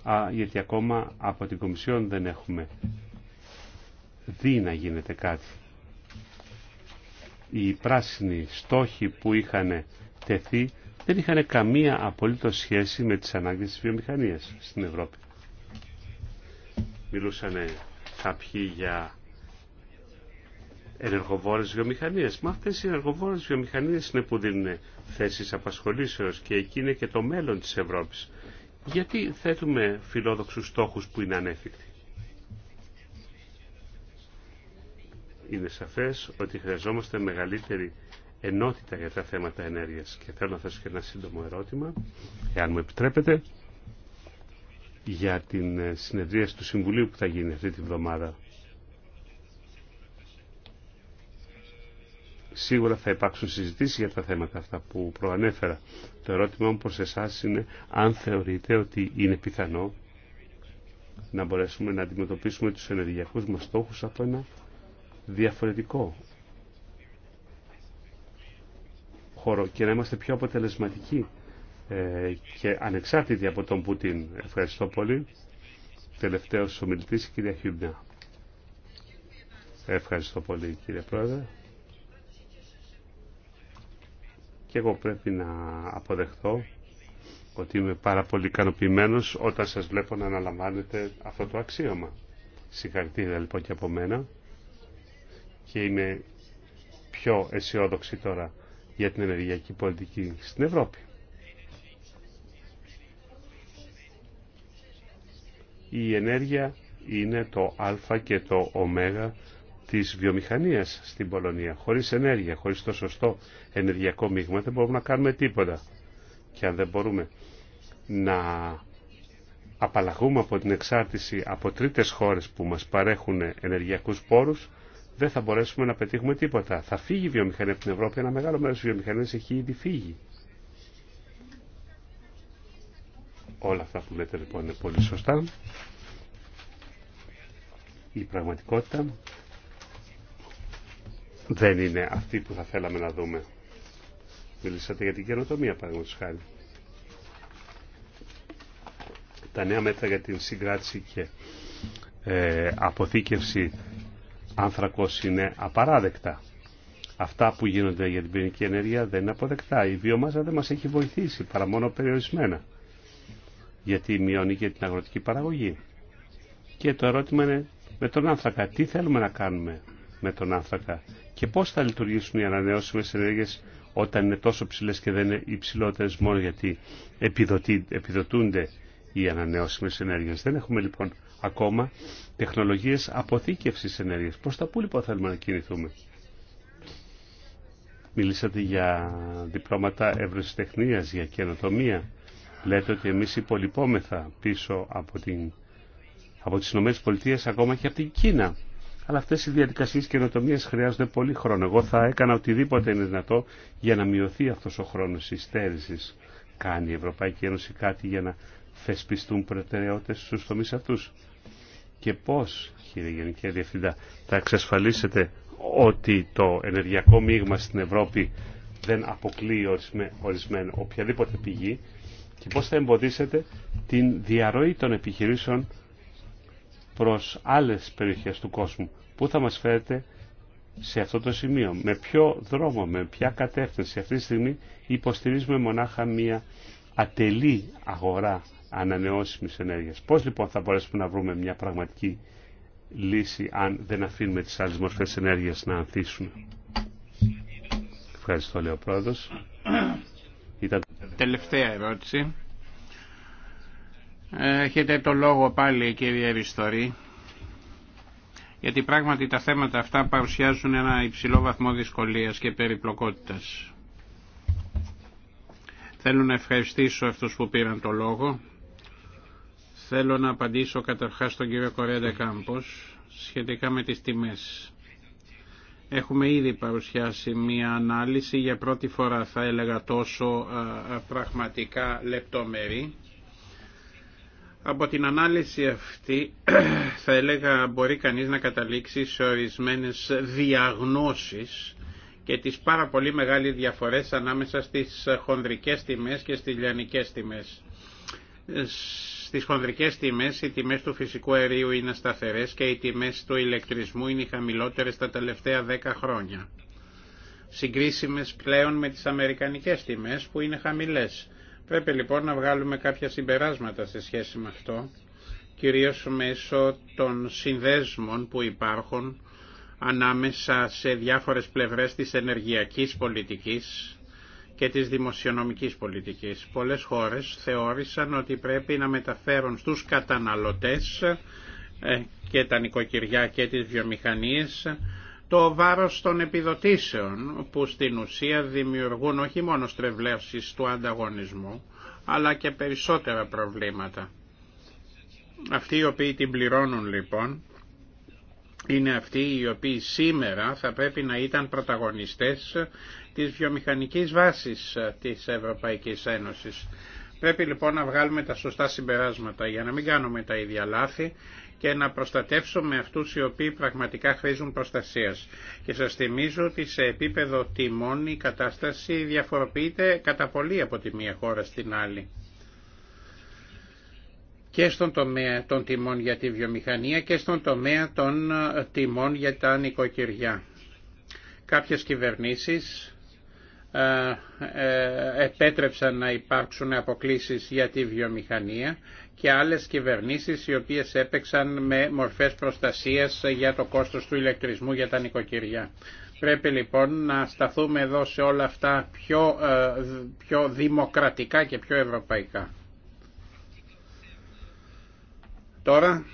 α, γιατί ακόμα από την Κομισιόν δεν έχουμε δει να γίνεται κάτι. Οι πράσινοι στόχοι που είχαν τεθεί δεν είχαν καμία απολύτως σχέση με τις ανάγκες της βιομηχανίας στην Ευρώπη. Μιλούσαν κάποιοι για ενεργοβόρες βιομηχανίες. Μα αυτές οι ενεργοβόρες βιομηχανίες είναι που δίνουν θέσεις απασχολήσεως και εκεί είναι και το μέλλον της Ευρώπης. Γιατί θέτουμε φιλόδοξους στόχους που είναι ανέφικτοι. Είναι σαφές ότι χρειαζόμαστε μεγαλύτερη ενότητα για τα θέματα ενέργειας. Και θέλω να θέσω και ένα σύντομο ερώτημα, εάν μου επιτρέπετε για την ε, συνεδρία του Συμβουλίου που θα γίνει αυτή τη βδομάδα. Σίγουρα θα υπάρξουν συζητήσεις για τα θέματα αυτά που προανέφερα. Το ερώτημά μου προς εσάς είναι αν θεωρείτε ότι είναι πιθανό να μπορέσουμε να αντιμετωπίσουμε τους ενεργειακούς μας στόχους από ένα διαφορετικό χώρο και να είμαστε πιο αποτελεσματικοί ε, και ανεξάρτητη από τον Πούτιν. Ευχαριστώ πολύ. Τελευταίος ομιλητής, η κυρία Χιούμπνα. Ευχαριστώ πολύ κύριε Πρόεδρε. Και εγώ πρέπει να αποδεχτώ, ότι είμαι πάρα πολύ ικανοποιημένο όταν σας βλέπω να αναλαμβάνετε αυτό το αξίωμα. Συγχαρητήρια λοιπόν και από μένα και είμαι πιο αισιόδοξη τώρα για την ενεργειακή πολιτική στην Ευρώπη. η ενέργεια είναι το α και το ω της βιομηχανίας στην Πολωνία. Χωρίς ενέργεια, χωρίς το σωστό ενεργειακό μείγμα δεν μπορούμε να κάνουμε τίποτα. Και αν δεν μπορούμε να απαλλαγούμε από την εξάρτηση από τρίτες χώρες που μας παρέχουν ενεργειακούς πόρους, δεν θα μπορέσουμε να πετύχουμε τίποτα. Θα φύγει η βιομηχανία από την Ευρώπη, ένα μεγάλο μέρος της βιομηχανίας έχει ήδη φύγει. Όλα αυτά που λέτε λοιπόν είναι πολύ σωστά. Η πραγματικότητα δεν είναι αυτή που θα θέλαμε να δούμε. Μιλήσατε για την καινοτομία παραδείγματος χάρη. Τα νέα μέτρα για την συγκράτηση και ε, αποθήκευση άνθρακος είναι απαράδεκτα. Αυτά που γίνονται για την πυρηνική ενέργεια δεν είναι αποδεκτά. Η βιομάζα δεν μας έχει βοηθήσει παρά μόνο περιορισμένα γιατί μειώνει και την αγροτική παραγωγή. Και το ερώτημα είναι με τον άνθρακα, τι θέλουμε να κάνουμε με τον άνθρακα και πώς θα λειτουργήσουν οι ανανεώσιμες ενέργειες όταν είναι τόσο ψηλές και δεν είναι υψηλότερε μόνο γιατί επιδοτούνται οι ανανεώσιμες ενέργειες. Δεν έχουμε λοιπόν ακόμα τεχνολογίες αποθήκευσης ενέργειας. Προς τα πού λοιπόν θέλουμε να κινηθούμε. Μιλήσατε για διπλώματα τεχνίας, για καινοτομία λέτε ότι εμείς υπολοιπόμεθα πίσω από, την, από τις Ηνωμένες Πολιτείες ακόμα και από την Κίνα. Αλλά αυτές οι διαδικασίες καινοτομία χρειάζονται πολύ χρόνο. Εγώ θα έκανα οτιδήποτε είναι δυνατό για να μειωθεί αυτός ο χρόνος υστέρησης. Κάνει η Ευρωπαϊκή Ένωση κάτι για να θεσπιστούν προτεραιότητες στους τομείς αυτούς. Και πώς, κύριε Γενική Διευθυντά, θα εξασφαλίσετε ότι το ενεργειακό μείγμα στην Ευρώπη δεν αποκλείει ορισμένο οποιαδήποτε πηγή και πώς θα εμποδίσετε την διαρροή των επιχειρήσεων προς άλλες περιοχές του κόσμου. Πού θα μας φέρετε σε αυτό το σημείο, με ποιο δρόμο, με ποια κατεύθυνση. Αυτή τη στιγμή υποστηρίζουμε μονάχα μία ατελή αγορά ανανεώσιμης ενέργειας. Πώς λοιπόν θα μπορέσουμε να βρούμε μια πραγματική λύση αν δεν αφήνουμε τις άλλες μορφές ενέργειας να ανθίσουν. Ευχαριστώ λέει Τελευταία ερώτηση. Έχετε το λόγο πάλι κύριε Ριστορή γιατί πράγματι τα θέματα αυτά παρουσιάζουν ένα υψηλό βαθμό δυσκολίας και περιπλοκότητας. Θέλω να ευχαριστήσω αυτούς που πήραν το λόγο. Θέλω να απαντήσω καταρχάς στον κύριο Κορέντε Κάμπος σχετικά με τις τιμές. Έχουμε ήδη παρουσιάσει μία ανάλυση, για πρώτη φορά θα έλεγα τόσο πραγματικά λεπτομερή. Από την ανάλυση αυτή θα έλεγα μπορεί κανείς να καταλήξει σε ορισμένες διαγνώσεις και τις πάρα πολύ μεγάλες διαφορές ανάμεσα στις χονδρικές τιμές και στις λιανικές τιμές στις χονδρικές τιμές οι τιμές του φυσικού αερίου είναι σταθερές και οι τιμές του ηλεκτρισμού είναι οι χαμηλότερες τα τελευταία 10 χρόνια. Συγκρίσιμες πλέον με τις αμερικανικές τιμές που είναι χαμηλές. Πρέπει λοιπόν να βγάλουμε κάποια συμπεράσματα σε σχέση με αυτό, κυρίως μέσω των συνδέσμων που υπάρχουν ανάμεσα σε διάφορες πλευρές της ενεργειακής πολιτικής και της δημοσιονομικής πολιτικής. Πολλές χώρες θεώρησαν ότι πρέπει να μεταφέρουν στους καταναλωτές ε, και τα νοικοκυριά και τις βιομηχανίες το βάρος των επιδοτήσεων που στην ουσία δημιουργούν όχι μόνο στρεβλέψεις του ανταγωνισμού αλλά και περισσότερα προβλήματα. Αυτοί οι οποίοι την πληρώνουν λοιπόν είναι αυτοί οι οποίοι σήμερα θα πρέπει να ήταν πρωταγωνιστές της βιομηχανικής βάσης ε, της Ευρωπαϊκής Ένωσης. Πρέπει λοιπόν να βγάλουμε τα σωστά συμπεράσματα για να μην κάνουμε τα ίδια λάθη και να προστατεύσουμε αυτούς οι οποίοι πραγματικά χρήζουν προστασίας. Και σας θυμίζω ότι σε επίπεδο τιμών η κατάσταση διαφοροποιείται κατά πολύ από τη μία χώρα στην άλλη και στον τομέα των τιμών για τη βιομηχανία και στον τομέα των ε, τιμών για τα νοικοκυριά. Κάποιες κυβερνήσεις ε, ε, επέτρεψαν να υπάρξουν αποκλήσεις για τη βιομηχανία και άλλες κυβερνήσεις οι οποίες έπαιξαν με μορφές προστασίας για το κόστος του ηλεκτρισμού για τα νοικοκυριά. Πρέπει λοιπόν να σταθούμε εδώ σε όλα αυτά πιο, ε, πιο δημοκρατικά και πιο ευρωπαϊκά. Τώρα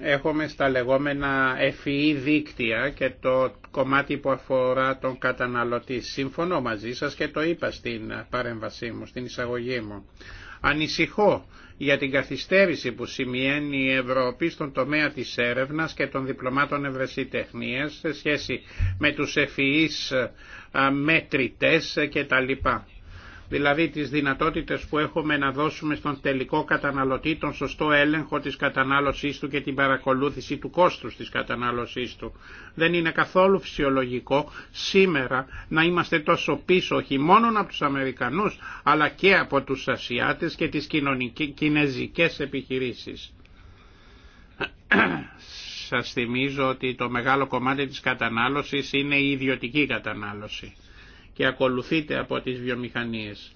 έχουμε στα λεγόμενα FEE e δίκτυα και το κομμάτι που αφορά τον καταναλωτή. Σύμφωνο μαζί σας και το είπα στην παρέμβασή μου, στην εισαγωγή μου. Ανησυχώ για την καθυστέρηση που σημειώνει η Ευρώπη στον τομέα της έρευνας και των διπλωμάτων ευρεσιτεχνίας σε σχέση με τους e και μέτρητες κτλ δηλαδή τις δυνατότητες που έχουμε να δώσουμε στον τελικό καταναλωτή τον σωστό έλεγχο της κατανάλωσής του και την παρακολούθηση του κόστους της κατανάλωσής του. Δεν είναι καθόλου φυσιολογικό σήμερα να είμαστε τόσο πίσω όχι μόνο από τους Αμερικανούς αλλά και από τους Ασιάτες και τις κινέζικες επιχειρήσεις. Σας θυμίζω ότι το μεγάλο κομμάτι της κατανάλωσης είναι η ιδιωτική κατανάλωση και ακολουθείται από τις βιομηχανίες.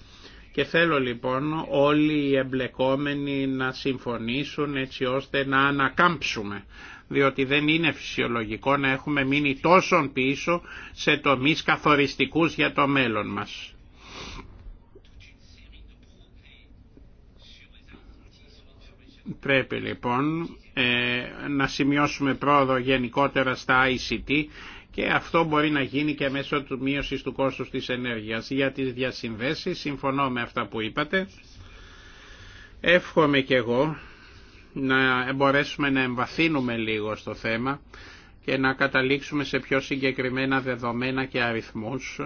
Και θέλω λοιπόν όλοι οι εμπλεκόμενοι να συμφωνήσουν έτσι ώστε να ανακάμψουμε διότι δεν είναι φυσιολογικό να έχουμε μείνει τόσο πίσω σε τομείς καθοριστικούς για το μέλλον μας. Πρέπει λοιπόν ε, να σημειώσουμε πρόοδο γενικότερα στα ICT και αυτό μπορεί να γίνει και μέσω του μείωσης του κόστους της ενέργειας. Για τις διασυνδέσεις συμφωνώ με αυτά που είπατε. Εύχομαι και εγώ να μπορέσουμε να εμβαθύνουμε λίγο στο θέμα και να καταλήξουμε σε πιο συγκεκριμένα δεδομένα και αριθμούς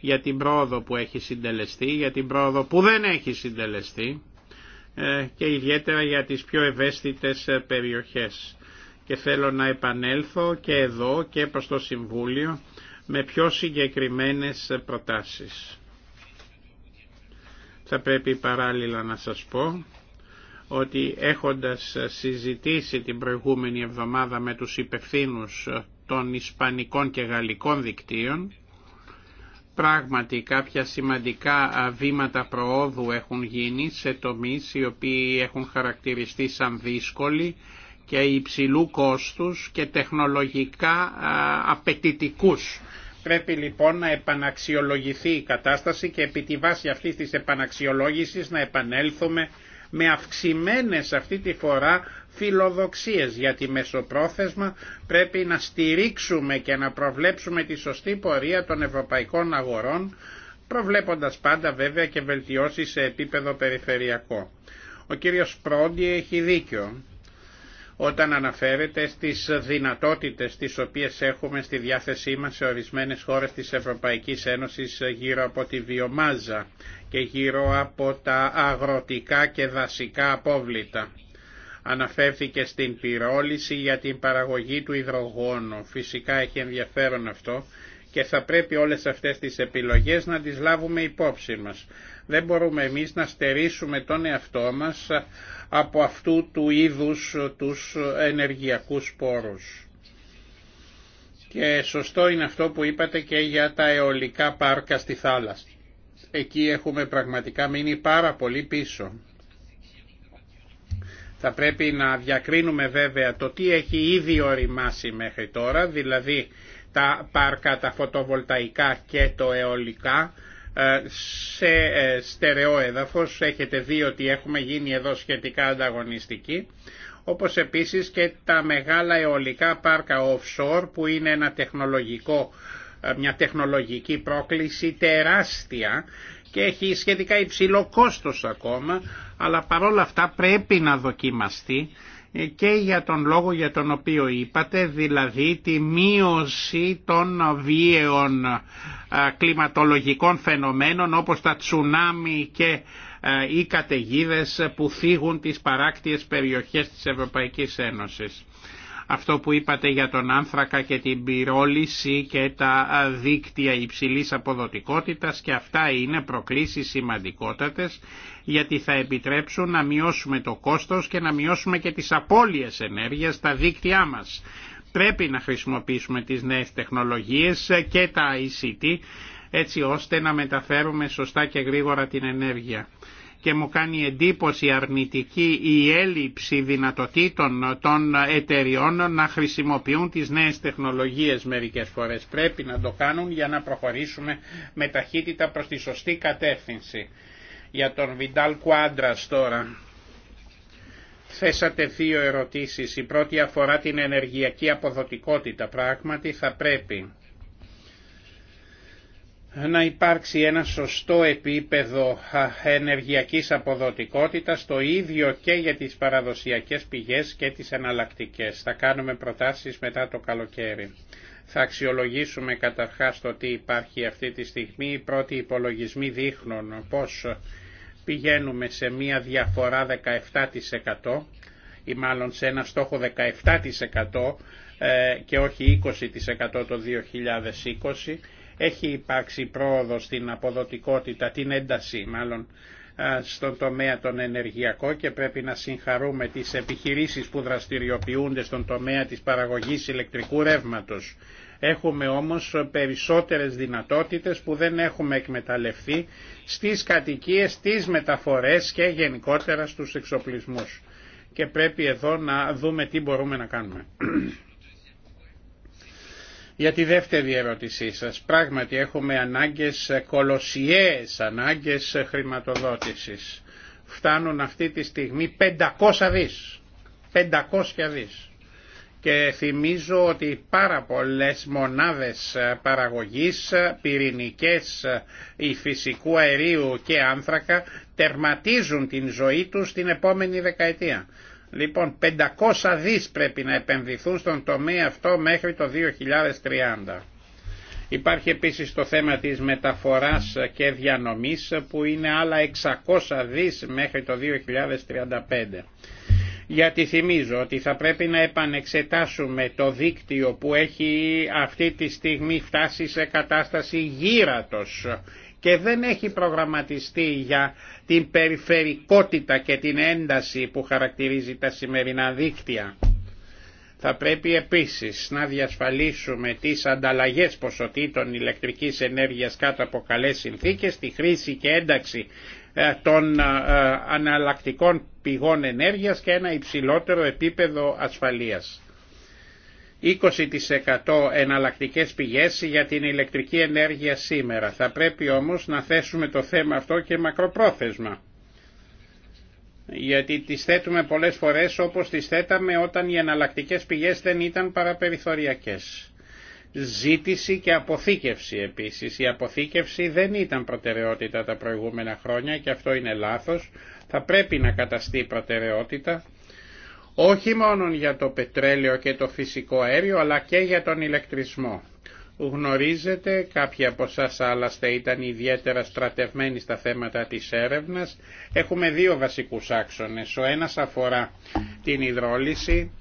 για την πρόοδο που έχει συντελεστεί, για την πρόοδο που δεν έχει συντελεστεί ε, και ιδιαίτερα για τις πιο ευαίσθητες ε, περιοχές και θέλω να επανέλθω και εδώ και προς το Συμβούλιο με πιο συγκεκριμένες προτάσεις. Θα πρέπει παράλληλα να σας πω ότι έχοντας συζητήσει την προηγούμενη εβδομάδα με τους υπευθύνους των Ισπανικών και Γαλλικών δικτύων, πράγματι κάποια σημαντικά βήματα προόδου έχουν γίνει σε τομείς οι οποίοι έχουν χαρακτηριστεί σαν δύσκολοι και υψηλού κόστους και τεχνολογικά απαιτητικούς. Πρέπει λοιπόν να επαναξιολογηθεί η κατάσταση και επί τη βάση αυτής της επαναξιολόγησης να επανέλθουμε με αυξημένες αυτή τη φορά φιλοδοξίες γιατί μεσοπρόθεσμα πρέπει να στηρίξουμε και να προβλέψουμε τη σωστή πορεία των ευρωπαϊκών αγορών προβλέποντας πάντα βέβαια και βελτιώσεις σε επίπεδο περιφερειακό. Ο κύριος Πρόντι έχει δίκιο όταν αναφέρεται στις δυνατότητες τις οποίες έχουμε στη διάθεσή μας σε ορισμένες χώρες της Ευρωπαϊκής Ένωσης γύρω από τη βιομάζα και γύρω από τα αγροτικά και δασικά απόβλητα. Αναφέρθηκε στην πυρόληση για την παραγωγή του υδρογόνου. Φυσικά έχει ενδιαφέρον αυτό και θα πρέπει όλες αυτές τις επιλογές να τις λάβουμε υπόψη μας. Δεν μπορούμε εμείς να στερήσουμε τον εαυτό μας από αυτού του είδους τους ενεργειακούς πόρους. Και σωστό είναι αυτό που είπατε και για τα αιωλικά πάρκα στη θάλασσα. Εκεί έχουμε πραγματικά μείνει πάρα πολύ πίσω. Θα πρέπει να διακρίνουμε βέβαια το τι έχει ήδη οριμάσει μέχρι τώρα, δηλαδή τα πάρκα, τα φωτοβολταϊκά και το αιωλικά, ε, σε ε, στερεό έδαφος. Έχετε δει ότι έχουμε γίνει εδώ σχετικά ανταγωνιστικοί όπως επίσης και τα μεγάλα αιωλικά πάρκα offshore που είναι ένα τεχνολογικό, ε, μια τεχνολογική πρόκληση τεράστια και έχει σχετικά υψηλό κόστος ακόμα αλλά παρόλα αυτά πρέπει να δοκιμαστεί και για τον λόγο για τον οποίο είπατε, δηλαδή τη μείωση των βίαιων κλιματολογικών φαινομένων όπως τα τσουνάμι και οι καταιγίδε που φύγουν τις παράκτιες περιοχές της Ευρωπαϊκής Ένωσης αυτό που είπατε για τον άνθρακα και την πυρόληση και τα δίκτυα υψηλής αποδοτικότητας και αυτά είναι προκλήσεις σημαντικότατες γιατί θα επιτρέψουν να μειώσουμε το κόστος και να μειώσουμε και τις απώλειες ενέργειας στα δίκτυά μας. Πρέπει να χρησιμοποιήσουμε τις νέες τεχνολογίες και τα ICT έτσι ώστε να μεταφέρουμε σωστά και γρήγορα την ενέργεια και μου κάνει εντύπωση αρνητική η έλλειψη δυνατοτήτων των εταιριών να χρησιμοποιούν τις νέες τεχνολογίες μερικές φορές. Πρέπει να το κάνουν για να προχωρήσουμε με ταχύτητα προς τη σωστή κατεύθυνση. Για τον Βιντάλ Κουάντρας τώρα. Θέσατε δύο ερωτήσεις. Η πρώτη αφορά την ενεργειακή αποδοτικότητα. Πράγματι θα πρέπει να υπάρξει ένα σωστό επίπεδο ενεργειακής αποδοτικότητας, το ίδιο και για τις παραδοσιακές πηγές και τις εναλλακτικές. Θα κάνουμε προτάσεις μετά το καλοκαίρι. Θα αξιολογήσουμε καταρχάς το τι υπάρχει αυτή τη στιγμή. Οι πρώτοι υπολογισμοί δείχνουν πως πηγαίνουμε σε μία διαφορά 17% ή μάλλον σε ένα στόχο 17% ε, και όχι 20% το 2020 έχει υπάρξει πρόοδο στην αποδοτικότητα, την ένταση μάλλον στον τομέα τον ενεργειακό και πρέπει να συγχαρούμε τις επιχειρήσεις που δραστηριοποιούνται στον τομέα της παραγωγής ηλεκτρικού ρεύματος. Έχουμε όμως περισσότερες δυνατότητες που δεν έχουμε εκμεταλλευτεί στις κατοικίες, στις μεταφορές και γενικότερα στους εξοπλισμούς. Και πρέπει εδώ να δούμε τι μπορούμε να κάνουμε. Για τη δεύτερη ερώτησή σας, πράγματι έχουμε ανάγκες ε, κολοσιαίες, ανάγκες ε, χρηματοδότησης. Φτάνουν αυτή τη στιγμή 500 δις. 500 δις. Και θυμίζω ότι πάρα πολλές μονάδες ε, παραγωγής, πυρηνικές ή φυσικού αερίου και άνθρακα τερματίζουν την ζωή τους την επόμενη δεκαετία. Λοιπόν, 500 δις πρέπει να επενδυθούν στον τομέα αυτό μέχρι το 2030. Υπάρχει επίσης το θέμα της μεταφοράς και διανομής που είναι άλλα 600 δις μέχρι το 2035. Γιατί θυμίζω ότι θα πρέπει να επανεξετάσουμε το δίκτυο που έχει αυτή τη στιγμή φτάσει σε κατάσταση γύρατος και δεν έχει προγραμματιστεί για την περιφερικότητα και την ένταση που χαρακτηρίζει τα σημερινά δίκτυα. Θα πρέπει επίσης να διασφαλίσουμε τις ανταλλαγές ποσοτήτων ηλεκτρικής ενέργειας κάτω από καλές συνθήκες, τη χρήση και ένταξη ε, των ε, αναλλακτικών πηγών ενέργειας και ένα υψηλότερο επίπεδο ασφαλείας. 20% εναλλακτικές πηγές για την ηλεκτρική ενέργεια σήμερα. Θα πρέπει όμως να θέσουμε το θέμα αυτό και μακροπρόθεσμα. Γιατί τις θέτουμε πολλές φορές όπως τις θέταμε όταν οι εναλλακτικές πηγές δεν ήταν παραπεριθωριακές. Ζήτηση και αποθήκευση επίσης. Η αποθήκευση δεν ήταν προτεραιότητα τα προηγούμενα χρόνια και αυτό είναι λάθος. Θα πρέπει να καταστεί προτεραιότητα όχι μόνο για το πετρέλαιο και το φυσικό αέριο αλλά και για τον ηλεκτρισμό. Γνωρίζετε, κάποιοι από εσά άλλαστε ήταν ιδιαίτερα στρατευμένοι στα θέματα της έρευνας. Έχουμε δύο βασικούς άξονες. Ο ένας αφορά την υδρόλυση,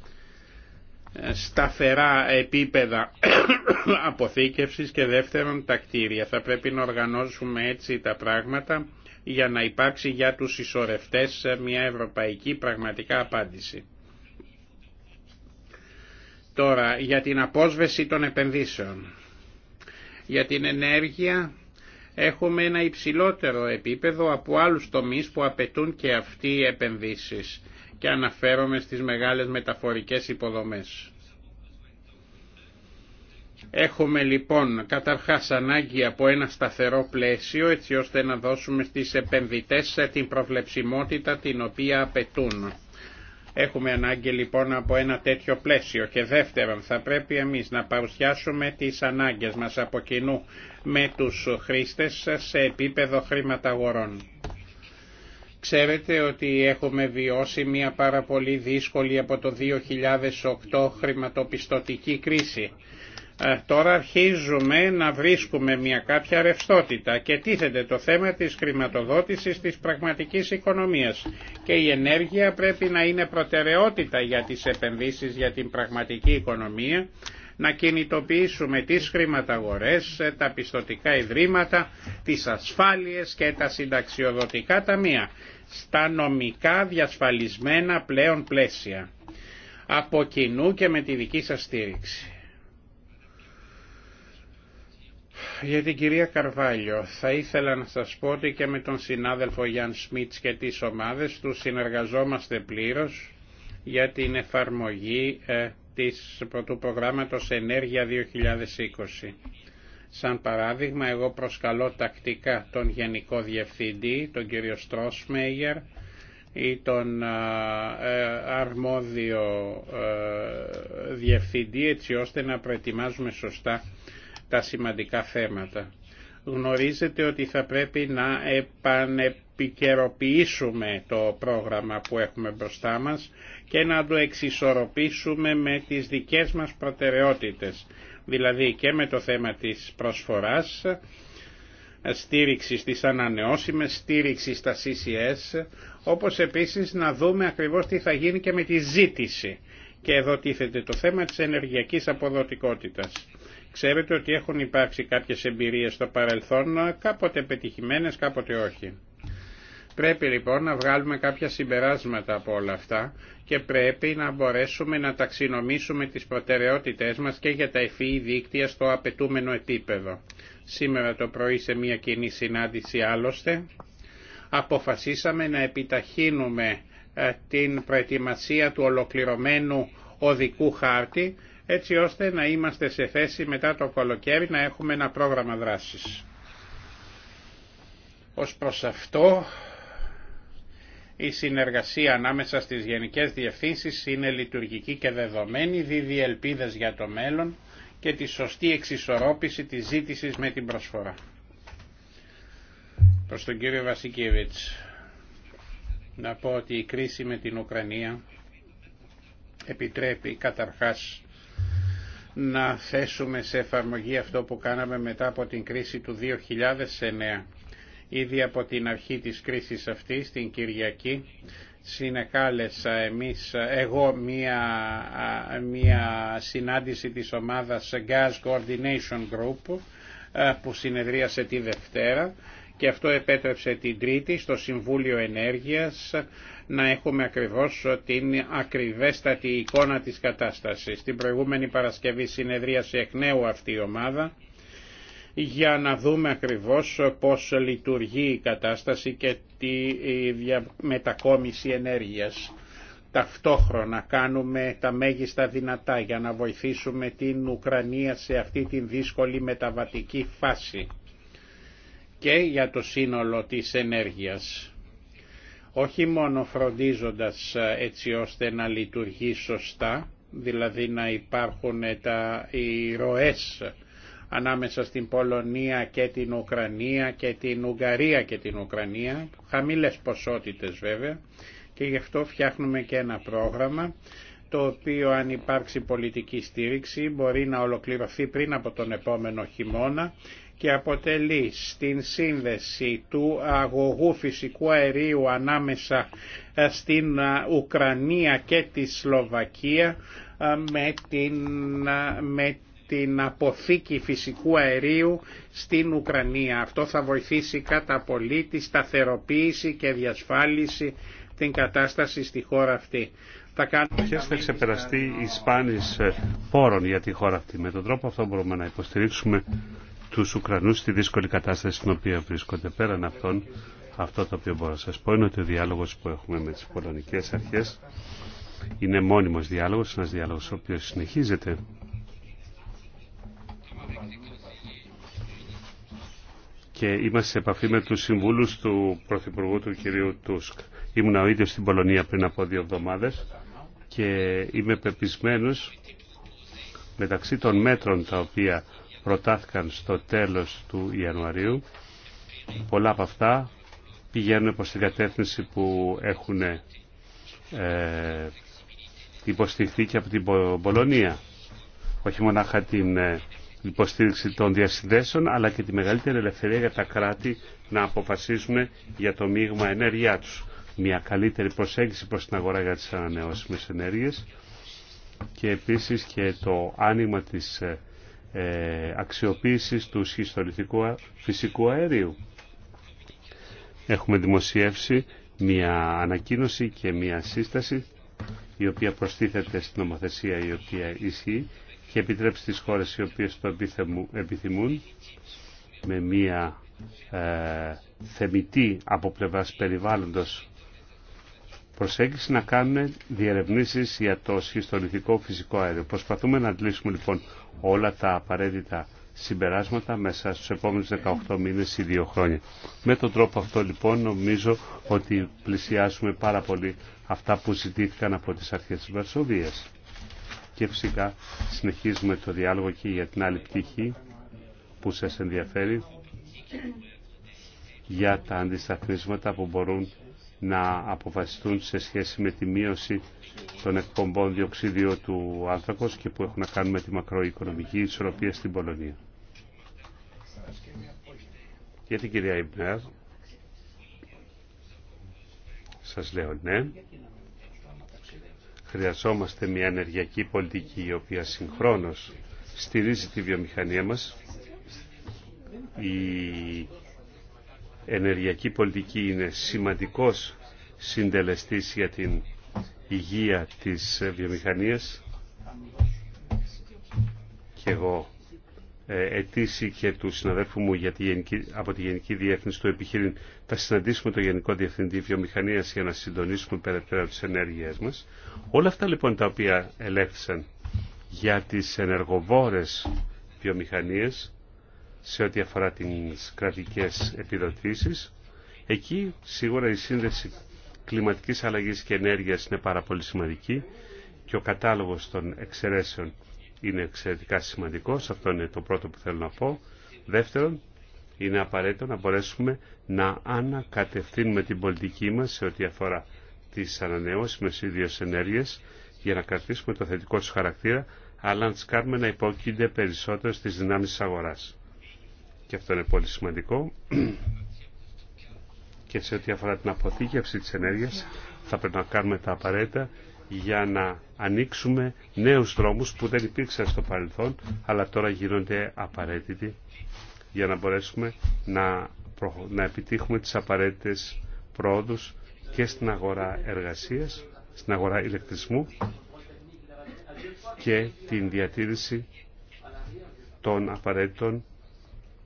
ε, σταθερά επίπεδα αποθήκευσης και δεύτερον τα κτίρια. Θα πρέπει να οργανώσουμε έτσι τα πράγματα για να υπάρξει για τους ισορευτές μια ευρωπαϊκή πραγματικά απάντηση. Τώρα για την απόσβεση των επενδύσεων. Για την ενέργεια έχουμε ένα υψηλότερο επίπεδο από άλλους τομείς που απαιτούν και αυτοί οι επενδύσεις και αναφέρομαι στις μεγάλες μεταφορικές υποδομές. Έχουμε λοιπόν καταρχάς ανάγκη από ένα σταθερό πλαίσιο έτσι ώστε να δώσουμε στις επενδυτές την προβλεψιμότητα την οποία απαιτούν. Έχουμε ανάγκη λοιπόν από ένα τέτοιο πλαίσιο και δεύτερον θα πρέπει εμείς να παρουσιάσουμε τις ανάγκες μας από κοινού με τους χρήστες σε επίπεδο χρηματαγορών. Ξέρετε ότι έχουμε βιώσει μια πάρα πολύ δύσκολη από το 2008 χρηματοπιστωτική κρίση ε, τώρα αρχίζουμε να βρίσκουμε μια κάποια ρευστότητα και τίθεται το θέμα της χρηματοδότησης της πραγματικής οικονομίας και η ενέργεια πρέπει να είναι προτεραιότητα για τις επενδύσεις για την πραγματική οικονομία να κινητοποιήσουμε τις χρηματαγορές, ε, τα πιστοτικά ιδρύματα, τις ασφάλειες και τα συνταξιοδοτικά ταμεία στα νομικά διασφαλισμένα πλέον πλαίσια. Από κοινού και με τη δική σας στήριξη. για την κυρία Καρβάλιο, θα ήθελα να σας πω ότι και με τον συνάδελφο Γιάν Σμίτς και τις ομάδες του συνεργαζόμαστε πλήρως για την εφαρμογή ε, της, του προγράμματος Ενέργεια 2020. Σαν παράδειγμα, εγώ προσκαλώ τακτικά τον Γενικό Διευθυντή, τον κύριο Στρόσμεγερ, ή τον ε, αρμόδιο ε, διευθυντή έτσι ώστε να προετοιμάζουμε σωστά τα σημαντικά θέματα. Γνωρίζετε ότι θα πρέπει να επανεπικαιροποιήσουμε το πρόγραμμα που έχουμε μπροστά μας και να το εξισορροπήσουμε με τις δικές μας προτεραιότητες, δηλαδή και με το θέμα της προσφοράς, στήριξη της ανανεώσιμες, στήριξη στα CCS, όπως επίσης να δούμε ακριβώς τι θα γίνει και με τη ζήτηση. Και εδώ τίθεται το θέμα της ενεργειακής αποδοτικότητας. Ξέρετε ότι έχουν υπάρξει κάποιες εμπειρίες στο παρελθόν, κάποτε πετυχημένες, κάποτε όχι. Πρέπει λοιπόν να βγάλουμε κάποια συμπεράσματα από όλα αυτά και πρέπει να μπορέσουμε να ταξινομήσουμε τις προτεραιότητές μας και για τα ευφυή δίκτυα στο απαιτούμενο επίπεδο. Σήμερα το πρωί σε μια κοινή συνάντηση άλλωστε αποφασίσαμε να επιταχύνουμε ε, την προετοιμασία του ολοκληρωμένου οδικού χάρτη έτσι ώστε να είμαστε σε θέση μετά το καλοκαίρι να έχουμε ένα πρόγραμμα δράσης. Ως προς αυτό, η συνεργασία ανάμεσα στις γενικές διευθύνσεις είναι λειτουργική και δεδομένη, δίδει ελπίδες για το μέλλον και τη σωστή εξισορρόπηση της ζήτησης με την προσφορά. Προς τον κύριο Βασικίβιτς, να πω ότι η κρίση με την Ουκρανία επιτρέπει καταρχάς να θέσουμε σε εφαρμογή αυτό που κάναμε μετά από την κρίση του 2009. Ήδη από την αρχή της κρίσης αυτής, την Κυριακή, συνεκάλεσα εμείς, εγώ μία, μία συνάντηση της ομάδας Gas Coordination Group που συνεδρίασε τη Δευτέρα και αυτό επέτρεψε την Τρίτη στο Συμβούλιο Ενέργειας να έχουμε ακριβώς την ακριβέστατη εικόνα της κατάστασης. Την προηγούμενη Παρασκευή συνεδρίασε εκ νέου αυτή η ομάδα για να δούμε ακριβώς πώς λειτουργεί η κατάσταση και τη μετακόμιση ενέργειας. Ταυτόχρονα κάνουμε τα μέγιστα δυνατά για να βοηθήσουμε την Ουκρανία σε αυτή την δύσκολη μεταβατική φάση και για το σύνολο της ενέργειας. Όχι μόνο φροντίζοντας ε, έτσι ώστε να λειτουργεί σωστά, δηλαδή να υπάρχουν τα, οι ροές ανάμεσα στην Πολωνία και την Ουκρανία και την Ουγγαρία και την Ουκρανία, χαμηλές ποσότητες βέβαια, και γι' αυτό φτιάχνουμε και ένα πρόγραμμα το οποίο αν υπάρξει πολιτική στήριξη μπορεί να ολοκληρωθεί πριν από τον επόμενο χειμώνα και αποτελεί στην σύνδεση του αγωγού φυσικού αερίου ανάμεσα ε, στην ε, Ουκρανία και τη Σλοβακία ε, με την, με την αποθήκη φυσικού αερίου στην Ουκρανία. Αυτό θα βοηθήσει κατά πολύ τη σταθεροποίηση και διασφάλιση την κατάσταση στη χώρα αυτή. Θα κάνουμε... θα ξεπεραστεί η σπάνης πόρων για τη χώρα αυτή. Με τον τρόπο αυτό μπορούμε να υποστηρίξουμε τους Ουκρανούς στη δύσκολη κατάσταση στην οποία βρίσκονται. Πέραν αυτών, αυτό το οποίο μπορώ να σα πω είναι ότι ο διάλογος που έχουμε με τις πολωνικές αρχές είναι μόνιμος διάλογος, ένας διάλογος ο οποίος συνεχίζεται. Και είμαστε σε επαφή με τους συμβούλους του Πρωθυπουργού του κυρίου Τούσκ. Ήμουν ο ίδιος στην Πολωνία πριν από δύο εβδομάδες και είμαι πεπισμένος μεταξύ των μέτρων τα οποία προτάθηκαν στο τέλος του Ιανουαρίου. Πολλά από αυτά πηγαίνουν προς την κατεύθυνση που έχουν ε, υποστηριχθεί και από την Πολωνία. Όχι μονάχα την ε, υποστήριξη των διασυνδέσεων, αλλά και τη μεγαλύτερη ελευθερία για τα κράτη να αποφασίσουν για το μείγμα ενέργειά τους. Μια καλύτερη προσέγγιση προς την αγορά για τις ανανεώσιμες ενέργειες και επίσης και το άνοιγμα της ε, ε, αξιοποίησης του σχιστολιθικού φυσικού αερίου. Έχουμε δημοσιεύσει μια ανακοίνωση και μια σύσταση η οποία προστίθεται στην νομοθεσία η οποία ισχύει και επιτρέψει στις χώρες οι οποίες το επιθυμούν με μια ε, θεμητή από πλευράς περιβάλλοντος προσέγγιση να κάνουν διερευνήσεις για το σχιστολιθικό φυσικό αέριο. Προσπαθούμε να αντλήσουμε λοιπόν όλα τα απαραίτητα συμπεράσματα μέσα στους επόμενους 18 μήνες ή 2 χρόνια. Με τον τρόπο αυτό λοιπόν νομίζω ότι πλησιάσουμε πάρα πολύ αυτά που ζητήθηκαν από τις αρχές της Βαρσοβίας. Και φυσικά συνεχίζουμε το διάλογο και για την άλλη πτυχή που σας ενδιαφέρει για τα αντισταθμίσματα που μπορούν να αποφασιστούν σε σχέση με τη μείωση των εκπομπών διοξιδίου του άνθρακος και που έχουν να κάνουν με τη μακροοικονομική ισορροπία στην Πολωνία. Για την κυρία Ιμπνερ, σας λέω ναι, χρειαζόμαστε μια ενεργειακή πολιτική η οποία συγχρόνως στηρίζει τη βιομηχανία μας. Η ενεργειακή πολιτική είναι σημαντικός συντελεστής για την υγεία της βιομηχανίας και εγώ ε, ετήσει και του συναδέλφου μου για από τη Γενική Διεύθυνση του Επιχείρην θα συναντήσουμε το Γενικό Διευθυντή Βιομηχανίας για να συντονίσουμε περαιτέρω τις ενέργειές μας. Όλα αυτά λοιπόν τα οποία ελέγχθησαν για τι ενεργοβόρε βιομηχανίες σε ό,τι αφορά τις κρατικές επιδοτήσεις. Εκεί σίγουρα η σύνδεση κλιματικής αλλαγής και ενέργειας είναι πάρα πολύ σημαντική και ο κατάλογος των εξαιρέσεων είναι εξαιρετικά σημαντικός. Αυτό είναι το πρώτο που θέλω να πω. Δεύτερον, είναι απαραίτητο να μπορέσουμε να ανακατευθύνουμε την πολιτική μας σε ό,τι αφορά τις ανανεώσιμες ίδιες ενέργειες για να κρατήσουμε το θετικό του χαρακτήρα, αλλά να τις κάνουμε να υπόκεινται περισσότερο στις δυνάμεις της αγοράς και αυτό είναι πολύ σημαντικό και σε ό,τι αφορά την αποθήκευση της ενέργειας θα πρέπει να κάνουμε τα απαραίτητα για να ανοίξουμε νέους δρόμους που δεν υπήρξαν στο παρελθόν αλλά τώρα γίνονται απαραίτητοι για να μπορέσουμε να, να επιτύχουμε τις απαραίτητες πρόοδους και στην αγορά εργασίας, στην αγορά ηλεκτρισμού και την διατήρηση των απαραίτητων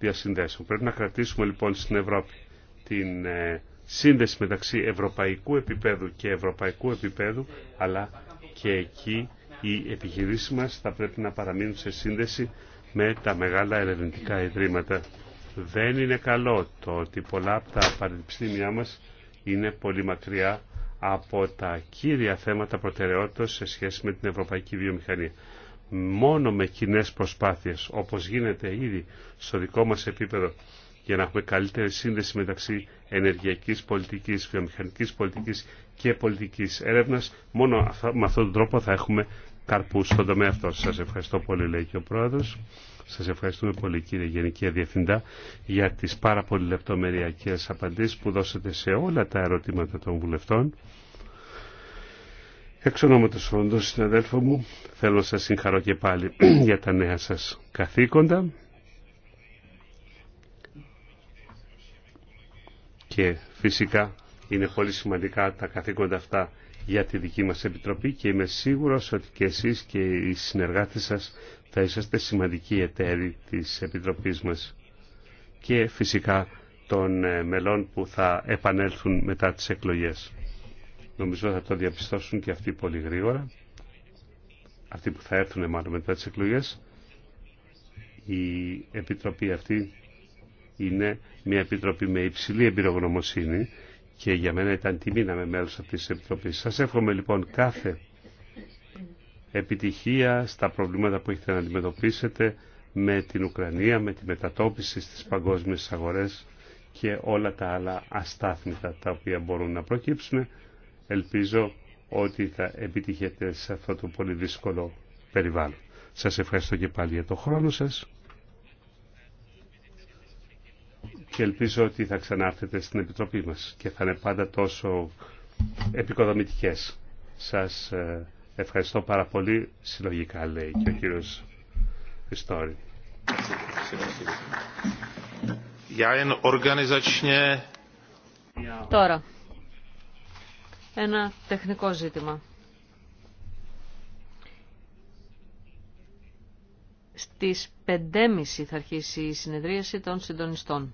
διασυνδέσεων. Πρέπει να κρατήσουμε λοιπόν στην Ευρώπη την ε, σύνδεση μεταξύ ευρωπαϊκού επίπεδου και ευρωπαϊκού επίπεδου, αλλά και εκεί οι επιχειρήσεις μας θα πρέπει να παραμείνουν σε σύνδεση με τα μεγάλα ερευνητικά ιδρύματα. Δεν είναι καλό το ότι πολλά από τα πανεπιστήμια μας είναι πολύ μακριά από τα κύρια θέματα προτεραιότητας σε σχέση με την ευρωπαϊκή βιομηχανία μόνο με κοινέ προσπάθειες όπως γίνεται ήδη στο δικό μας επίπεδο για να έχουμε καλύτερη σύνδεση μεταξύ ενεργειακής πολιτικής, βιομηχανικής πολιτικής και πολιτικής έρευνας. Μόνο με αυτόν τον τρόπο θα έχουμε καρπού στον τομέα αυτό. Σας ευχαριστώ πολύ λέει και ο Πρόεδρος. Σας ευχαριστούμε πολύ κύριε Γενική Διευθυντά για τις πάρα πολύ λεπτομεριακές απαντήσεις που δώσατε σε όλα τα ερωτήματα των βουλευτών. Εξ ονόματος φροντός συναδέλφου μου, θέλω να σας συγχαρώ και πάλι για τα νέα σας καθήκοντα και φυσικά είναι πολύ σημαντικά τα καθήκοντα αυτά για τη δική μας Επιτροπή και είμαι σίγουρος ότι και εσείς και οι συνεργάτες σας θα είσαστε σημαντικοί εταίροι της Επιτροπής μας και φυσικά των ε, μελών που θα επανέλθουν μετά τις εκλογές. Νομίζω θα το διαπιστώσουν και αυτοί πολύ γρήγορα. Αυτοί που θα έρθουν μάλλον μετά τις εκλογές. Η Επιτροπή αυτή είναι μια Επιτροπή με υψηλή εμπειρογνωμοσύνη και για μένα ήταν τιμή να είμαι μέλος αυτής της Επιτροπής. Σας εύχομαι λοιπόν κάθε επιτυχία στα προβλήματα που έχετε να αντιμετωπίσετε με την Ουκρανία, με τη μετατόπιση στις παγκόσμιες αγορές και όλα τα άλλα αστάθμητα τα οποία μπορούν να προκύψουν ελπίζω ότι θα επιτυχετε σε αυτό το πολύ δύσκολο περιβάλλον. Σας ευχαριστώ και πάλι για το χρόνο σας και ελπίζω ότι θα ξανάρθετε στην Επιτροπή μας και θα είναι πάντα τόσο επικοδομητικές. Σας ε, ευχαριστώ πάρα πολύ συλλογικά λέει και ο κύριος Ιστόρη. Τώρα, ένα τεχνικό ζήτημα. Στις 5.30 θα αρχίσει η συνεδρίαση των συντονιστών.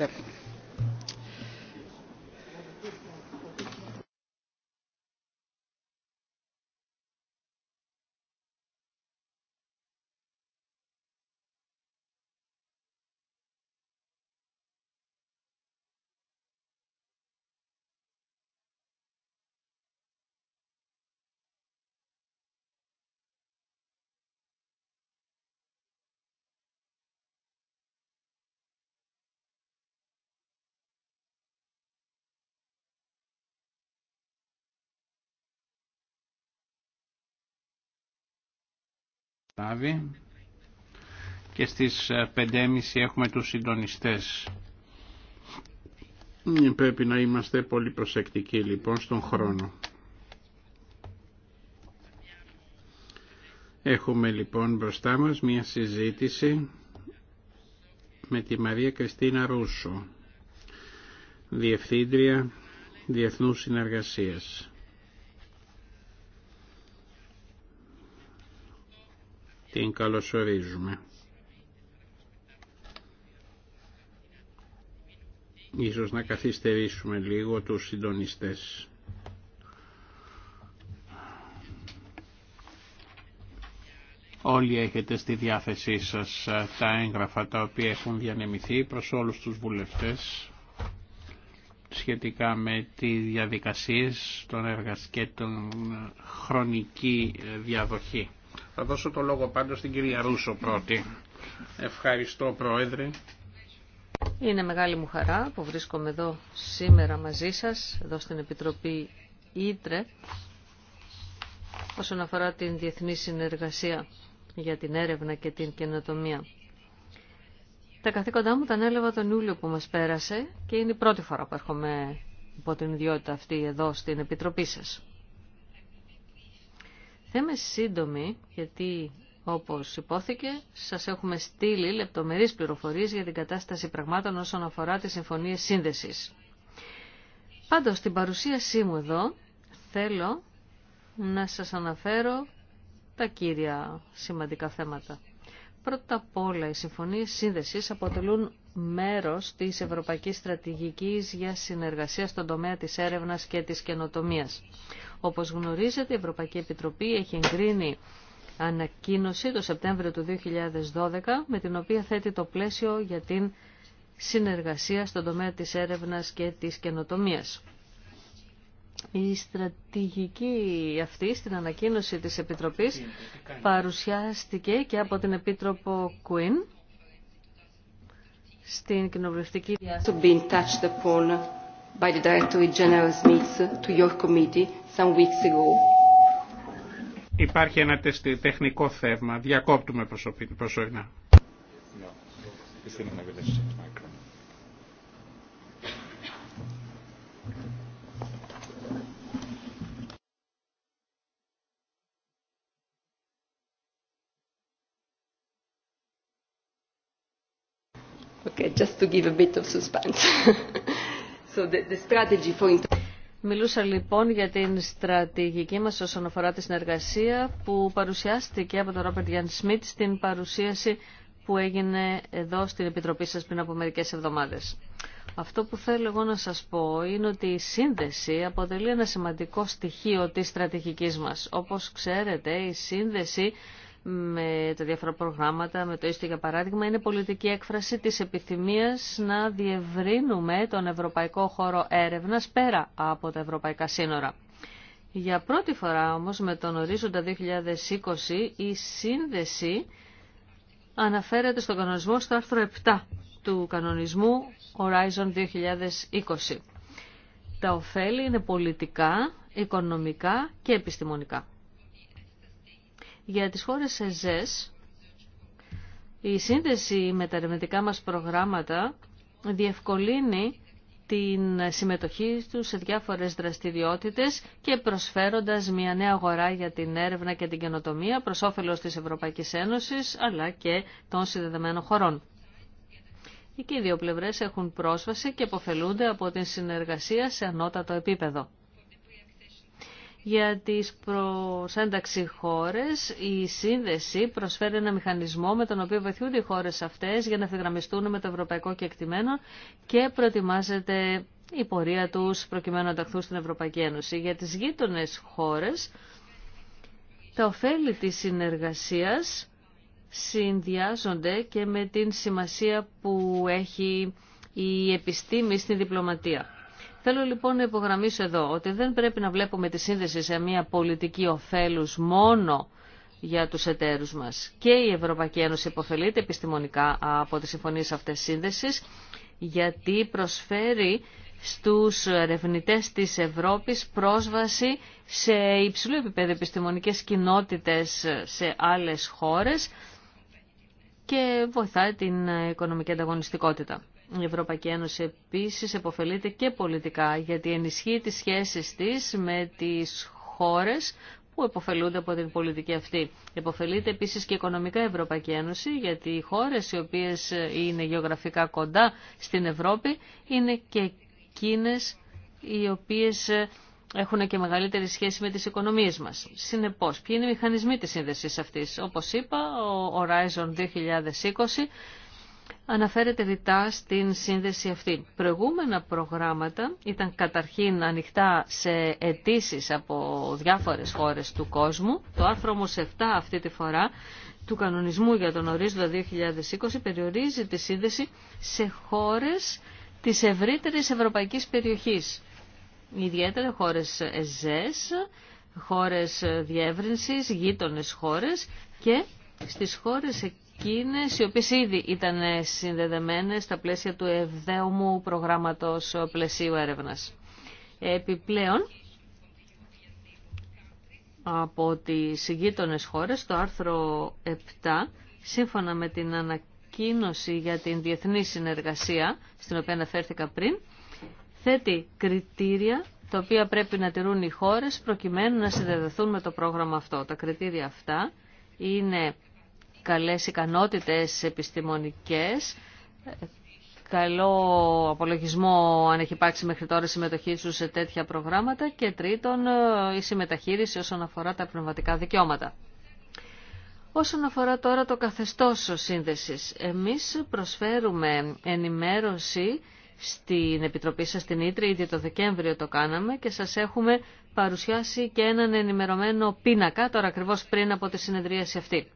Ευχαριστώ. λάβει και στις 5.30 ε, έχουμε τους συντονιστές. Ε, πρέπει να είμαστε πολύ προσεκτικοί λοιπόν στον χρόνο. Έχουμε λοιπόν μπροστά μας μια συζήτηση με τη Μαρία Κριστίνα Ρούσο, Διευθύντρια Διεθνούς Συνεργασίας. Την καλωσορίζουμε. Ίσως να καθυστερήσουμε λίγο τους συντονιστές. Όλοι έχετε στη διάθεσή σας ε, τα έγγραφα τα οποία έχουν διανεμηθεί προς όλους τους βουλευτές σχετικά με τη διαδικασίες των εργασ... και των ε, χρονική ε, διαδοχή. Θα δώσω το λόγο πάντως στην κυρία Ρούσο πρώτη. Ευχαριστώ Πρόεδρε. Είναι μεγάλη μου χαρά που βρίσκομαι εδώ σήμερα μαζί σας, εδώ στην Επιτροπή Ήτρε, όσον αφορά την διεθνή συνεργασία για την έρευνα και την καινοτομία. Τα καθήκοντά μου τα ανέλαβα τον Ιούλιο που μας πέρασε και είναι η πρώτη φορά που έρχομαι υπό την ιδιότητα αυτή εδώ στην Επιτροπή σας. Θα είμαι σύντομη, γιατί όπως υπόθηκε, σας έχουμε στείλει λεπτομερείς πληροφορίες για την κατάσταση πραγμάτων όσον αφορά τις συμφωνίες σύνδεσης. Πάντως, στην παρουσίασή μου εδώ, θέλω να σας αναφέρω τα κύρια σημαντικά θέματα. Πρώτα απ' όλα, οι συμφωνίε σύνδεση αποτελούν μέρος της Ευρωπαϊκή Στρατηγική για συνεργασία στον τομέα τη Έρευνα και της καινοτομίας. Όπω γνωρίζετε, η Ευρωπαϊκή Επιτροπή έχει εγκρίνει ανακοίνωση το Σεπτέμβριο του 2012, με την οποία θέτει το πλαίσιο για την συνεργασία στον τομέα της έρευνας και της καινοτομίας. Η στρατηγική αυτή στην ανακοίνωση της Επιτροπής παρουσιάστηκε και από την Επίτροπο Κουίν στην κοινοβουλευτική διάσταση. Υπάρχει ένα τεχνικό θέμα. Διακόπτουμε προσωπικά. Μιλούσα λοιπόν για την στρατηγική μας όσον αφορά τη συνεργασία που παρουσιάστηκε από τον Ρόπερτ Γιάνν Σμιτ στην παρουσίαση που έγινε εδώ στην Επιτροπή σας πριν από μερικές εβδομάδες. Αυτό που θέλω εγώ να σας πω είναι ότι η σύνδεση αποτελεί ένα σημαντικό στοιχείο της στρατηγικής μας. Όπως ξέρετε, η σύνδεση με τα διάφορα προγράμματα, με το ίστο για παράδειγμα, είναι πολιτική έκφραση της επιθυμίας να διευρύνουμε τον ευρωπαϊκό χώρο έρευνας πέρα από τα ευρωπαϊκά σύνορα. Για πρώτη φορά όμως με τον ορίζοντα 2020 η σύνδεση αναφέρεται στον κανονισμό στο άρθρο 7 του κανονισμού Horizon 2020. Τα ωφέλη είναι πολιτικά, οικονομικά και επιστημονικά. Για τις χώρες ΕΖΕΣ, η σύνδεση με τα ερευνητικά μας προγράμματα διευκολύνει την συμμετοχή τους σε διάφορες δραστηριότητες και προσφέροντας μια νέα αγορά για την έρευνα και την καινοτομία προς όφελος της Ευρωπαϊκής Ένωσης αλλά και των συνδεδεμένων χωρών. οι δύο πλευρές έχουν πρόσβαση και αποφελούνται από την συνεργασία σε ανώτατο επίπεδο. Για τις προσένταξη χώρες η σύνδεση προσφέρει ένα μηχανισμό με τον οποίο βοηθούν οι χώρες αυτές για να ευθυγραμμιστούν με το ευρωπαϊκό κεκτημένο και προετοιμάζεται η πορεία τους προκειμένου να ταχθούν στην Ευρωπαϊκή Ένωση. Για τις γείτονες χώρες τα ωφέλη της συνεργασίας συνδυάζονται και με την σημασία που έχει η επιστήμη στην διπλωματία. Θέλω λοιπόν να υπογραμμίσω εδώ ότι δεν πρέπει να βλέπουμε τη σύνδεση σε μια πολιτική ωφέλους μόνο για τους εταίρους μας. Και η Ευρωπαϊκή Ένωση υποφελείται επιστημονικά από τις συμφωνίες αυτές σύνδεσης γιατί προσφέρει στους ερευνητές της Ευρώπης πρόσβαση σε υψηλού επίπεδο επιστημονικές κοινότητες σε άλλες χώρες και βοηθάει την οικονομική ανταγωνιστικότητα. Η Ευρωπαϊκή Ένωση επίσης επωφελείται και πολιτικά γιατί ενισχύει τις σχέσεις της με τις χώρες που επωφελούνται από την πολιτική αυτή. Επωφελείται επίσης και οικονομικά η Ευρωπαϊκή Ένωση, γιατί οι χώρες οι οποίες είναι γεωγραφικά κοντά στην Ευρώπη είναι και εκείνες οι οποίες έχουν και μεγαλύτερη σχέση με τις οικονομίες μας. Συνεπώς, ποιοι είναι οι μηχανισμοί της σύνδεσης αυτής. Όπως είπα, ο Horizon 2020 αναφέρεται ρητά στην σύνδεση αυτή. Προηγούμενα προγράμματα ήταν καταρχήν ανοιχτά σε αιτήσει από διάφορες χώρες του κόσμου. Το άρθρο όμως 7 αυτή τη φορά του κανονισμού για τον ορίζοντα 2020 περιορίζει τη σύνδεση σε χώρες της ευρύτερης ευρωπαϊκής περιοχής. Ιδιαίτερα χώρες ΕΖΕΣ, χώρες διεύρυνσης, γείτονες χώρες και στις χώρες οι οποίες ήδη ήταν συνδεδεμένες στα πλαίσια του ευδέωμου προγράμματος πλαισίου έρευνας. Επιπλέον, από τις γείτονες χώρες, το άρθρο 7, σύμφωνα με την ανακοίνωση για την διεθνή συνεργασία, στην οποία αναφέρθηκα πριν, θέτει κριτήρια τα οποία πρέπει να τηρούν οι χώρες προκειμένου να συνδεδεθούν με το πρόγραμμα αυτό. Τα κριτήρια αυτά είναι καλές ικανότητες επιστημονικές, καλό απολογισμό αν έχει υπάρξει μέχρι τώρα η συμμετοχή σου σε τέτοια προγράμματα και τρίτον ε, η συμμεταχείριση όσον αφορά τα πνευματικά δικαιώματα. Όσον αφορά τώρα το καθεστώς σύνδεσης, εμείς προσφέρουμε ενημέρωση στην Επιτροπή σας την Ήτρη, ήδη το Δεκέμβριο το κάναμε και σας έχουμε παρουσιάσει και έναν ενημερωμένο πίνακα τώρα ακριβώς πριν από τη συνεδρίαση αυτή.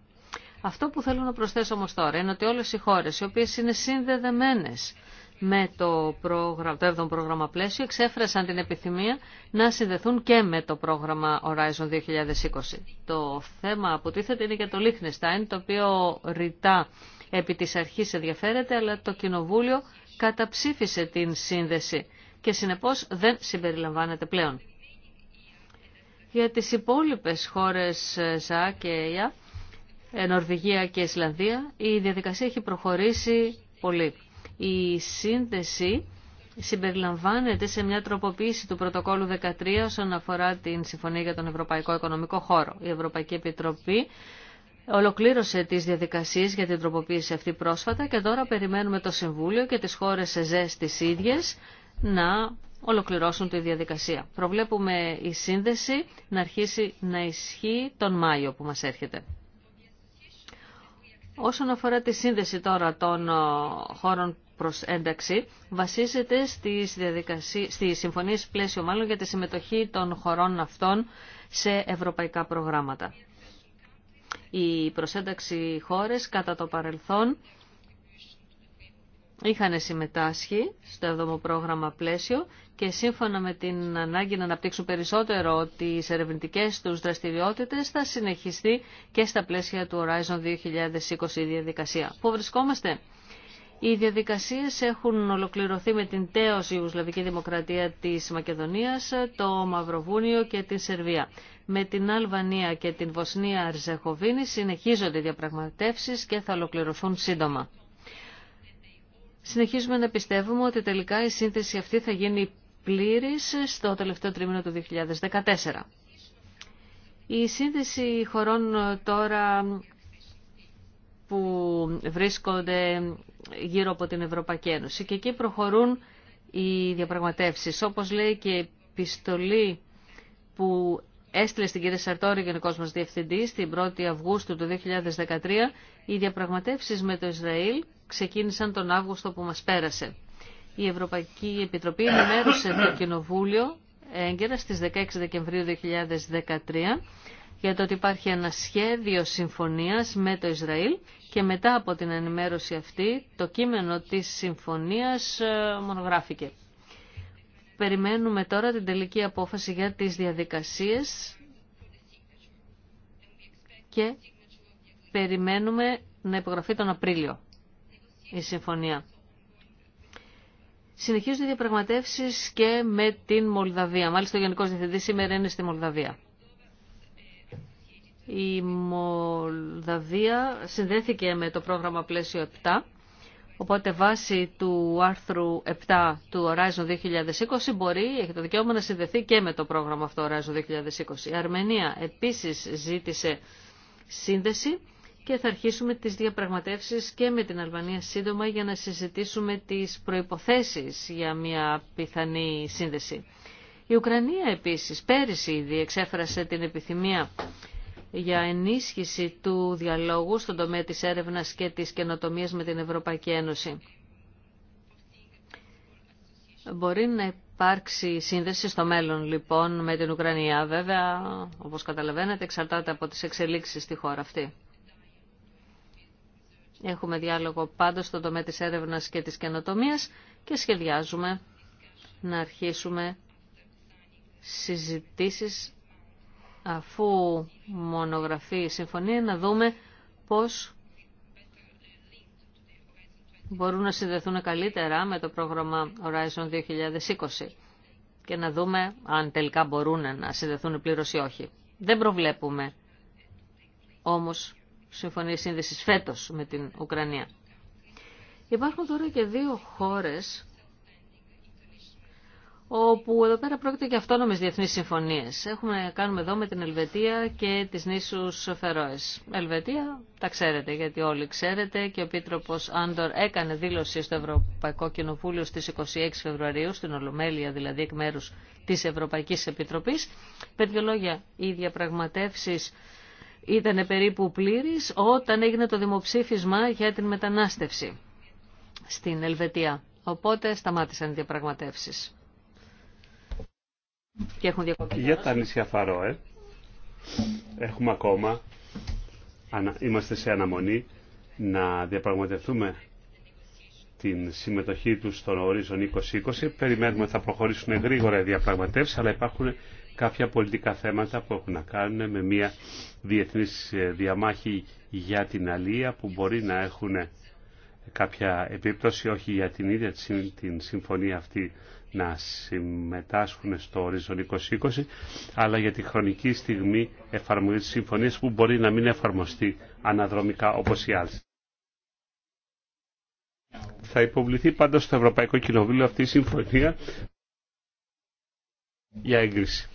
Αυτό που θέλω να προσθέσω όμως τώρα είναι ότι όλες οι χώρες οι οποίες είναι συνδεδεμένες με το, πρόγραμμα, 7ο πρόγραμμα πλαίσιο εξέφρασαν την επιθυμία να συνδεθούν και με το πρόγραμμα Horizon 2020. Το θέμα που τίθεται είναι για το Liechtenstein, το οποίο ρητά επί της αρχής ενδιαφέρεται, αλλά το Κοινοβούλιο καταψήφισε την σύνδεση και συνεπώς δεν συμπεριλαμβάνεται πλέον. Για τις υπόλοιπες χώρες ΖΑ ε, και ε, Νορβηγία και Ισλανδία, η διαδικασία έχει προχωρήσει πολύ. Η σύνδεση συμπεριλαμβάνεται σε μια τροποποίηση του πρωτοκόλου 13 όσον αφορά την Συμφωνία για τον Ευρωπαϊκό Οικονομικό Χώρο. Η Ευρωπαϊκή Επιτροπή ολοκλήρωσε τις διαδικασίες για την τροποποίηση αυτή πρόσφατα και τώρα περιμένουμε το Συμβούλιο και τις χώρες ΕΖΕΣ τις ίδιες να ολοκληρώσουν τη διαδικασία. Προβλέπουμε η σύνδεση να αρχίσει να ισχύει τον Μάιο που μας έρχεται. Όσον αφορά τη σύνδεση τώρα των ε, χώρων προς ένταξη, βασίζεται στις, διαδικασίες, στις συμφωνίες πλαίσιο μάλλον για τη συμμετοχή των χωρών αυτών σε ευρωπαϊκά προγράμματα. Η προσένταξη χώρες κατά το παρελθόν είχαν συμμετάσχει στο εβδομο πρόγραμμα πλαίσιο και σύμφωνα με την ανάγκη να αναπτύξουν περισσότερο τις ερευνητικές του δραστηριότητες θα συνεχιστεί και στα πλαίσια του Horizon 2020 η διαδικασία. Πού βρισκόμαστε? Οι διαδικασίες έχουν ολοκληρωθεί με την ΤΕΟ Ιουσλαβική Δημοκρατία της Μακεδονίας, το Μαυροβούνιο και την Σερβία. Με την Αλβανία και την Βοσνία Ριζεχοβίνη συνεχίζονται οι διαπραγματεύσεις και θα ολοκληρωθούν σύντομα. Συνεχίζουμε να πιστεύουμε ότι τελικά η σύνθεση αυτή θα γίνει πλήρης στο τελευταίο τρίμηνο του 2014. Η σύνθεση χωρών τώρα που βρίσκονται γύρω από την Ευρωπαϊκή Ένωση και εκεί προχωρούν οι διαπραγματεύσεις. Όπως λέει και η επιστολή που έστειλε στην κυρία Σαρτόρη, γενικός μας διευθυντή, την 1η Αυγούστου του 2013, οι διαπραγματεύσεις με το Ισραήλ ξεκίνησαν τον Αύγουστο που μας πέρασε. Η Ευρωπαϊκή Επιτροπή ενημέρωσε το Κοινοβούλιο έγκαιρα στις 16 Δεκεμβρίου 2013 για το ότι υπάρχει ένα σχέδιο συμφωνίας με το Ισραήλ και μετά από την ενημέρωση αυτή το κείμενο της συμφωνίας ε, μονογράφηκε. Περιμένουμε τώρα την τελική απόφαση για τις διαδικασίες και περιμένουμε να υπογραφεί τον Απρίλιο η συμφωνία. Συνεχίζονται οι διαπραγματεύσει και με την Μολδαβία. Μάλιστα, ο Γενικό Διευθυντή σήμερα είναι στη Μολδαβία. Η Μολδαβία συνδέθηκε με το πρόγραμμα πλαίσιο 7. Οπότε βάσει του άρθρου 7 του Horizon 2020 μπορεί, έχει το δικαίωμα να συνδεθεί και με το πρόγραμμα αυτό Horizon 2020. Η Αρμενία επίσης ζήτησε σύνδεση και θα αρχίσουμε τις διαπραγματεύσεις και με την Αλβανία σύντομα για να συζητήσουμε τις προϋποθέσεις για μια πιθανή σύνδεση. Η Ουκρανία επίσης πέρυσι ήδη εξέφρασε την επιθυμία για ενίσχυση του διαλόγου στον τομέα της έρευνας και της καινοτομίας με την Ευρωπαϊκή Ένωση. Μπορεί να υπάρξει σύνδεση στο μέλλον λοιπόν με την Ουκρανία βέβαια, όπως καταλαβαίνετε, εξαρτάται από τις εξελίξεις στη χώρα αυτή. Έχουμε διάλογο πάντως στον τομέα της έρευνας και της καινοτομίας και σχεδιάζουμε να αρχίσουμε συζητήσεις αφού μονογραφεί η συμφωνία να δούμε πώς μπορούν να συνδεθούν καλύτερα με το πρόγραμμα Horizon 2020 και να δούμε αν τελικά μπορούν να συνδεθούν πλήρως ή όχι. Δεν προβλέπουμε όμως συμφωνίες σύνδεσης φέτος με την Ουκρανία. Υπάρχουν τώρα και δύο χώρες όπου εδώ πέρα πρόκειται και αυτόνομες διεθνείς συμφωνίες. Έχουμε, κάνουμε εδώ με την Ελβετία και τις νήσους Φερόες. Ελβετία τα ξέρετε, γιατί όλοι ξέρετε και ο πίτροπος Άντορ έκανε δήλωση στο Ευρωπαϊκό Κοινοβούλιο στις 26 Φεβρουαρίου, στην Ολομέλεια δηλαδή εκ μέρους της Ευρωπαϊκής Επιτροπής. Με λόγια, οι διαπραγματεύσεις ήταν περίπου πλήρης όταν έγινε το δημοψήφισμα για την μετανάστευση στην Ελβετία. Οπότε σταμάτησαν οι διαπραγματεύσεις. Και έχουν για τα νησιά Φαρόε έχουμε ακόμα, είμαστε σε αναμονή να διαπραγματευτούμε την συμμετοχή τους στον ορίζον 2020. Περιμένουμε θα προχωρήσουν γρήγορα οι διαπραγματεύσεις, αλλά υπάρχουν κάποια πολιτικά θέματα που έχουν να κάνουν με μια διεθνής ε, διαμάχη για την αλία που μπορεί να έχουν κάποια επίπτωση όχι για την ίδια την συμφωνία αυτή να συμμετάσχουν στο ορίζον 2020 αλλά για τη χρονική στιγμή εφαρμογή της συμφωνίας που μπορεί να μην εφαρμοστεί αναδρομικά όπως οι άλλες. Θα υποβληθεί πάντως στο Ευρωπαϊκό Κοινοβούλιο αυτή η συμφωνία για έγκριση.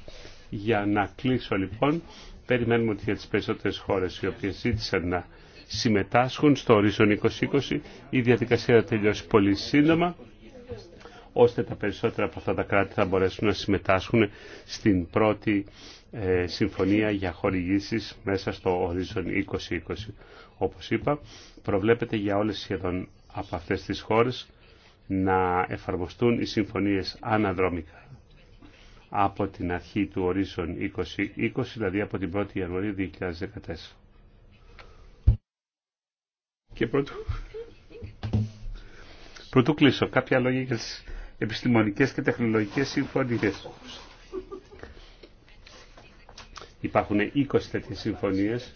Για να κλείσω λοιπόν, περιμένουμε ότι για τις περισσότερες χώρες οι οποίες ζήτησαν να συμμετάσχουν στο ορίζον 2020 η διαδικασία θα τελειώσει πολύ σύντομα ώστε τα περισσότερα από αυτά τα κράτη θα μπορέσουν να συμμετάσχουν στην πρώτη ε, συμφωνία για χορηγήσεις μέσα στο ορίζον 2020. Όπως είπα, προβλέπεται για όλες σχεδόν από αυτές τις χώρες να εφαρμοστούν οι συμφωνίες αναδρομικά από την αρχή του ορίσον 2020, δηλαδή από την 1η Ιανουαρίου 2014. Και πρώτο Πρωτού κλείσω κάποια λόγια για τις επιστημονικές και τεχνολογικές συμφωνίες. Υπάρχουν 20 τέτοιε συμφωνίες,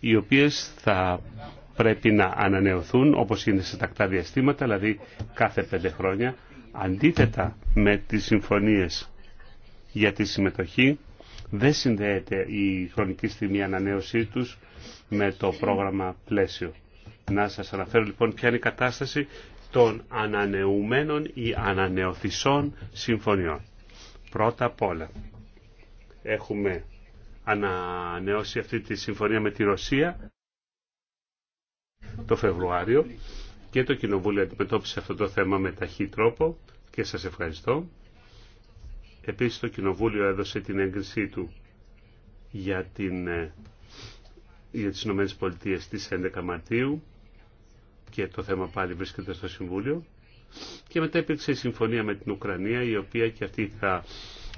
οι οποίες θα πρέπει να ανανεωθούν όπως είναι σε τακτά διαστήματα, δηλαδή κάθε πέντε χρόνια, αντίθετα με τις συμφωνίες για τη συμμετοχή. Δεν συνδέεται η χρονική στιγμή ανανέωσή τους με το πρόγραμμα πλαίσιο. Να σας αναφέρω λοιπόν ποια είναι η κατάσταση των ανανεωμένων ή ανανεωθησών συμφωνιών. Πρώτα απ' όλα έχουμε ανανεώσει αυτή τη συμφωνία με τη Ρωσία το Φεβρουάριο και το Κοινοβούλιο αντιμετώπισε αυτό το θέμα με ταχύ τρόπο και σας ευχαριστώ. Επίσης το Κοινοβούλιο έδωσε την έγκρισή του για, την, ε, για τις Ηνωμένες Πολιτείες στις 11 Μαρτίου και το θέμα πάλι βρίσκεται στο Συμβούλιο. Και μετά υπήρξε η συμφωνία με την Ουκρανία η οποία και αυτή θα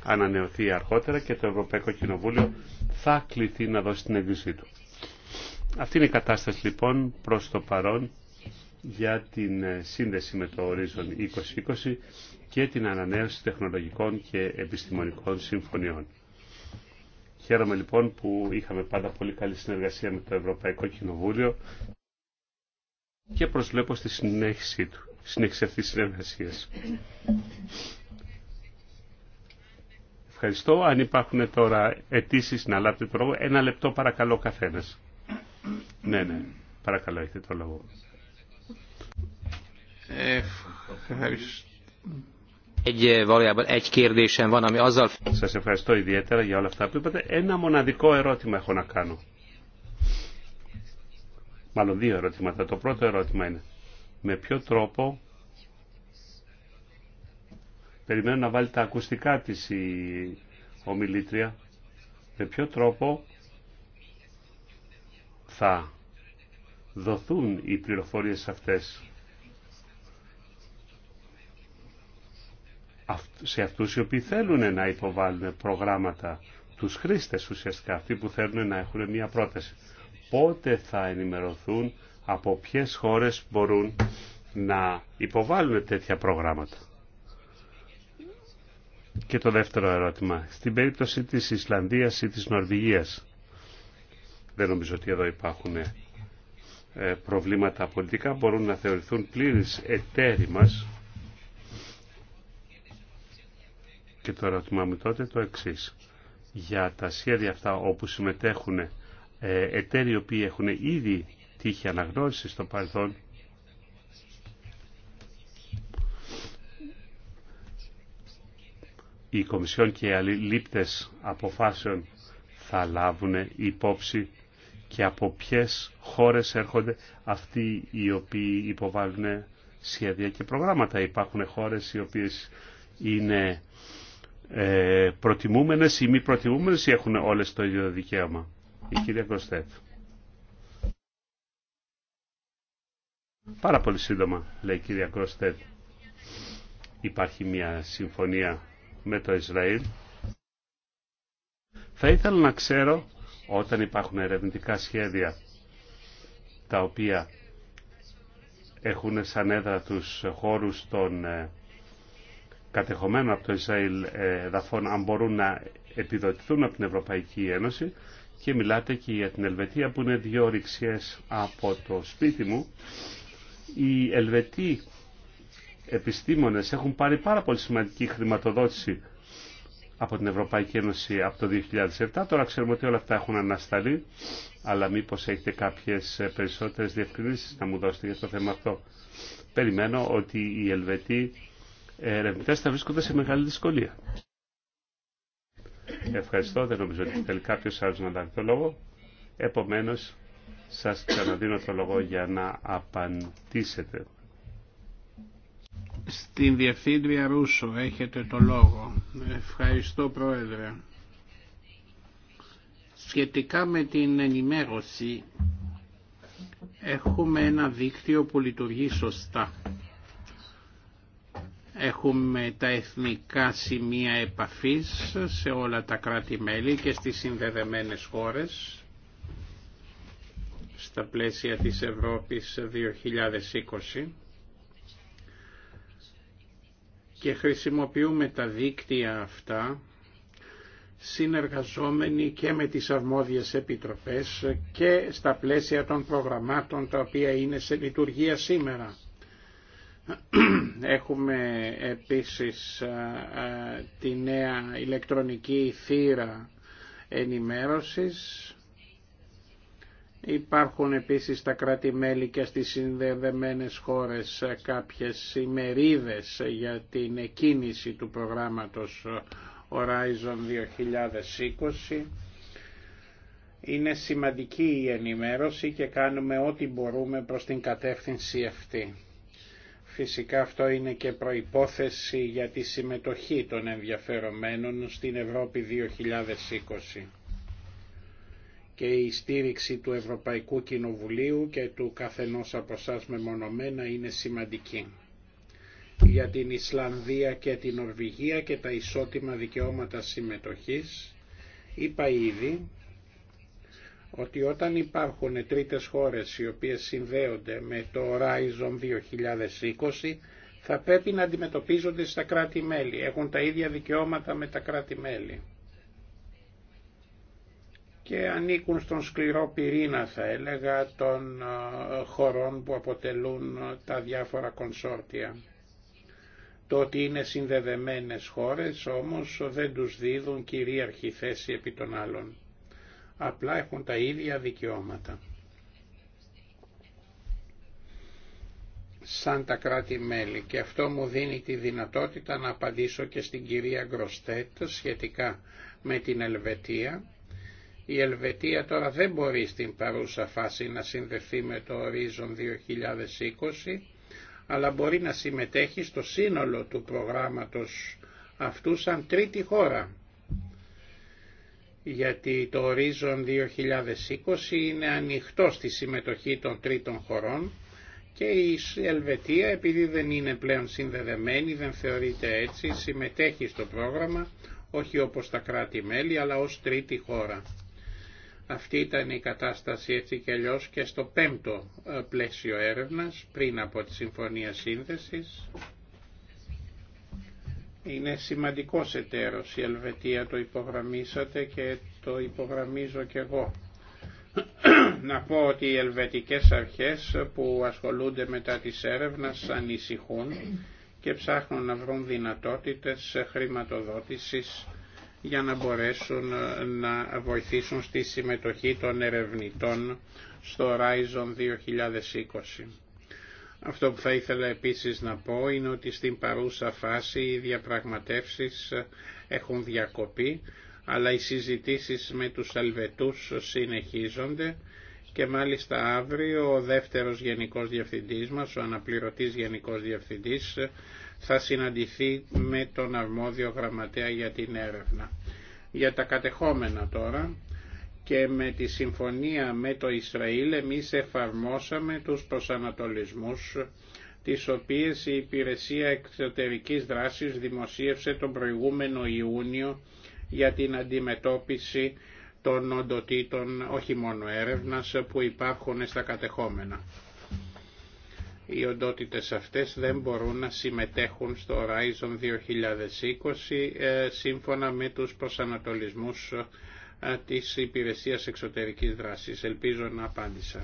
ανανεωθεί αργότερα και το Ευρωπαϊκό Κοινοβούλιο θα κληθεί να δώσει την έγκρισή του. Αυτή είναι η κατάσταση λοιπόν προς το παρόν για την ε, σύνδεση με το ορίζον 2020 και την ανανέωση τεχνολογικών και επιστημονικών συμφωνιών. Χαίρομαι λοιπόν που είχαμε πάντα πολύ καλή συνεργασία με το Ευρωπαϊκό Κοινοβούλιο και προσβλέπω στη συνέχιση του, συνέχιση αυτής της συνεργασίας. Ευχαριστώ. Αν υπάρχουν τώρα αιτήσει να λάβετε το λόγο, ένα λεπτό παρακαλώ καθένας. Ναι, ναι, παρακαλώ έχετε το λόγο. Ευχαριστώ. Eh, Σας ευχαριστώ ιδιαίτερα για όλα αυτά που είπατε. Ένα μοναδικό ερώτημα έχω να κάνω. Μάλλον δύο ερωτήματα. Το πρώτο ερώτημα είναι με ποιο τρόπο περιμένω να βάλει τα ακουστικά της η ομιλήτρια με ποιο τρόπο θα δοθούν οι πληροφορίες αυτές σε αυτούς οι οποίοι θέλουν να υποβάλουν προγράμματα τους χρήστες ουσιαστικά, αυτοί που θέλουν να έχουν μια πρόταση. Πότε θα ενημερωθούν από ποιες χώρες μπορούν να υποβάλουν τέτοια προγράμματα. Και το δεύτερο ερώτημα. Στην περίπτωση της Ισλανδίας ή της Νορβηγίας, δεν νομίζω ότι εδώ υπάρχουν ε, προβλήματα πολιτικά, μπορούν να θεωρηθούν πλήρης εταίροι μας Και το ερώτημά μου τότε το εξή. Για τα σχέδια αυτά όπου συμμετέχουν ε, εταίροι οι οποίοι έχουν ήδη τύχει αναγνώριση στο παρελθόν, οι Κομισιόν και οι λύπτες αποφάσεων θα λάβουν υπόψη και από ποιες χώρες έρχονται αυτοί οι οποίοι υποβάλλουν σχέδια και προγράμματα. Υπάρχουν χώρες οι οποίες είναι ε, προτιμούμενες ή μη προτιμούμενες ή έχουν όλες το ίδιο δικαίωμα. Η κυρία Κωστέτ. Πάρα πολύ σύντομα, λέει η κυρία κυρια παρα πολυ συντομα Υπάρχει μια συμφωνία με το Ισραήλ. Θα ήθελα να ξέρω όταν υπάρχουν ερευνητικά σχέδια τα οποία έχουν σαν έδρα τους χώρους των ε, κατεχωμένων από το Ισραήλ ε, εδαφών αν μπορούν να επιδοτηθούν από την Ευρωπαϊκή Ένωση και μιλάτε και για την Ελβετία που είναι δύο ρηξιές από το σπίτι μου. Οι Ελβετοί επιστήμονες έχουν πάρει πάρα πολύ σημαντική χρηματοδότηση από την Ευρωπαϊκή Ένωση από το 2007. Τώρα ξέρουμε ότι όλα αυτά έχουν ανασταλεί, αλλά μήπως έχετε κάποιες περισσότερες διευκρινήσεις να μου δώσετε για το θέμα αυτό. Περιμένω ότι οι Ελβετοί ερευνητές θα βρίσκονται σε μεγάλη δυσκολία. Ευχαριστώ. Δεν νομίζω ότι θέλει κάποιο άλλο να λάβει το λόγο. Επομένως, σας ξαναδίνω το λόγο για να απαντήσετε. Στην Διευθύντρια Ρούσο έχετε το λόγο. Ευχαριστώ Πρόεδρε. Σχετικά με την ενημέρωση έχουμε ένα δίκτυο που λειτουργεί σωστά Έχουμε τα εθνικά σημεία επαφής σε όλα τα κράτη-μέλη και στις συνδεδεμένες χώρες στα πλαίσια της Ευρώπης 2020 και χρησιμοποιούμε τα δίκτυα αυτά συνεργαζόμενοι και με τις αρμόδιες επιτροπές και στα πλαίσια των προγραμμάτων τα οποία είναι σε λειτουργία σήμερα. Έχουμε επίσης ε, ε, τη νέα ηλεκτρονική θύρα ενημέρωσης. Υπάρχουν επίσης τα κράτη-μέλη και στις συνδεδεμένες χώρες ε, κάποιες ημερίδες για την εκκίνηση του προγράμματος Horizon 2020. Είναι σημαντική η ενημέρωση και κάνουμε ό,τι μπορούμε προς την κατεύθυνση αυτή. Φυσικά αυτό είναι και προϋπόθεση για τη συμμετοχή των ενδιαφερομένων στην Ευρώπη 2020 και η στήριξη του Ευρωπαϊκού Κοινοβουλίου και του καθενός από με μεμονωμένα είναι σημαντική. Για την Ισλανδία και την Νορβηγία και τα ισότιμα δικαιώματα συμμετοχής είπα ήδη ότι όταν υπάρχουν τρίτες χώρες οι οποίες συνδέονται με το Horizon 2020 θα πρέπει να αντιμετωπίζονται στα κράτη-μέλη, έχουν τα ίδια δικαιώματα με τα κράτη-μέλη και ανήκουν στον σκληρό πυρήνα θα έλεγα των ε, χωρών που αποτελούν ε, τα διάφορα κονσόρτια. Το ότι είναι συνδεδεμένες χώρες όμως δεν τους δίδουν κυρίαρχη θέση επί των άλλων απλά έχουν τα ίδια δικαιώματα. σαν τα κράτη-μέλη και αυτό μου δίνει τη δυνατότητα να απαντήσω και στην κυρία Γκροστέτ σχετικά με την Ελβετία. Η Ελβετία τώρα δεν μπορεί στην παρούσα φάση να συνδεθεί με το Horizon 2020 αλλά μπορεί να συμμετέχει στο σύνολο του προγράμματος αυτού σαν τρίτη χώρα γιατί το Horizon 2020 είναι ανοιχτό στη συμμετοχή των τρίτων χωρών και η Ελβετία επειδή δεν είναι πλέον συνδεδεμένη, δεν θεωρείται έτσι, συμμετέχει στο πρόγραμμα όχι όπως τα κράτη-μέλη αλλά ως τρίτη χώρα. Αυτή ήταν η κατάσταση έτσι και αλλιώ και στο πέμπτο ε, πλαίσιο έρευνας πριν από τη Συμφωνία Σύνδεσης. Είναι σημαντικός εταίρος η Ελβετία, το υπογραμμίσατε και το υπογραμμίζω και εγώ. Να πω ότι οι ελβετικές αρχές που ασχολούνται μετά της έρευνας ανησυχούν και ψάχνουν να βρουν δυνατότητες χρηματοδότησης για να μπορέσουν να βοηθήσουν στη συμμετοχή των ερευνητών στο Horizon 2020. Αυτό που θα ήθελα επίσης να πω είναι ότι στην παρούσα φάση οι διαπραγματεύσεις έχουν διακοπεί, αλλά οι συζητήσεις με τους Ελβετούς συνεχίζονται και μάλιστα αύριο ο δεύτερος Γενικός Διευθυντής μας, ο αναπληρωτής Γενικός Διευθυντής, θα συναντηθεί με τον αρμόδιο γραμματέα για την έρευνα. Για τα κατεχόμενα τώρα, και με τη συμφωνία με το Ισραήλ εμείς εφαρμόσαμε τους προσανατολισμούς τις οποίες η Υπηρεσία Εξωτερικής Δράσης δημοσίευσε τον προηγούμενο Ιούνιο για την αντιμετώπιση των οντοτήτων όχι μόνο έρευνας που υπάρχουν στα κατεχόμενα. Οι οντότητες αυτές δεν μπορούν να συμμετέχουν στο Horizon 2020 ε, σύμφωνα με τους προσανατολισμούς της Υπηρεσίας Εξωτερικής Δράσης. Ελπίζω να απάντησα.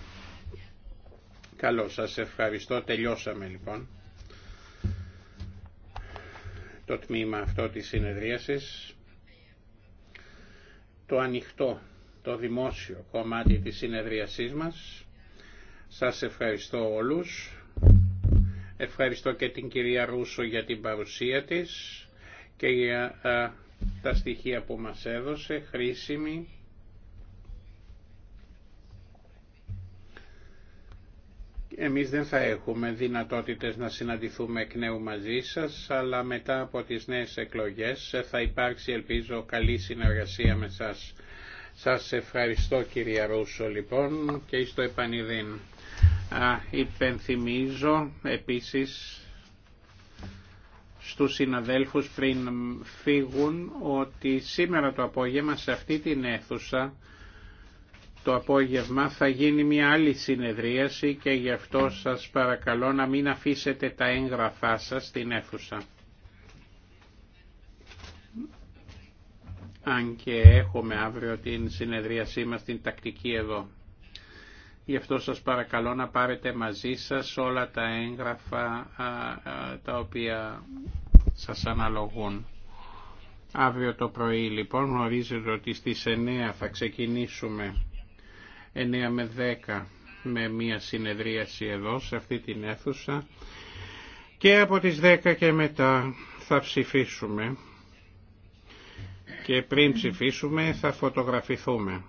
Καλό, σας ευχαριστώ. Τελειώσαμε λοιπόν το τμήμα αυτό της συνεδρίασης. Το ανοιχτό, το δημόσιο κομμάτι της συνεδρίασής μας. Σας ευχαριστώ όλους. Ευχαριστώ και την κυρία Ρούσο για την παρουσία της και για τα στοιχεία που μας έδωσε, χρήσιμη. Εμείς δεν θα έχουμε δυνατότητες να συναντηθούμε εκ νέου μαζί σας, αλλά μετά από τις νέες εκλογές θα υπάρξει, ελπίζω, καλή συνεργασία με σας. Σας ευχαριστώ κυρία Ρούσο λοιπόν και στο επανειδήν. Α, υπενθυμίζω επίσης στους συναδέλφους πριν φύγουν ότι σήμερα το απόγευμα σε αυτή την αίθουσα το απόγευμα θα γίνει μια άλλη συνεδρίαση και γι' αυτό σας παρακαλώ να μην αφήσετε τα έγγραφά σας στην αίθουσα. Αν και έχουμε αύριο την συνεδρίασή μας την τακτική εδώ. Γι' αυτό σας παρακαλώ να πάρετε μαζί σας όλα τα έγγραφα τα οποία σας αναλογούν. Αύριο το πρωί λοιπόν γνωρίζετε ότι στις 9 θα ξεκινήσουμε 9 με 10 με μια συνεδρίαση εδώ σε αυτή την αίθουσα και από τις 10 και μετά θα ψηφίσουμε και πριν ψηφίσουμε θα φωτογραφηθούμε.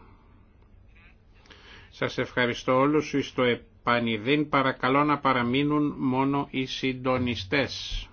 Σας ευχαριστώ όλους στο επανειδήν παρακαλώ να παραμείνουν μόνο οι συντονιστές.